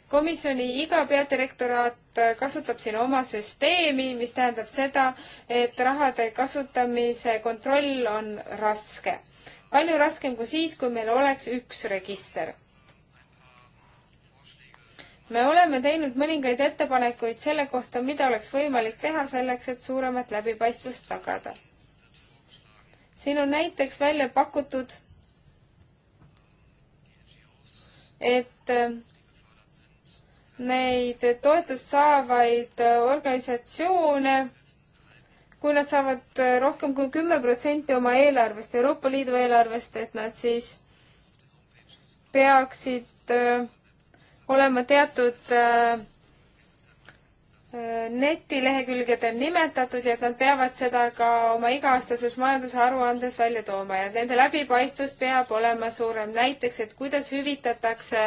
komisjoni iga peadirektoraat äh, kasutab siin oma süsteemi, mis tähendab seda, et rahade kasutamise kontroll on raske. palju raskem kui siis, kui meil oleks üks register me oleme teinud mõningaid ettepanekuid selle kohta, mida oleks võimalik teha selleks, et suuremat läbipaistvust tagada siin on näiteks välja pakutud, et äh, neid toetust saavaid äh, organisatsioone, kui nad saavad äh, rohkem kui kümme protsenti oma eelarvest, Euroopa Liidu eelarvest, et nad siis peaksid olema teatud netilehekülgedel nimetatud ja et nad peavad seda ka oma iga-aastases majandusaruandes välja tooma ja nende läbipaistvus peab olema suurem. näiteks, et kuidas hüvitatakse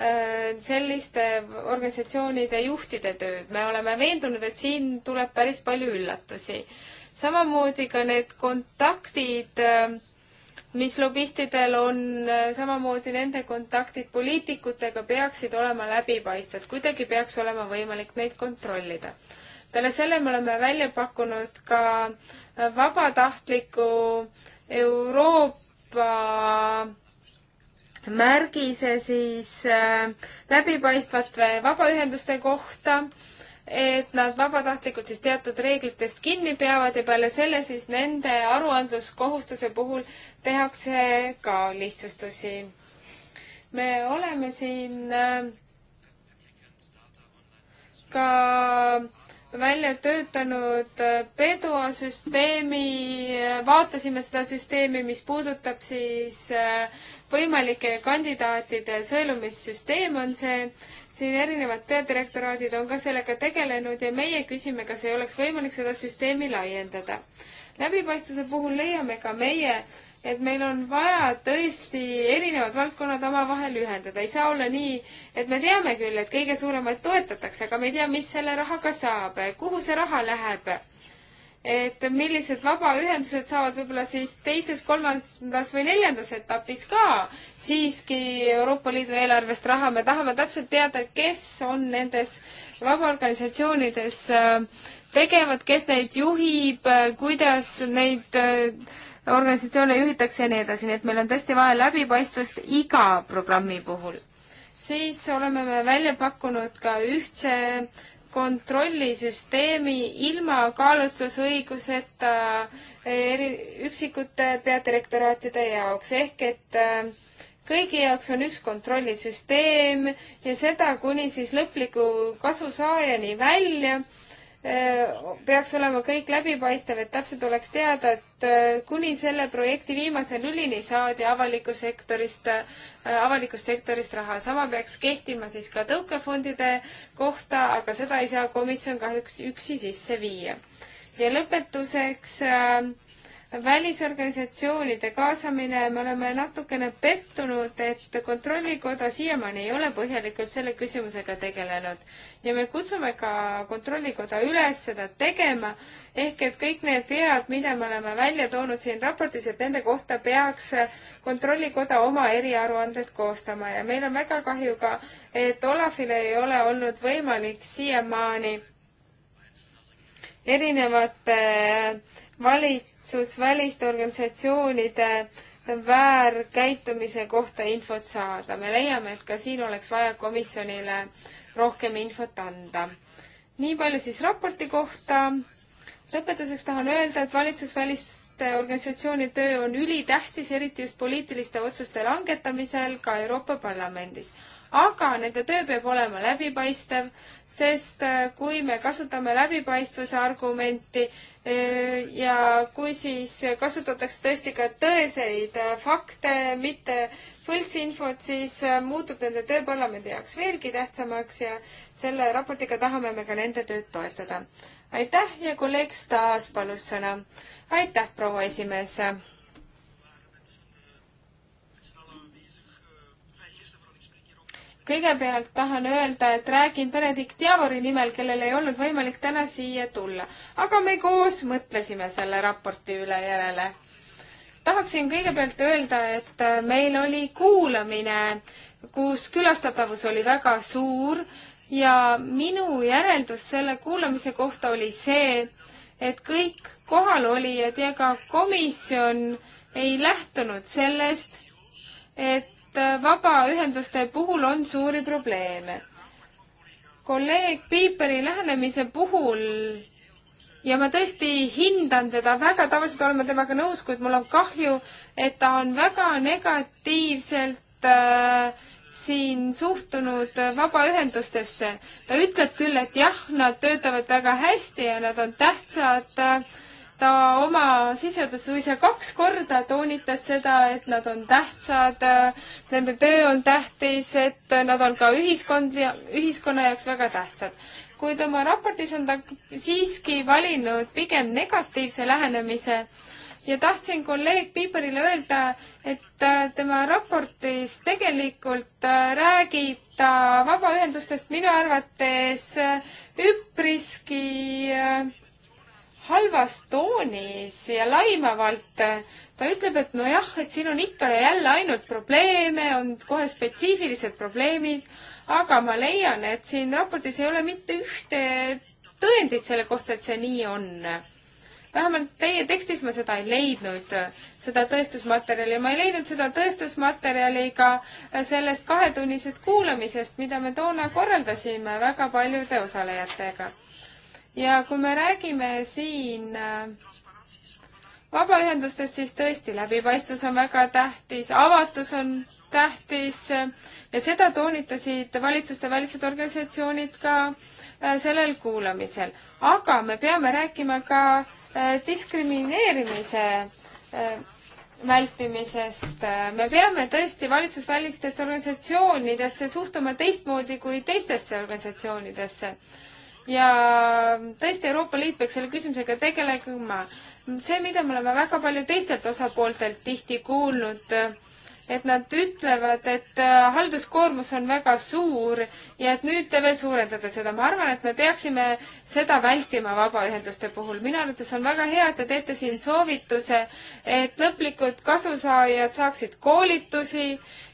äh, selliste organisatsioonide juhtide tööd. me oleme veendunud, et siin tuleb päris palju üllatusi. samamoodi ka need kontaktid äh, mis lobistidel on, äh, samamoodi nende kontaktid poliitikutega peaksid olema läbipaistvad, kuidagi peaks olema võimalik neid kontrollida. peale selle me oleme välja pakkunud ka äh, vabatahtliku Euroopa märgise siis äh, läbipaistvate vabaühenduste kohta äh, et nad vabatahtlikult siis teatud reeglitest kinni peavad ja peale selle siis nende aruandluskohustuse puhul tehakse ka lihtsustusi. me oleme siin äh, ka välja töötanud äh, Pedua süsteemi, äh, vaatasime seda süsteemi, mis puudutab siis võimalike kandidaatide sõelumissüsteem on see siin erinevad peadirektoraadid on ka sellega tegelenud ja meie küsime, kas ei oleks võimalik seda süsteemi laiendada. läbipaistvuse puhul leiame ka meie, et meil on vaja tõesti erinevad valdkonnad omavahel ühendada, ei saa olla nii, et me teame küll, et kõige suuremaid toetatakse, aga me ei tea, mis selle rahaga saab, kuhu see raha läheb et millised vabaühendused saavad võib-olla siis teises, kolmandas või neljandas etapis ka siiski Euroopa Liidu eelarvest raha, me tahame täpselt teada, kes on nendes vabaorganisatsioonides äh, tegevad, kes neid juhib, äh, kuidas neid äh, organisatsioone juhitakse ja nii edasi, nii et meil on tõesti vaja läbipaistvust iga programmi puhul. siis oleme me välja pakkunud ka ühtse äh, kontrollisüsteemi ilma kaalutlusõiguseta eh, eri üksikute peadirektoraatide jaoks, ehk et eh, kõigi jaoks on üks kontrollisüsteem ja seda kuni siis lõpliku kasusaajani välja Äh, peaks olema kõik läbipaistev, et täpselt oleks teada, et äh, kuni selle projekti viimase nullini saadi avaliku sektorist, äh, avalikust sektorist raha. sama peaks kehtima siis ka tõukefondide kohta, aga seda ei saa komisjon kahjuks üksi sisse viia. ja lõpetuseks äh, välisorganisatsioonide kaasamine, me oleme natukene pettunud, et Kontrollikoda siiamaani ei ole põhjalikult selle küsimusega tegelenud. ja me kutsume ka Kontrollikoda üles seda tegema, ehk et kõik need vead, mida me oleme välja toonud siin raportis, et nende kohta peaks Kontrollikoda oma eriaruanded koostama ja meil on väga kahju ka, et Olafil ei ole olnud võimalik siiamaani erinevate valit-, valitsus väliste organisatsioonide väärkäitumise kohta infot saada. me leiame, et ka siin oleks vaja komisjonile rohkem infot anda. nii palju siis raporti kohta. lõpetuseks tahan öelda, et valitsusvälist vabaühenduste organisatsiooni töö on ülitähtis, eriti just poliitiliste otsuste langetamisel ka Euroopa Parlamendis. aga nende töö peab olema läbipaistev, sest äh, kui me kasutame läbipaistvuse argumenti äh, ja kui siis kasutatakse tõesti ka tõeseid äh, fakte, mitte võltsinfot, siis muutub nende töö parlamendi jaoks veelgi tähtsamaks ja selle raportiga tahame me ka nende tööd toetada aitäh ja kolleeg Staas palus sõna. aitäh, proua esimees. kõigepealt tahan öelda, et räägin Benedikt Javori nimel, kellel ei olnud võimalik täna siia tulla, aga me koos mõtlesime selle raporti üle järele tahaksin kõigepealt öelda, et meil oli kuulamine, kus külastatavus oli väga suur ja minu järeldus selle kuulamise kohta oli see, et kõik kohalolijad ja ka komisjon ei lähtunud sellest, et vabaühenduste puhul on suuri probleeme. kolleeg Piiperi lähenemise puhul ja ma tõesti hindan teda väga, tavaliselt olen ma temaga nõus, kuid mul on kahju, et ta on väga negatiivselt äh, siin suhtunud vabaühendustesse. ta ütleb küll, et jah, nad töötavad väga hästi ja nad on tähtsad. ta oma sisedes suisa kaks korda toonitas seda, et nad on tähtsad, nende töö on tähtis, et nad on ka ühiskond, ühiskonna jaoks väga tähtsad kuid oma raportis on ta siiski valinud pigem negatiivse lähenemise äh, ja tahtsin kolleeg Piiparile öelda, et äh, tema raportis tegelikult äh, räägib ta vabaühendustest minu arvates äh, üpriski halvas toonis ja laimavalt. ta ütleb, et nojah, et siin on ikka ja jälle ainult probleeme, on kohe spetsiifilised probleemid, aga ma leian, et siin raportis ei ole mitte ühte tõendit selle kohta, et see nii on vähemalt teie tekstis ma seda ei leidnud, seda tõestusmaterjali, ma ei leidnud seda tõestusmaterjali ka sellest kahetunnisest kuulamisest, mida me toona korraldasime väga paljude osalejatega. ja kui me räägime siin äh, vabaühendustest, siis tõesti, läbipaistvus on väga tähtis, avatus on tähtis ja seda toonitasid valitsustevälised organisatsioonid ka äh, sellel kuulamisel. aga me peame rääkima ka Äh, diskrimineerimise äh, vältimisest. Äh, me peame tõesti valitsusvälistesse organisatsioonidesse suhtuma teistmoodi kui teistesse organisatsioonidesse. ja tõesti, Euroopa Liit peaks selle küsimusega tegelema. see, mida me oleme väga palju teistelt osapooltelt tihti kuulnud äh,, et nad ütlevad, et äh, halduskoormus on väga suur ja et nüüd te veel suurendate seda. ma arvan, et me peaksime seda vältima vabaühenduste puhul. minu arvates on väga hea, et te teete siin soovituse, et lõplikud kasusaajad saaksid koolitusi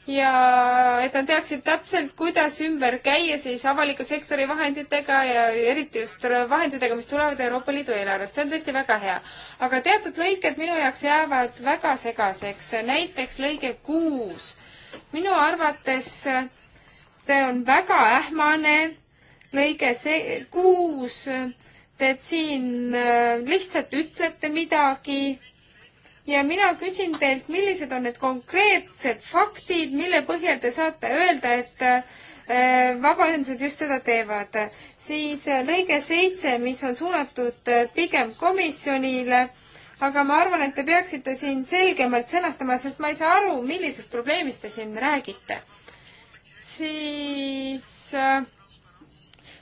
ja et nad teaksid täpselt, kuidas ümber käia siis avaliku sektori vahenditega ja eriti just vahenditega, mis tulevad Euroopa Liidu eelarvest, see on tõesti väga hea. aga teatud lõiked minu jaoks jäävad väga segaseks, näiteks lõige kuus. minu arvates see on väga ähmane lõige see, kuus, te siin lihtsalt ütlete midagi ja mina küsin teilt, millised on need konkreetsed faktid, mille põhjal te saate öelda, et äh, vabaühendused just seda teevad. siis äh, lõige seitse, mis on suunatud äh, pigem komisjonile, aga ma arvan, et te peaksite siin selgemalt sõnastama, sest ma ei saa aru, millisest probleemist te siin räägite. siis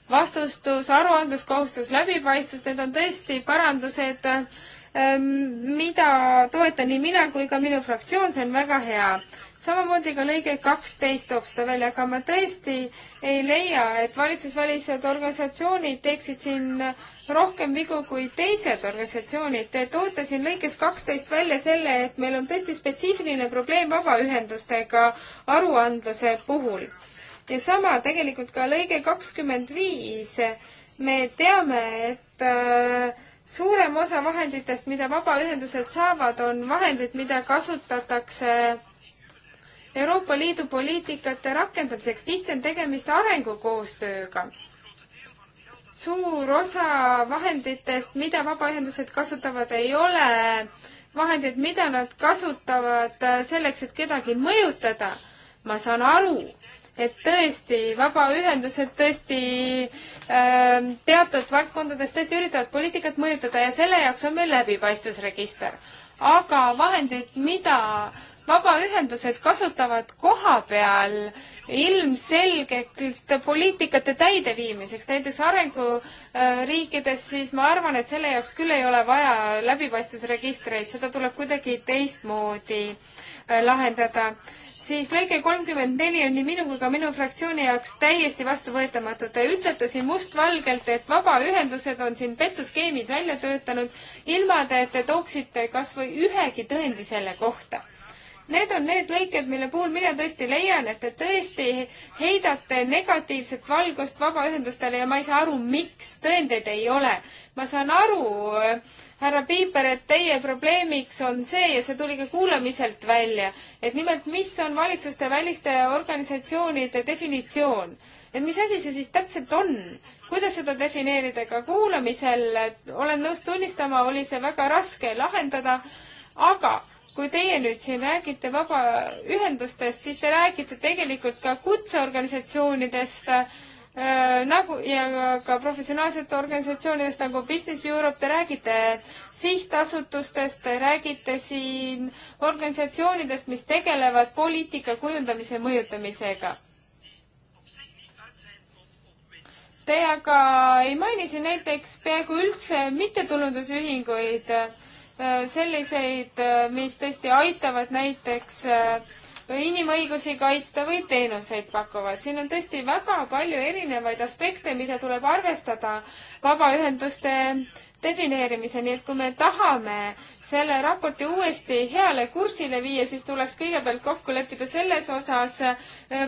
vastustus, aruandluskohustus, läbipaistvus, need on tõesti parandused äh, Ehm, mida toetan nii mina kui ka minu fraktsioon, see on väga hea. samamoodi ka lõige kaksteist toob seda välja, aga ma tõesti ei leia, et valitsusvälised organisatsioonid teeksid siin rohkem vigu kui teised organisatsioonid. Te toote siin lõikes kaksteist välja selle, et meil on tõesti spetsiifiline probleem vabaühendustega aruandluse puhul. ja sama tegelikult ka lõige kakskümmend viis. me teame, et äh, suurem osa vahenditest, mida vabaühendused saavad, on vahendid, mida kasutatakse Euroopa Liidu poliitikate rakendamiseks, tihti on tegemist arengukoostööga. suur osa vahenditest, mida vabaühendused kasutavad, ei ole vahendid, mida nad kasutavad selleks, et kedagi mõjutada. ma saan aru, et tõesti, vabaühendused tõesti äh, teatud valdkondades tõesti üritavad poliitikat mõjutada ja selle jaoks on meil läbipaistvusregister. aga vahendid, mida vabaühendused kasutavad koha peal ilmselgelt poliitikate täideviimiseks, näiteks arenguriikides, siis ma arvan, et selle jaoks küll ei ole vaja läbipaistvusregistreid, seda tuleb kuidagi teistmoodi äh, lahendada siis lõige kolmkümmend neli on nii minu kui ka minu fraktsiooni jaoks täiesti vastuvõetamatu. Te ütlete siin mustvalgelt, et vabaühendused on siin pettuskeemid välja töötanud, ilma et te tooksite kas või ühegi tõendi selle kohta Need on need lõiked, mille puhul mina tõesti leian, et te tõesti heidate negatiivset valgust vabaühendustele ja ma ei saa aru, miks, tõendeid ei ole. ma saan aru, härra Piiper, et teie probleemiks on see ja see tuli ka kuulamiselt välja, et nimelt, mis on valitsuste väliste organisatsioonide definitsioon et mis asi see siis täpselt on, kuidas seda defineerida, ka kuulamisel olen nõus tunnistama, oli see väga raske lahendada, aga kui teie nüüd siin räägite vabaühendustest, siis te räägite tegelikult ka kutseorganisatsioonidest äh, nagu ja ka professionaalsete organisatsioonidest nagu Business Europe, te räägite sihtasutustest, te räägite siin organisatsioonidest, mis tegelevad poliitika kujundamise mõjutamisega Te aga ei maini siin näiteks peaaegu üldse mittetulundusühinguid. Äh, selliseid, äh, mis tõesti aitavad näiteks äh, inimõigusi kaitsta või teenuseid pakuvad. siin on tõesti väga palju erinevaid aspekte, mida tuleb arvestada vabaühenduste defineerimise, nii et kui me tahame selle raporti uuesti heale kursile viia, siis tuleks kõigepealt kokku leppida selles osas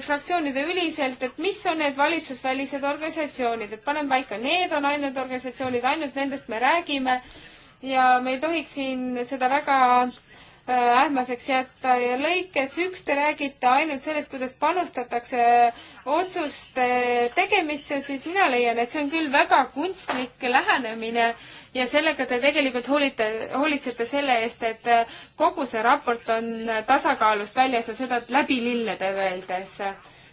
fraktsioonide üliselt, et mis on need valitsusvälised organisatsioonid, et paneme paika, need on ainult organisatsioonid, ainult nendest me räägime ja me ei tohiks siin seda väga äh, ähmaseks jätta ja lõikes üks te räägite ainult sellest, kuidas panustatakse otsuste tegemisse, siis mina leian, et see on küll väga kunstlik lähenemine ja sellega te tegelikult hoolite, hoolitsete selle eest, et äh, kogu see raport on tasakaalust väljas ja seda läbi lillede öeldes.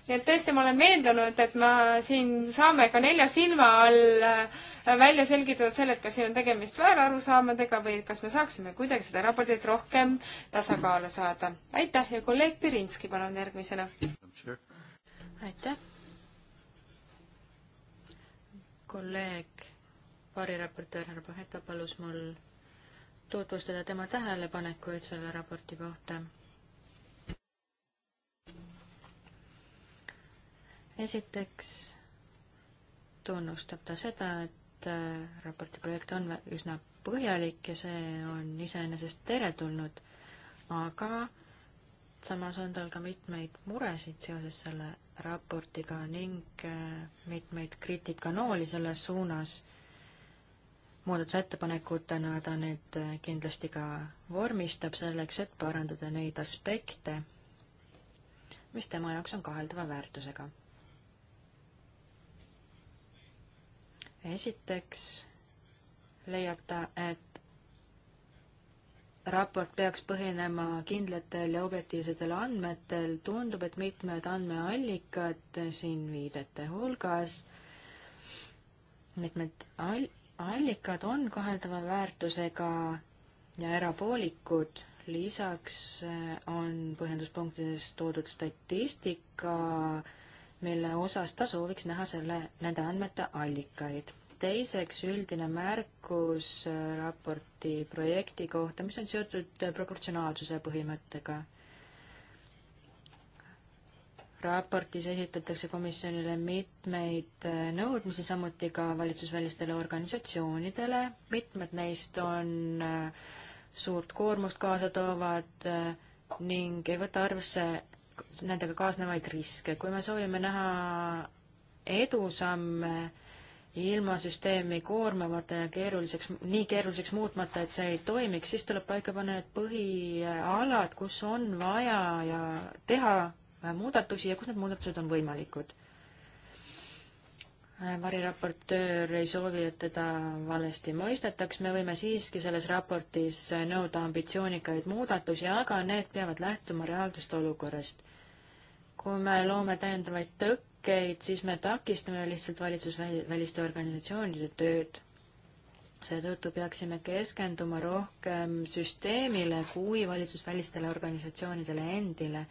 nii et tõesti, ma olen veendunud, et ma siin saame ka nelja silma all äh, välja selgitada selle, et kas siin on tegemist väärarusaamadega või kas me saaksime kuidagi seda raportit rohkem tasakaalu saada. aitäh ja kolleeg Pirinski, palun järgmisena. aitäh. kolleeg, variraportöör härra Paheta palus mul tutvustada tema tähelepanekuid selle raporti kohta esiteks tunnustab ta seda, et et äh, raporti projekt on üsna põhjalik ja see on iseenesest teretulnud, aga samas on tal ka mitmeid muresid seoses selle raportiga ning äh, mitmeid kriitikanooli selles suunas. muudatusettepanekutena ta need äh, kindlasti ka vormistab selleks, et parandada neid aspekte, mis tema jaoks on kaheldava väärtusega esiteks leiab ta, et raport peaks põhinema kindlatel ja objektiivsetel andmetel, tundub, et mitmed andmeallikad siin viidete hulgas, mitmed al-, allikad on kaheldava väärtusega ja erapoolikud, lisaks eh, on põhjenduspunktides toodud statistika äh, mille osas ta sooviks näha selle, nende andmete allikaid. teiseks üldine märkus äh, raporti projekti kohta, mis on seotud äh, proportsionaalsuse põhimõttega raportis esitatakse komisjonile mitmeid äh, nõudmisi, samuti ka valitsusvälistele organisatsioonidele. mitmed neist on suurt koormust kaasa toovad ning ei võta arvesse nendega kaasnevaid riske. kui me soovime näha edusamme ilma süsteemi koormavate ja keeruliseks, nii keeruliseks muutmata, et see ei toimiks, siis tuleb paika panna need põhialad, kus on vaja ja teha muudatusi ja kus need muudatused on võimalikud. variraportöör ei soovi, et teda valesti mõistetaks, me võime siiski selles raportis nõuda ambitsioonikaid muudatusi, aga need peavad lähtuma reaalsest olukorrast kui me loome täiendavaid tõkkeid, siis me takistame lihtsalt valitsusväliste organisatsioonide tööd. seetõttu peaksime keskenduma rohkem süsteemile kui valitsusvälistele organisatsioonidele endile.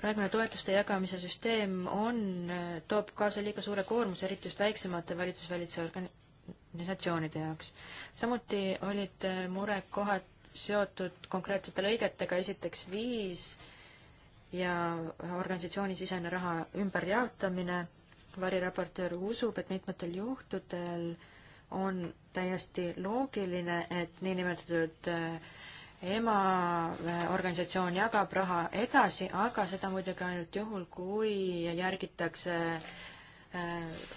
praegune toetuste jagamise süsteem on, toob kaasa liiga suure koormuse, eriti just väiksemate valitsusvälise organisatsioonide jaoks. samuti olid mured kohati seotud konkreetsete lõigetega, esiteks viis ja organisatsioonisisene raha ümberjaotamine. variraportöör usub, et mitmetel juhtudel on täiesti loogiline, et niinimetatud äh, emaorganisatsioon äh, jagab raha edasi, aga seda muidugi ainult juhul, kui järgitakse äh,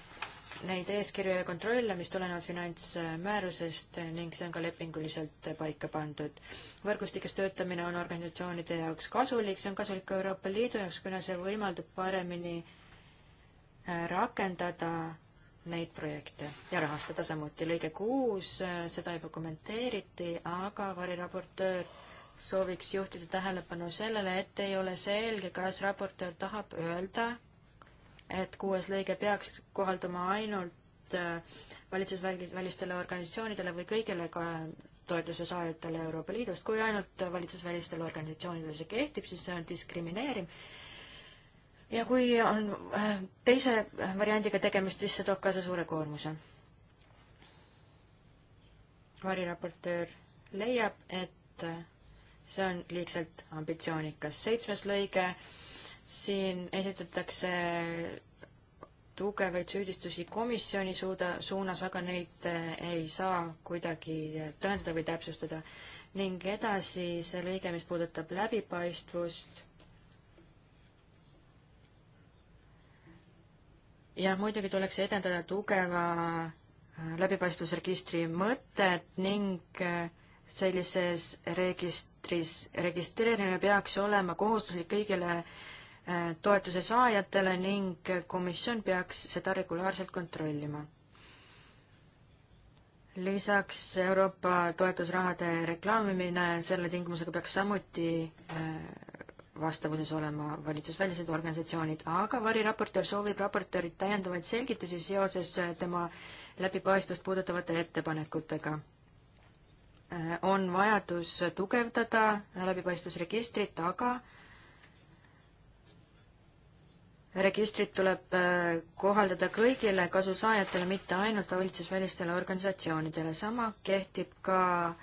neid eeskirju ja kontrolle, mis tulenevad finantsmäärusest ning see on ka lepinguliselt paika pandud. võrgustikes töötamine on organisatsioonide jaoks kasulik, see on kasulik ka Euroopa Liidu jaoks, kuna see võimaldab paremini äh, rakendada neid projekte ja rahastada samuti. lõige kuus, äh, seda juba kommenteeriti, aga variraportöör sooviks juhtida tähelepanu sellele, et ei ole selge, kas raportöör tahab öelda, et kuues lõige peaks kohalduma ainult äh, valitsusvälistele organisatsioonidele või kõigile ka toetuse saajatele Euroopa Liidust, kui ainult valitsusvälistele organisatsioonidele see kehtib, siis see on diskrimineeriv. ja kui on äh, teise variandiga tegemist, siis see toob kaasa suure koormuse. variraportöör leiab, et äh, see on liigselt ambitsioonikas. seitsmes lõige äh, siin esitatakse tugevaid süüdistusi komisjoni suuda, suunas, aga neid eh, ei saa kuidagi tõendada või täpsustada. ning edasi see lõige, mis puudutab läbipaistvust. jah, muidugi tuleks edendada tugeva eh, läbipaistvusregistri mõtet ning eh, sellises registris registreerimine peaks olema kohustuslik kõigile äh, Äh, toetuse saajatele ning komisjon peaks seda regulaarselt kontrollima. lisaks Euroopa toetusrahade reklaamimine selle tingimusega peaks samuti äh, vastavuses olema valitsusvälised organisatsioonid, aga variraportöör soovib raportöörilt täiendavaid selgitusi seoses äh, tema läbipaistvust puudutavate ettepanekutega. on vajadus tugevdada läbipaistvusregistrit, aga registrit tuleb äh, kohaldada kõigile kasusaajatele, mitte ainult valitsusvälistele organisatsioonidele. sama kehtib ka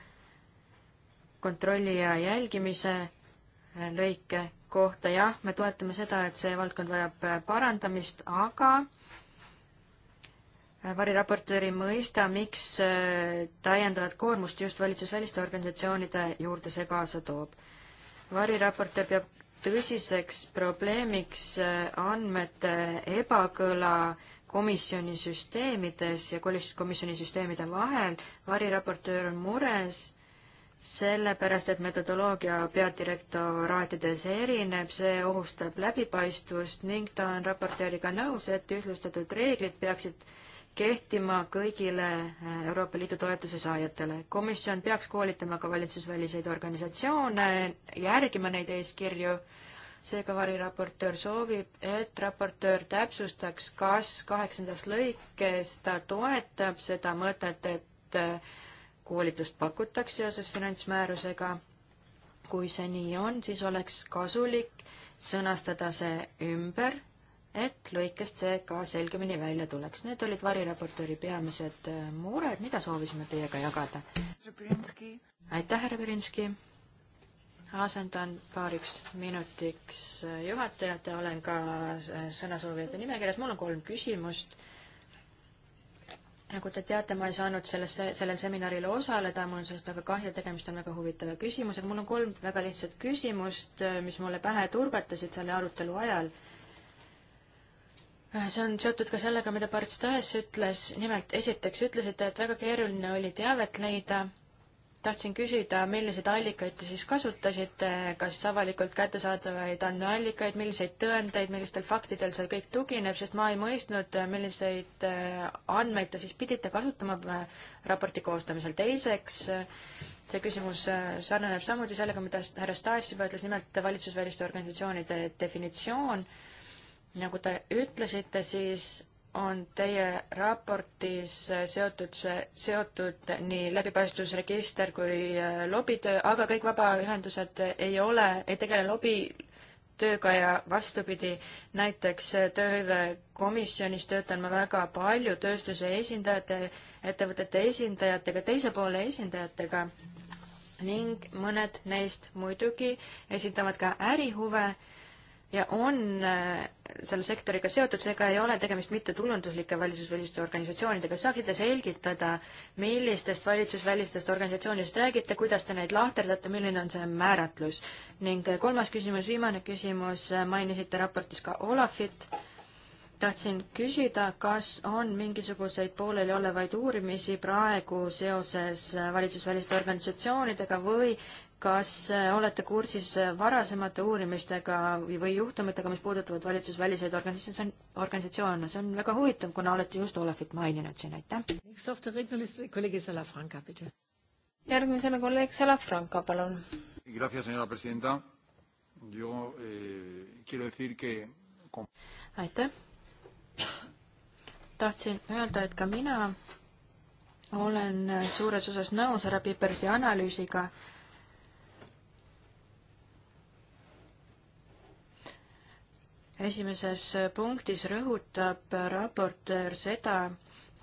kontrolli ja jälgimise äh, lõike kohta. jah, me toetame seda, et see valdkond vajab äh, parandamist, aga variraportööri mõista, miks täiendavat koormust just valitsusväliste organisatsioonide juurde see kaasa toob. variraportöör peab tõsiseks probleemiks äh, andmete ebakõla komisjoni süsteemides ja komisjoni süsteemide vahel. variraportöör on mures sellepärast, et metodoloogia peadirektoraatides erineb, see ohustab läbipaistvust ning ta on raportööriga nõus, et ühtlustatud reeglid peaksid kehtima kõigile eh, Euroopa Liidu toetuse saajatele. komisjon peaks koolitama ka valitsusväliseid organisatsioone, järgima neid eeskirju, seega variraportöör soovib, et raportöör täpsustaks, kas kaheksandas lõikes ta toetab seda mõtet, et eh, koolitust pakutakse seoses finantsmäärusega. kui see nii on, siis oleks kasulik sõnastada see ümber et lõikest see ka selgemini välja tuleks. Need olid variraportööri peamised äh, mured, mida soovisime teiega jagada. aitäh, härra Pirinski! asendan paariks minutiks äh, juhatajat ja olen ka äh, sõnasoovijate nimekirjas. mul on kolm küsimust. nagu te teate, ma ei saanud sellesse, sellel seminaril osaleda, mul on sellest väga kahju, tegemist on väga huvitava küsimusega. mul on kolm väga lihtsat küsimust, mis mulle pähe turgatasid selle arutelu ajal see on seotud ka sellega, mida Parts Tahes ütles, nimelt esiteks ütlesite, et väga keeruline oli teavet leida. tahtsin küsida, milliseid allikaid te siis kasutasite, kas avalikult kättesaadavaid andmeallikaid, milliseid tõendeid, millistel faktidel see kõik tugineb, sest ma ei mõistnud, milliseid äh, andmeid te siis pidite kasutama äh, raporti koostamisel. teiseks, äh, see küsimus sarnaneb samuti sellega, mida härra Stas juba ütles, nimelt valitsusväliste organisatsioonide definitsioon nagu te ütlesite, siis on teie raportis seotud see, seotud nii läbipaistvusregister kui äh, lobitöö, aga kõik vabaühendused ei ole, ei tegele lobitööga ja vastupidi, näiteks äh, tööhõivekomisjonis töötan ma väga palju tööstuse esindajate, ettevõtete esindajatega, teise poole esindajatega ning mõned neist muidugi esindavad ka ärihuve ja on äh, selle sektoriga seotud, seega ei ole tegemist mittetulunduslike valitsusväliste organisatsioonidega. saaksite selgitada, millistest valitsusvälistest organisatsioonidest räägite, kuidas te neid lahterdate, milline on see määratlus? ning äh, kolmas küsimus, viimane küsimus, äh, mainisite raportis ka Olafit. tahtsin küsida, kas on mingisuguseid pooleliolevaid uurimisi praegu seoses valitsusväliste organisatsioonidega või kas äh, olete kursis äh, varasemate uurimistega või juhtumitega, mis puudutavad valitsusväliseid organisatsioon, organisatsioone, see on väga huvitav, kuna olete just Olefit maininud siin, aitäh. järgmisena kolleeg Salafranca, palun. Eh, aitäh. tahtsin öelda, et ka mina olen suures osas nõus härra Pipersi analüüsiga esimeses punktis rõhutab raportöör seda,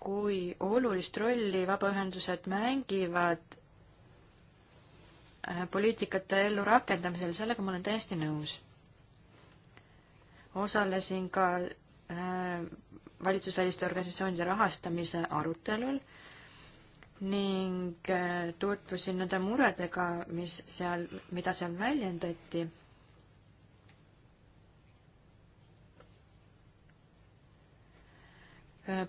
kui olulist rolli vabaühendused mängivad äh, poliitikate ellurakendamisel, sellega ma olen täiesti nõus. osalesin ka äh, valitsusväliste organisatsioonide rahastamise arutelul ning äh, tutvusin nende muredega, mis seal, mida seal väljendati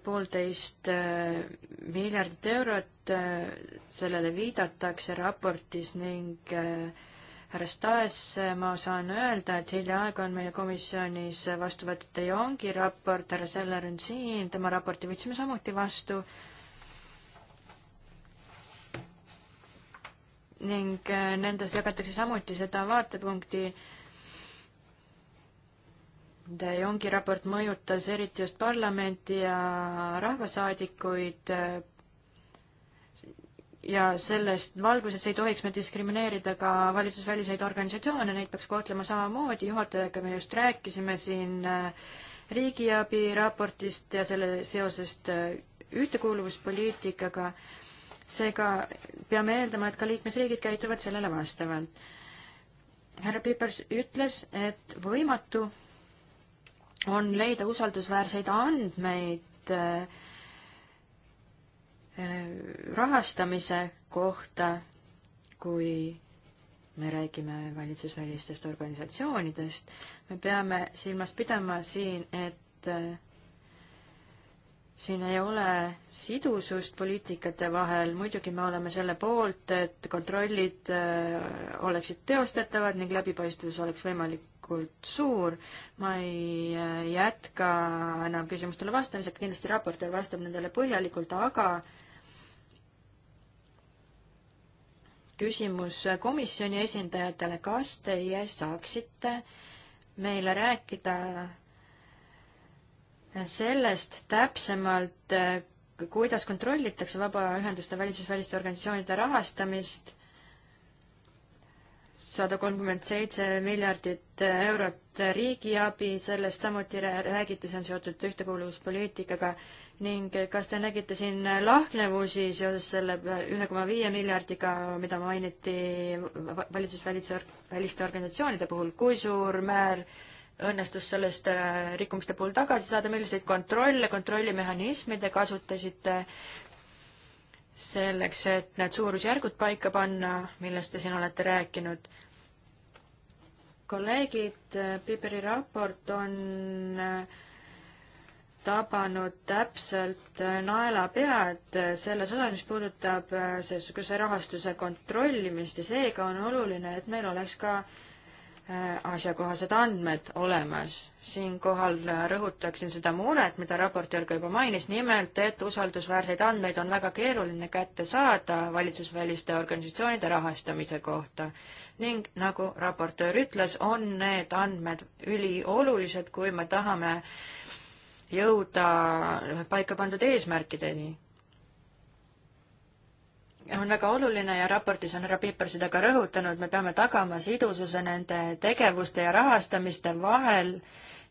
poolteist äh, miljardit eurot, äh, sellele viidatakse raportis ning äh, härra Staes, ma saan öelda, et hiljaaegu on meie komisjonis vastu võetud teie ongi raport, härra Seller on siin, tema raporti võtsime samuti vastu. ning nendes jagatakse samuti seda vaatepunkti äh, De Jongi raport mõjutas eriti just parlamenti ja rahvasaadikuid eh, ja sellest valguses ei tohiks me diskrimineerida ka valitsusväliseid organisatsioone, neid peaks kohtlema samamoodi, juhatajaga me just rääkisime siin eh, riigiabi raportist ja selle seosest eh, ühtekuuluvuspoliitikaga, seega peame eeldama, et ka liikmesriigid käituvad sellele vastavalt. härra Pipers ütles, et võimatu on leida usaldusväärseid andmeid äh, äh, rahastamise kohta, kui me räägime valitsusvälistest organisatsioonidest, me peame silmas pidama siin, et äh, siin ei ole sidusust poliitikate vahel, muidugi me oleme selle poolt, et kontrollid oleksid teostatavad ning läbipaistvus oleks võimalik võimalikult suur. ma ei äh, jätka enam küsimustele vastamisega, kindlasti raportöör vastab nendele põhjalikult, aga küsimus komisjoni esindajatele, kas teie saaksite meile rääkida sellest täpsemalt, äh, kuidas kontrollitakse vabaühenduste valitsusväliste organisatsioonide rahastamist sada kolmkümmend seitse miljardit eurot riigiabi, sellest samuti räägiti, see on seotud ühtekuuluvuspoliitikaga ning kas te nägite siin lahknevusi seoses selle ühe koma viie miljardiga, mida mainiti valitsusväliste organisatsioonide puhul, kui suur määr õnnestus sellest äh, rikkumiste puhul tagasi saada, milliseid kontrolle, kontrollimehhanisme te kasutasite selleks, et need suurusjärgud paika panna, millest te siin olete rääkinud. kolleegid, äh, Piberi raport on äh, tabanud täpselt äh, naela pead selles osas, mis puudutab seesuguse rahastuse kontrollimist ja seega on oluline, et meil oleks ka äh, Äh, asjakohased andmed olemas. siinkohal äh, rõhutaksin seda muret, mida raportöör ka juba mainis, nimelt et usaldusväärseid andmeid on väga keeruline kätte saada valitsusväliste organisatsioonide rahastamise kohta. ning nagu raportöör ütles, on need andmed üliolulised, kui me tahame jõuda paika pandud eesmärkideni on väga oluline ja raportis on härra Piper seda ka rõhutanud, me peame tagama sidususe nende tegevuste ja rahastamiste vahel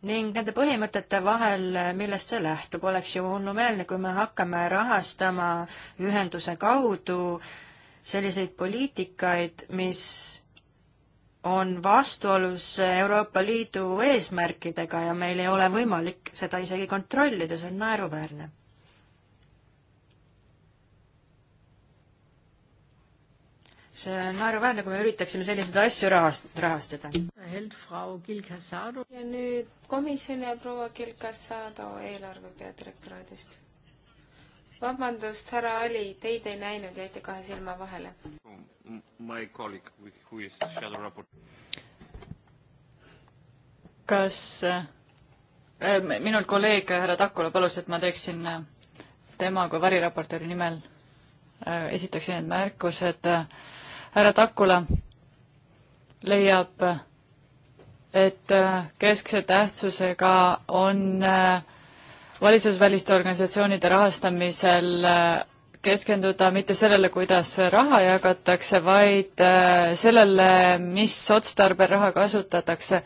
ning nende põhimõtete vahel, millest see lähtub. oleks ju hullumeelne, kui me hakkame rahastama ühenduse kaudu selliseid poliitikaid, mis on vastuolus Euroopa Liidu eesmärkidega ja meil ei ole võimalik seda isegi kontrollida, see on naeruväärne oleks äh, naeruväärne, kui me üritaksime selliseid asju rahast-, rahastada. ja nüüd komisjon ja proua Kilkasado eelarve peadirektoraadist. vabandust, härra Ali, teid ei näinud, jäite kahe silma vahele. kas äh, minul kolleeg härra Takula palus, et ma teeksin äh, tema kui variraportööri nimel äh, esitaks need märkused härra Takula leiab, et äh, keskse tähtsusega on äh, valitsusväliste organisatsioonide rahastamisel äh, keskenduda mitte sellele, kuidas raha jagatakse, vaid sellele, mis otstarbel raha kasutatakse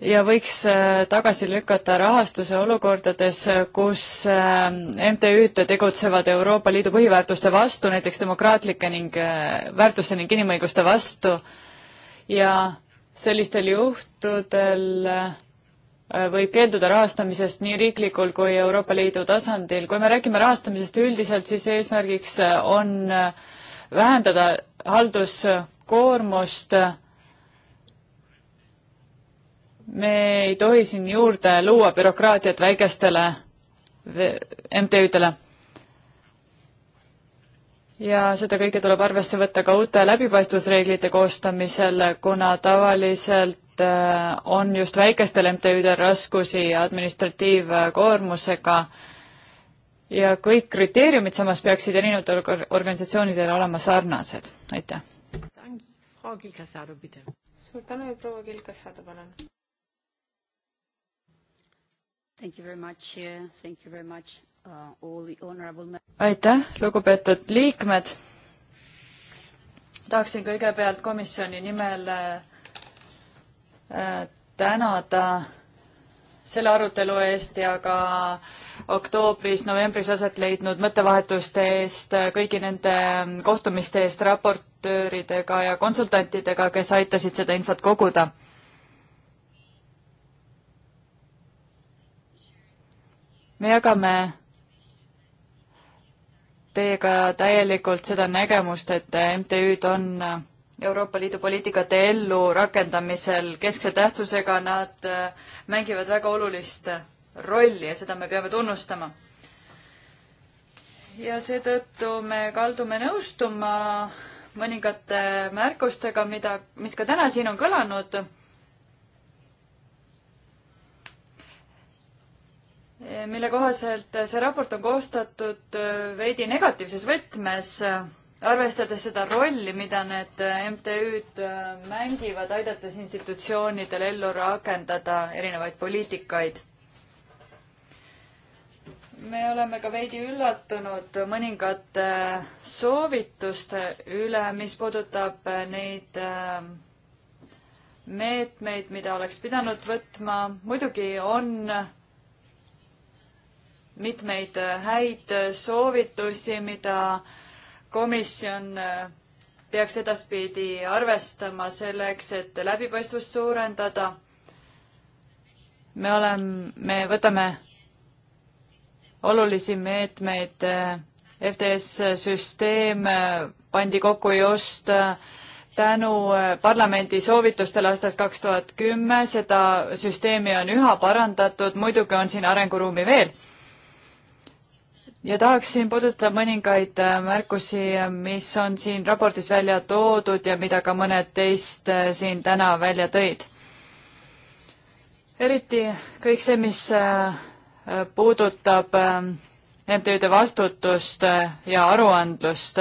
ja võiks äh, tagasi lükata rahastuse olukordades, kus äh, MTÜ-d tegutsevad Euroopa Liidu põhiväärtuste vastu, näiteks demokraatlike ning äh, väärtuste ning inimõiguste vastu ja sellistel juhtudel võib keelduda rahastamisest nii riiklikul kui Euroopa Liidu tasandil. kui me räägime rahastamisest üldiselt, siis eesmärgiks on vähendada halduskoormust me ei tohi siin juurde luua bürokraatiat väikestele MTÜ-dele. ja seda kõike tuleb arvesse võtta ka uute läbipaistvusreeglite koostamisel, kuna tavaliselt äh, on just väikestel MTÜ-del raskusi administratiivkoormusega ja kõik kriteeriumid samas peaksid erinevatel organisatsioonidel olema sarnased, aitäh. suur tänu ja proua Kilkas saada, palun. Uh, aitäh, lugupeetud liikmed. tahaksin kõigepealt komisjoni nimel äh, tänada selle arutelu eest ja ka oktoobris-novembris aset leidnud mõttevahetuste eest, äh, kõigi nende kohtumiste eest raportööridega ja konsultantidega, kes aitasid seda infot koguda me jagame teiega täielikult seda nägemust, et MTÜ-d on Euroopa Liidu poliitikate ellu rakendamisel keskse tähtsusega, nad mängivad väga olulist rolli ja seda me peame tunnustama. ja seetõttu me kaldume nõustuma mõningate märkustega, mida, mis ka täna siin on kõlanud mille kohaselt see raport on koostatud äh, veidi negatiivses võtmes, äh, arvestades seda rolli, mida need äh, MTÜ-d mängivad, aidates institutsioonidel ellu rakendada erinevaid poliitikaid. me oleme ka veidi üllatunud mõningate soovituste üle, mis puudutab neid meetmeid, mida oleks pidanud võtma. muidugi on mitmeid äh, häid äh, soovitusi, mida komisjon äh, peaks edaspidi arvestama selleks, et läbipaistvust suurendada. me oleme, me võtame olulisi meetmeid. FTS süsteem pandi kokku just tänu parlamendi soovitustele aastast kaks tuhat kümme, seda süsteemi on üha parandatud, muidugi on siin arenguruumi veel ja tahaksin puudutada mõningaid äh, märkusi, äh, mis on siin raportis välja toodud ja mida ka mõned teist äh, siin täna välja tõid. eriti kõik see, mis puudutab MTÜ-de vastutust ja aruandlust.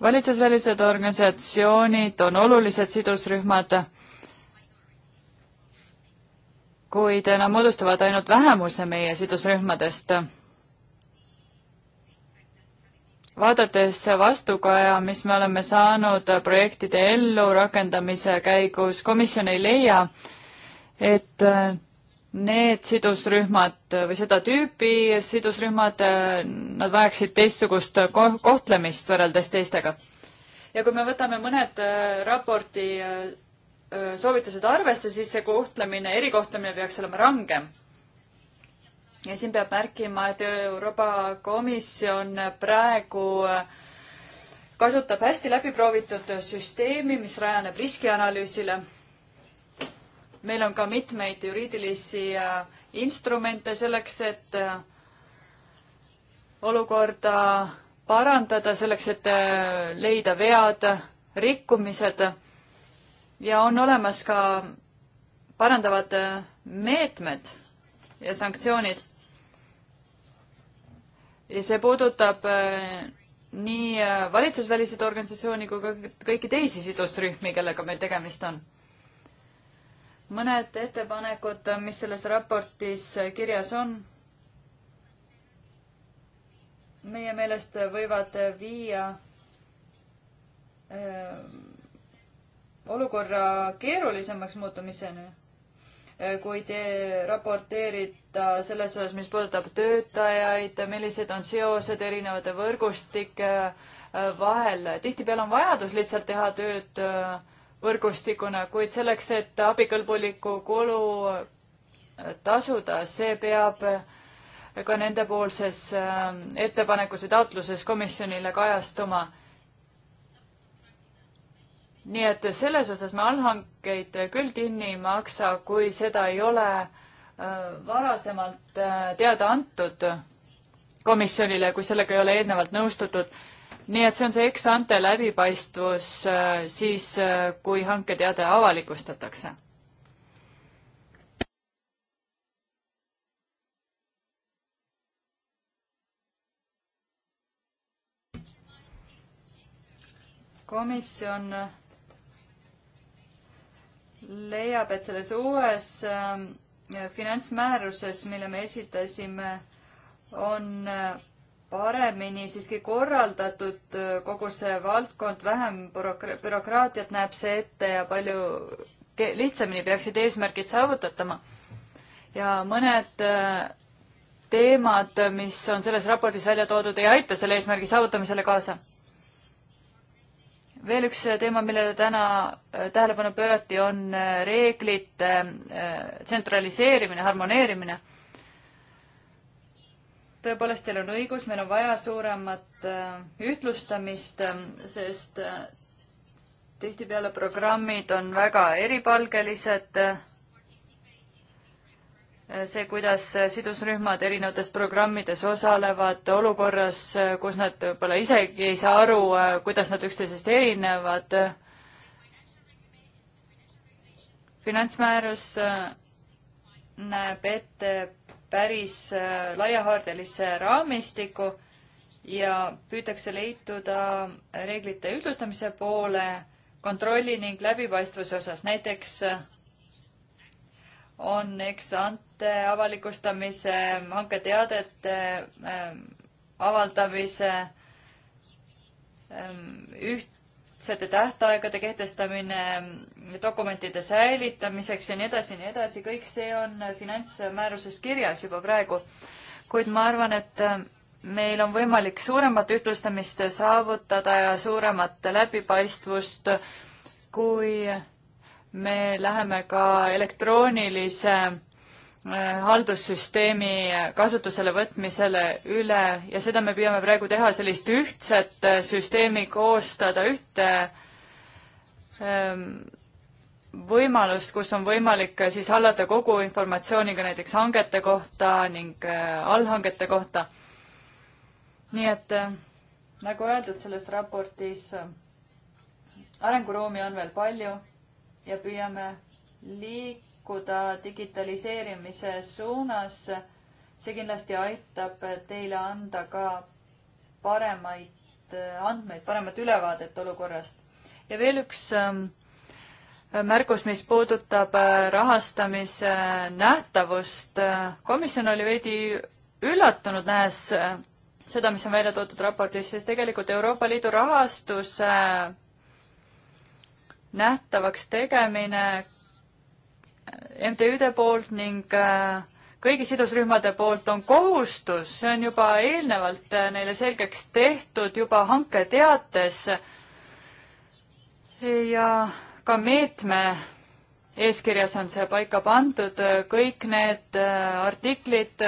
valitsusvälised organisatsioonid on olulised sidusrühmad kuid nad moodustavad ainult vähemuse meie sidusrühmadest. vaadates vastukaja, mis me oleme saanud projektide ellurakendamise käigus, komisjon ei leia, et need sidusrühmad või seda tüüpi sidusrühmad, nad vajaksid teistsugust kohtlemist võrreldes teistega. ja kui me võtame mõned raporti soovitused arvesse, siis see kohtlemine, erikohtlemine peaks olema rangem. ja siin peab märkima, et Euroopa Komisjon praegu kasutab hästi läbiproovitud süsteemi, mis rajaneb riskianalüüsile. meil on ka mitmeid juriidilisi instrumente selleks, et olukorda parandada, selleks, et leida vead, rikkumised ja on olemas ka parandavad äh, meetmed ja sanktsioonid. ja see puudutab äh, nii äh, valitsusväliseid organisatsioone kui ka kõiki teisi sidusrühmi, kellega meil tegemist on. mõned ettepanekud, mis selles raportis kirjas on, meie meelest võivad viia öö, olukorra keerulisemaks muutumiseni, eh, kui te raporteerite selles osas, mis puudutab töötajaid, millised on seosed erinevate võrgustike eh, vahel. tihtipeale on vajadus lihtsalt teha tööd eh, võrgustikuna, kuid selleks, et abikõlbulikku kulu tasuda, see peab ka nendepoolses ettepanekus või taotluses komisjonile kajastuma nii et selles osas me allhankeid küll kinni ei maksa, kui seda ei ole äh, varasemalt äh, teada antud komisjonile, kui sellega ei ole eelnevalt nõustutud. nii et see on see ex-ante läbipaistvus äh, siis, kui hanketeade avalikustatakse. komisjon leiab, et selles uues ähm, finantsmääruses, mille me esitasime, on äh, paremini siiski korraldatud äh, kogu see valdkond, vähem bürokraatiat näeb see ette ja palju lihtsamini peaksid eesmärgid saavutatama. ja mõned äh, teemad, mis on selles raportis välja toodud, ei aita selle eesmärgi saavutamisele kaasa veel üks teema, millele täna äh, tähelepanu pöörati, on äh, reeglite äh, tsentraliseerimine, harmoneerimine. tõepoolest, teil on õigus, meil on vaja suuremat ühtlustamist, sest tihtipeale programmid on väga eripalgelised see, kuidas sidusrühmad erinevates programmides osalevad olukorras, kus nad võib-olla isegi ei saa aru, kuidas nad üksteisest erinevad. finantsmäärus äh, näeb ette päris äh, laiahaardelise raamistiku ja püütakse leituda reeglite ühtlustamise poole kontrolli ning läbipaistvuse osas. näiteks äh, on eks ant-, teadete avalikustamise, hanketeadete ähm, avaldamise, ähm, ühtsete tähtaegade kehtestamine dokumentide säilitamiseks ja nii edasi ja nii edasi, kõik see on finantsmääruses kirjas juba praegu. kuid ma arvan, et ähm, meil on võimalik suuremat ühtlustamist saavutada ja suuremat läbipaistvust, kui me läheme ka elektroonilise Äh, haldussüsteemi kasutusele võtmisele üle ja seda me püüame praegu teha, sellist ühtset äh, süsteemi koostada, ühte ähm, võimalust, kus on võimalik äh, siis hallata kogu informatsiooniga näiteks hangete kohta ning allhangete kohta. nii et nagu öeldud selles raportis, arenguruumi on veel palju ja püüame liik-, liikuda digitaliseerimise suunas. see kindlasti aitab teile anda ka paremaid äh, andmeid, paremat ülevaadet olukorrast. ja veel üks ähm, märkus, mis puudutab äh, rahastamise nähtavust. komisjon oli veidi üllatunud, nähes äh, seda, mis on välja toodud raportis, siis tegelikult Euroopa Liidu rahastuse nähtavaks tegemine MTÜ-de poolt ning äh, kõigi sidusrühmade poolt on kohustus, see on juba eelnevalt äh, neile selgeks tehtud juba hanketeates ja ka meetme eeskirjas on see paika pandud, kõik need äh, artiklid,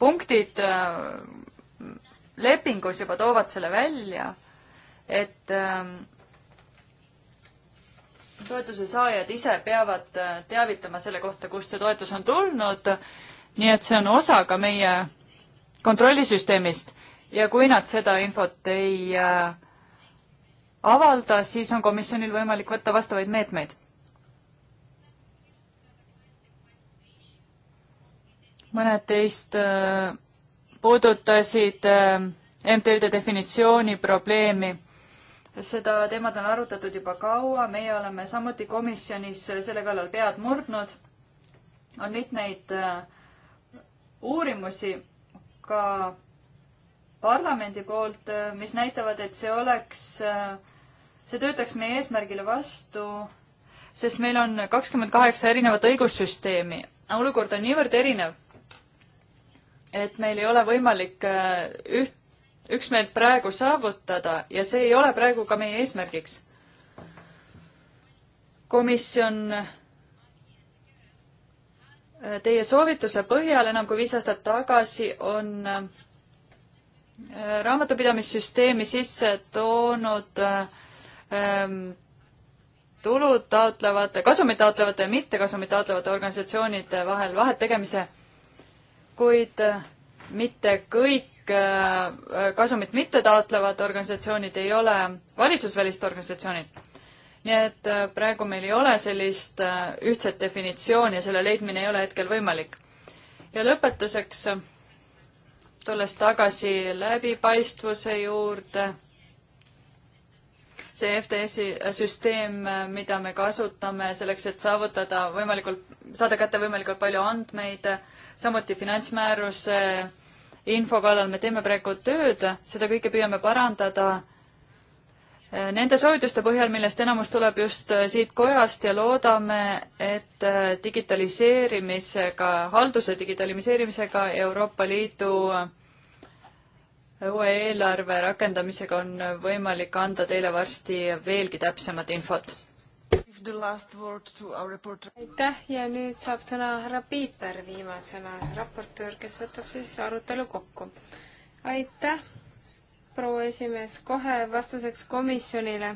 punktid lepingus juba toovad selle välja, et ähm, toetuse saajad ise peavad äh, teavitama selle kohta, kust see toetus on tulnud, nii et see on osa ka meie kontrollisüsteemist ja kui nad seda infot ei äh, avalda, siis on komisjonil võimalik võtta vastavaid meetmeid. mõned teist äh, puudutasid MTÜ-de definitsiooni probleemi seda teemat on arutatud juba kaua, meie oleme samuti komisjonis selle kallal pead murdnud. on mitmeid äh, uurimusi ka parlamendi poolt, äh, mis näitavad, et see oleks, äh, see töötaks meie eesmärgile vastu, sest meil on kakskümmend kaheksa erinevat õigussüsteemi. olukord on niivõrd erinev, et meil ei ole võimalik üht üksmeelt praegu saavutada ja see ei ole praegu ka meie eesmärgiks. komisjon äh, teie soovituse põhjal enam kui viis aastat tagasi on äh, raamatupidamissüsteemi sisse toonud äh, ähm, tulud taotlevate, kasumit taotlevate ja mittekasumit taotlevate organisatsioonide vahel vahet tegemise, kuid mitte kõik Äh, kasumit mittetaotlevad organisatsioonid ei ole valitsusvälised organisatsioonid. nii et äh, praegu meil ei ole sellist äh, ühtset definitsiooni ja selle leidmine ei ole hetkel võimalik. ja lõpetuseks, tulles tagasi läbipaistvuse juurde, see FTS-i süsteem, mida me kasutame selleks, et saavutada võimalikult, saada kätte võimalikult palju andmeid, samuti finantsmääruse äh, info kallal me teeme praegu tööd, seda kõike püüame parandada eh, nende soovituste põhjal, millest enamus tuleb just eh, siit kojast ja loodame, et eh, digitaliseerimisega, halduse digitaliseerimisega Euroopa Liidu uue eelarve rakendamisega on võimalik anda teile varsti veelgi täpsemat infot aitäh ja nüüd saab sõna härra Piiper viimasena, raportöör, kes võtab siis arutelu kokku. aitäh, proua esimees, kohe vastuseks komisjonile.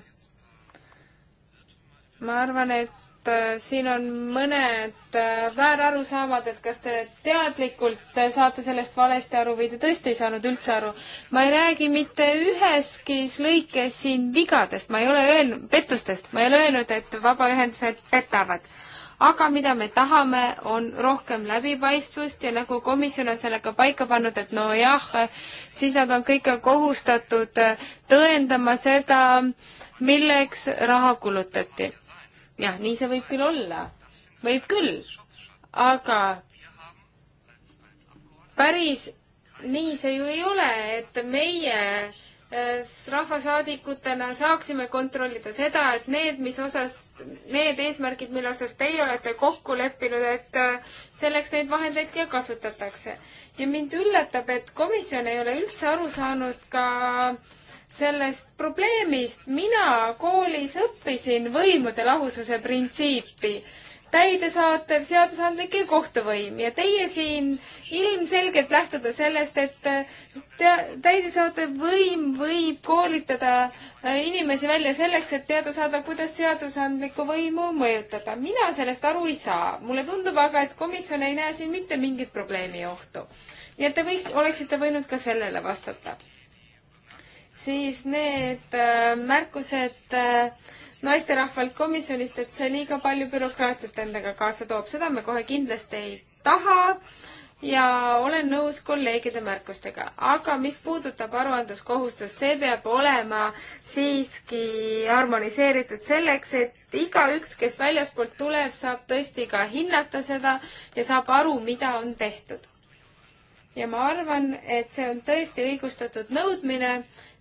ma arvan, et et äh, siin on mõned äh, väärarusaamad, et kas te teadlikult äh, saate sellest valesti aru või te tõesti ei saanud üldse aru. ma ei räägi mitte üheski lõikes siin vigadest, ma ei ole öelnud, pettustest, ma ei ole öelnud, et vabaühendused petavad. aga mida me tahame, on rohkem läbipaistvust ja nagu komisjon on sellega paika pannud, et nojah, siis nad on kõik kohustatud tõendama seda, milleks raha kulutati jah, nii see võib küll olla, võib küll, aga päris nii see ju ei ole, et meie eh, rahvasaadikutena saaksime kontrollida seda, et need, mis osas, need eesmärgid, mille osas teie olete kokku leppinud, et eh, selleks neid vahendeid ka kasutatakse. ja mind üllatab, et komisjon ei ole üldse aru saanud ka äh, sellest probleemist. mina koolis õppisin võimude lahususe printsiipi, täidesaatev, seadusandlik ja kohtuvõim ja teie siin ilmselgelt lähtuda sellest, et täidesaatev võim võib koolitada äh, inimesi välja selleks, et teada saada, kuidas seadusandlikku võimu mõjutada. mina sellest aru ei saa. mulle tundub aga, et komisjon ei näe siin mitte mingit probleemi ohtu. nii et te võiks, oleksite võinud ka sellele vastata siis need äh, märkused äh, naisterahvalt komisjonist, et see liiga palju bürokraatiat endaga kaasa toob, seda me kohe kindlasti ei taha ja olen nõus kolleegide märkustega, aga mis puudutab aruandluskohustust, see peab olema siiski harmoniseeritud selleks, et igaüks, kes väljaspoolt tuleb, saab tõesti ka hinnata seda ja saab aru, mida on tehtud. ja ma arvan, et see on tõesti õigustatud nõudmine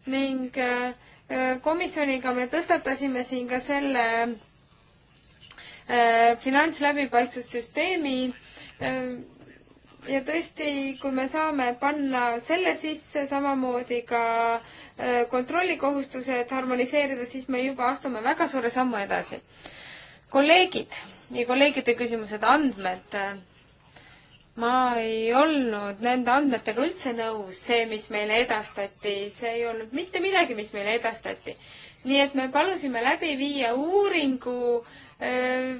ning äh, äh, komisjoniga me tõstatasime siin ka selle äh, finantsläbipaistvussüsteemi ja tõesti, kui me saame panna selle sisse, samamoodi ka kontrollikohustused harmoniseerida, siis me juba astume väga suure sammu edasi. kolleegid ja kolleegide küsimused, andmed ma ei olnud nende andmetega üldse nõus, see, mis meile edastati, see ei olnud mitte midagi, mis meile edastati. nii et me palusime läbi viia uuringu, äh,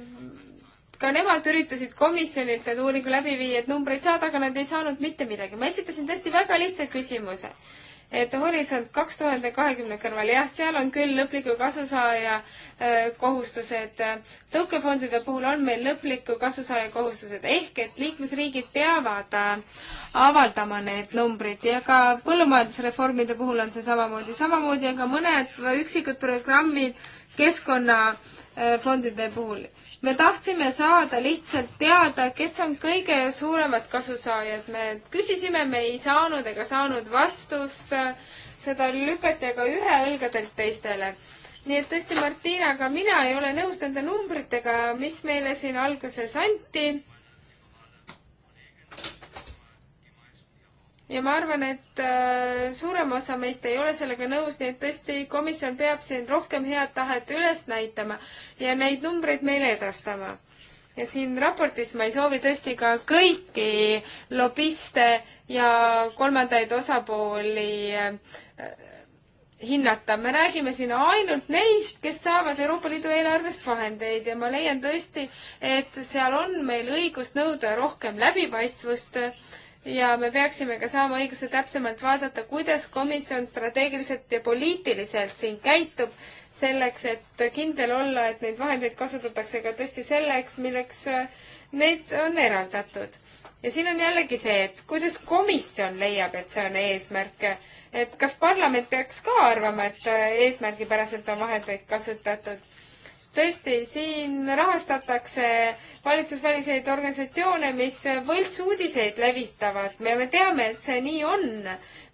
ka nemad üritasid komisjonilt need uuringu läbi viia, et numbreid saada, aga nad ei saanud mitte midagi. ma esitasin tõesti väga lihtsa küsimuse et Horisont kaks tuhande kahekümne kõrval, jah, seal on küll lõpliku kasusaaja äh, kohustused. tõukefondide puhul on meil lõpliku kasusaaja kohustused ehk et liikmesriigid peavad äh, avaldama need numbrid ja ka põllumajandusreformide puhul on see samamoodi, samamoodi on ka mõned üksikud programmid keskkonnafondide äh, puhul me tahtsime saada lihtsalt teada, kes on kõige suuremad kasusaajad. me küsisime, me ei saanud ega saanud vastust. seda lükati aga ühe õlgadelt teistele. nii et tõesti, Martina, ka mina ei ole nõus nende numbritega, mis meile siin alguses anti ja ma arvan, et äh, suurem osa meist ei ole sellega nõus, nii et tõesti komisjon peab siin rohkem head tahet üles näitama ja neid numbreid meile edastama. ja siin raportis ma ei soovi tõesti ka kõiki lobiste ja kolmandaid osapooli äh, hinnata, me räägime siin ainult neist, kes saavad Euroopa Liidu eelarvest vahendeid ja ma leian tõesti, et seal on meil õigus nõuda rohkem läbipaistvust ja me peaksime ka saama õiguse täpsemalt vaadata, kuidas komisjon strateegiliselt ja poliitiliselt siin käitub, selleks et kindel olla, et neid vahendeid kasutatakse ka tõesti selleks, milleks äh, neid on eraldatud. ja siin on jällegi see, et kuidas komisjon leiab, et see on eesmärk, et kas parlament peaks ka arvama, et äh, eesmärgipäraselt on vahendeid kasutatud tõesti, siin rahastatakse valitsusväliseid organisatsioone, mis võltsuudiseid levitavad. me, me teame, et see nii on.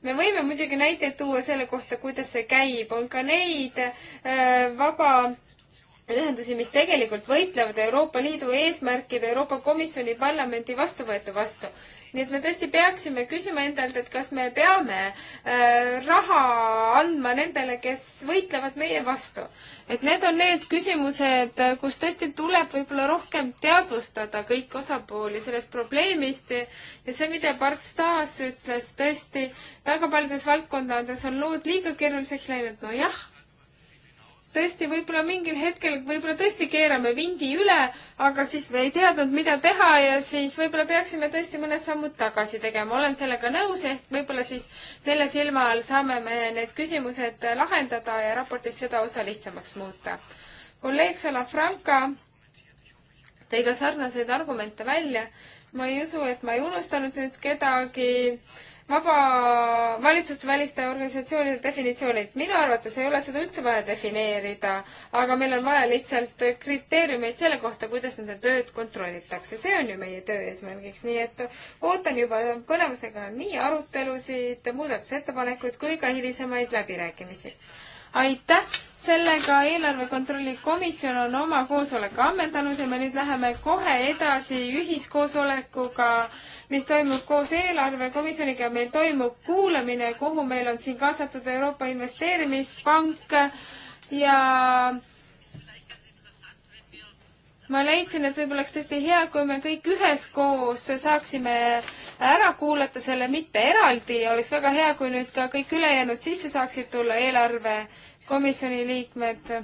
me võime muidugi näiteid tuua selle kohta, kuidas see käib. on ka neid äh, vaba äh, ühendusi, mis tegelikult võitlevad Euroopa Liidu eesmärkide, Euroopa Komisjoni, parlamendi vastuvõetu vastu. nii et me tõesti peaksime küsima endalt, et kas me peame äh, raha andma nendele, kes võitlevad meie vastu. et need on need küsimused, äh, kus tõesti tuleb võib-olla rohkem teadvustada kõik osapooli sellest probleemist ja see, mida Bart Stas ütles, tõesti väga paljudes valdkondades on lood liiga keeruliseks läinud, nojah tõesti, võib-olla mingil hetkel, võib-olla tõesti keerame vindi üle, aga siis me ei teadnud, mida teha ja siis võib-olla peaksime tõesti mõned sammud tagasi tegema. olen sellega nõus, ehk võib-olla siis nelja silma all saame me need küsimused lahendada ja raportis seda osa lihtsamaks muuta. kolleeg Salafranca tõi ka sarnaseid argumente välja. ma ei usu, et ma ei unustanud nüüd kedagi vaba, valitsuste väliste organisatsioonide definitsioonid, minu arvates ei ole seda üldse vaja defineerida, aga meil on vaja lihtsalt kriteeriumeid selle kohta, kuidas nende tööd kontrollitakse, see on ju meie töö eesmärgiks, nii et ootan juba põnevusega nii arutelusid, muudatusettepanekuid kui ka hilisemaid läbirääkimisi aitäh, sellega eelarve kontrolli komisjon on oma koosoleku ammendanud ja me nüüd läheme kohe edasi ühiskoosolekuga, mis toimub koos eelarvekomisjoniga. meil toimub kuulamine, kuhu meil on siin kaasatud Euroopa Investeerimispank ja ma leidsin, et võib-olla oleks tõesti hea, kui me kõik üheskoos saaksime ära kuulata selle, mitte eraldi. oleks väga hea, kui nüüd ka kõik ülejäänud sisse saaksid tulla, eelarve komisjoni liikmed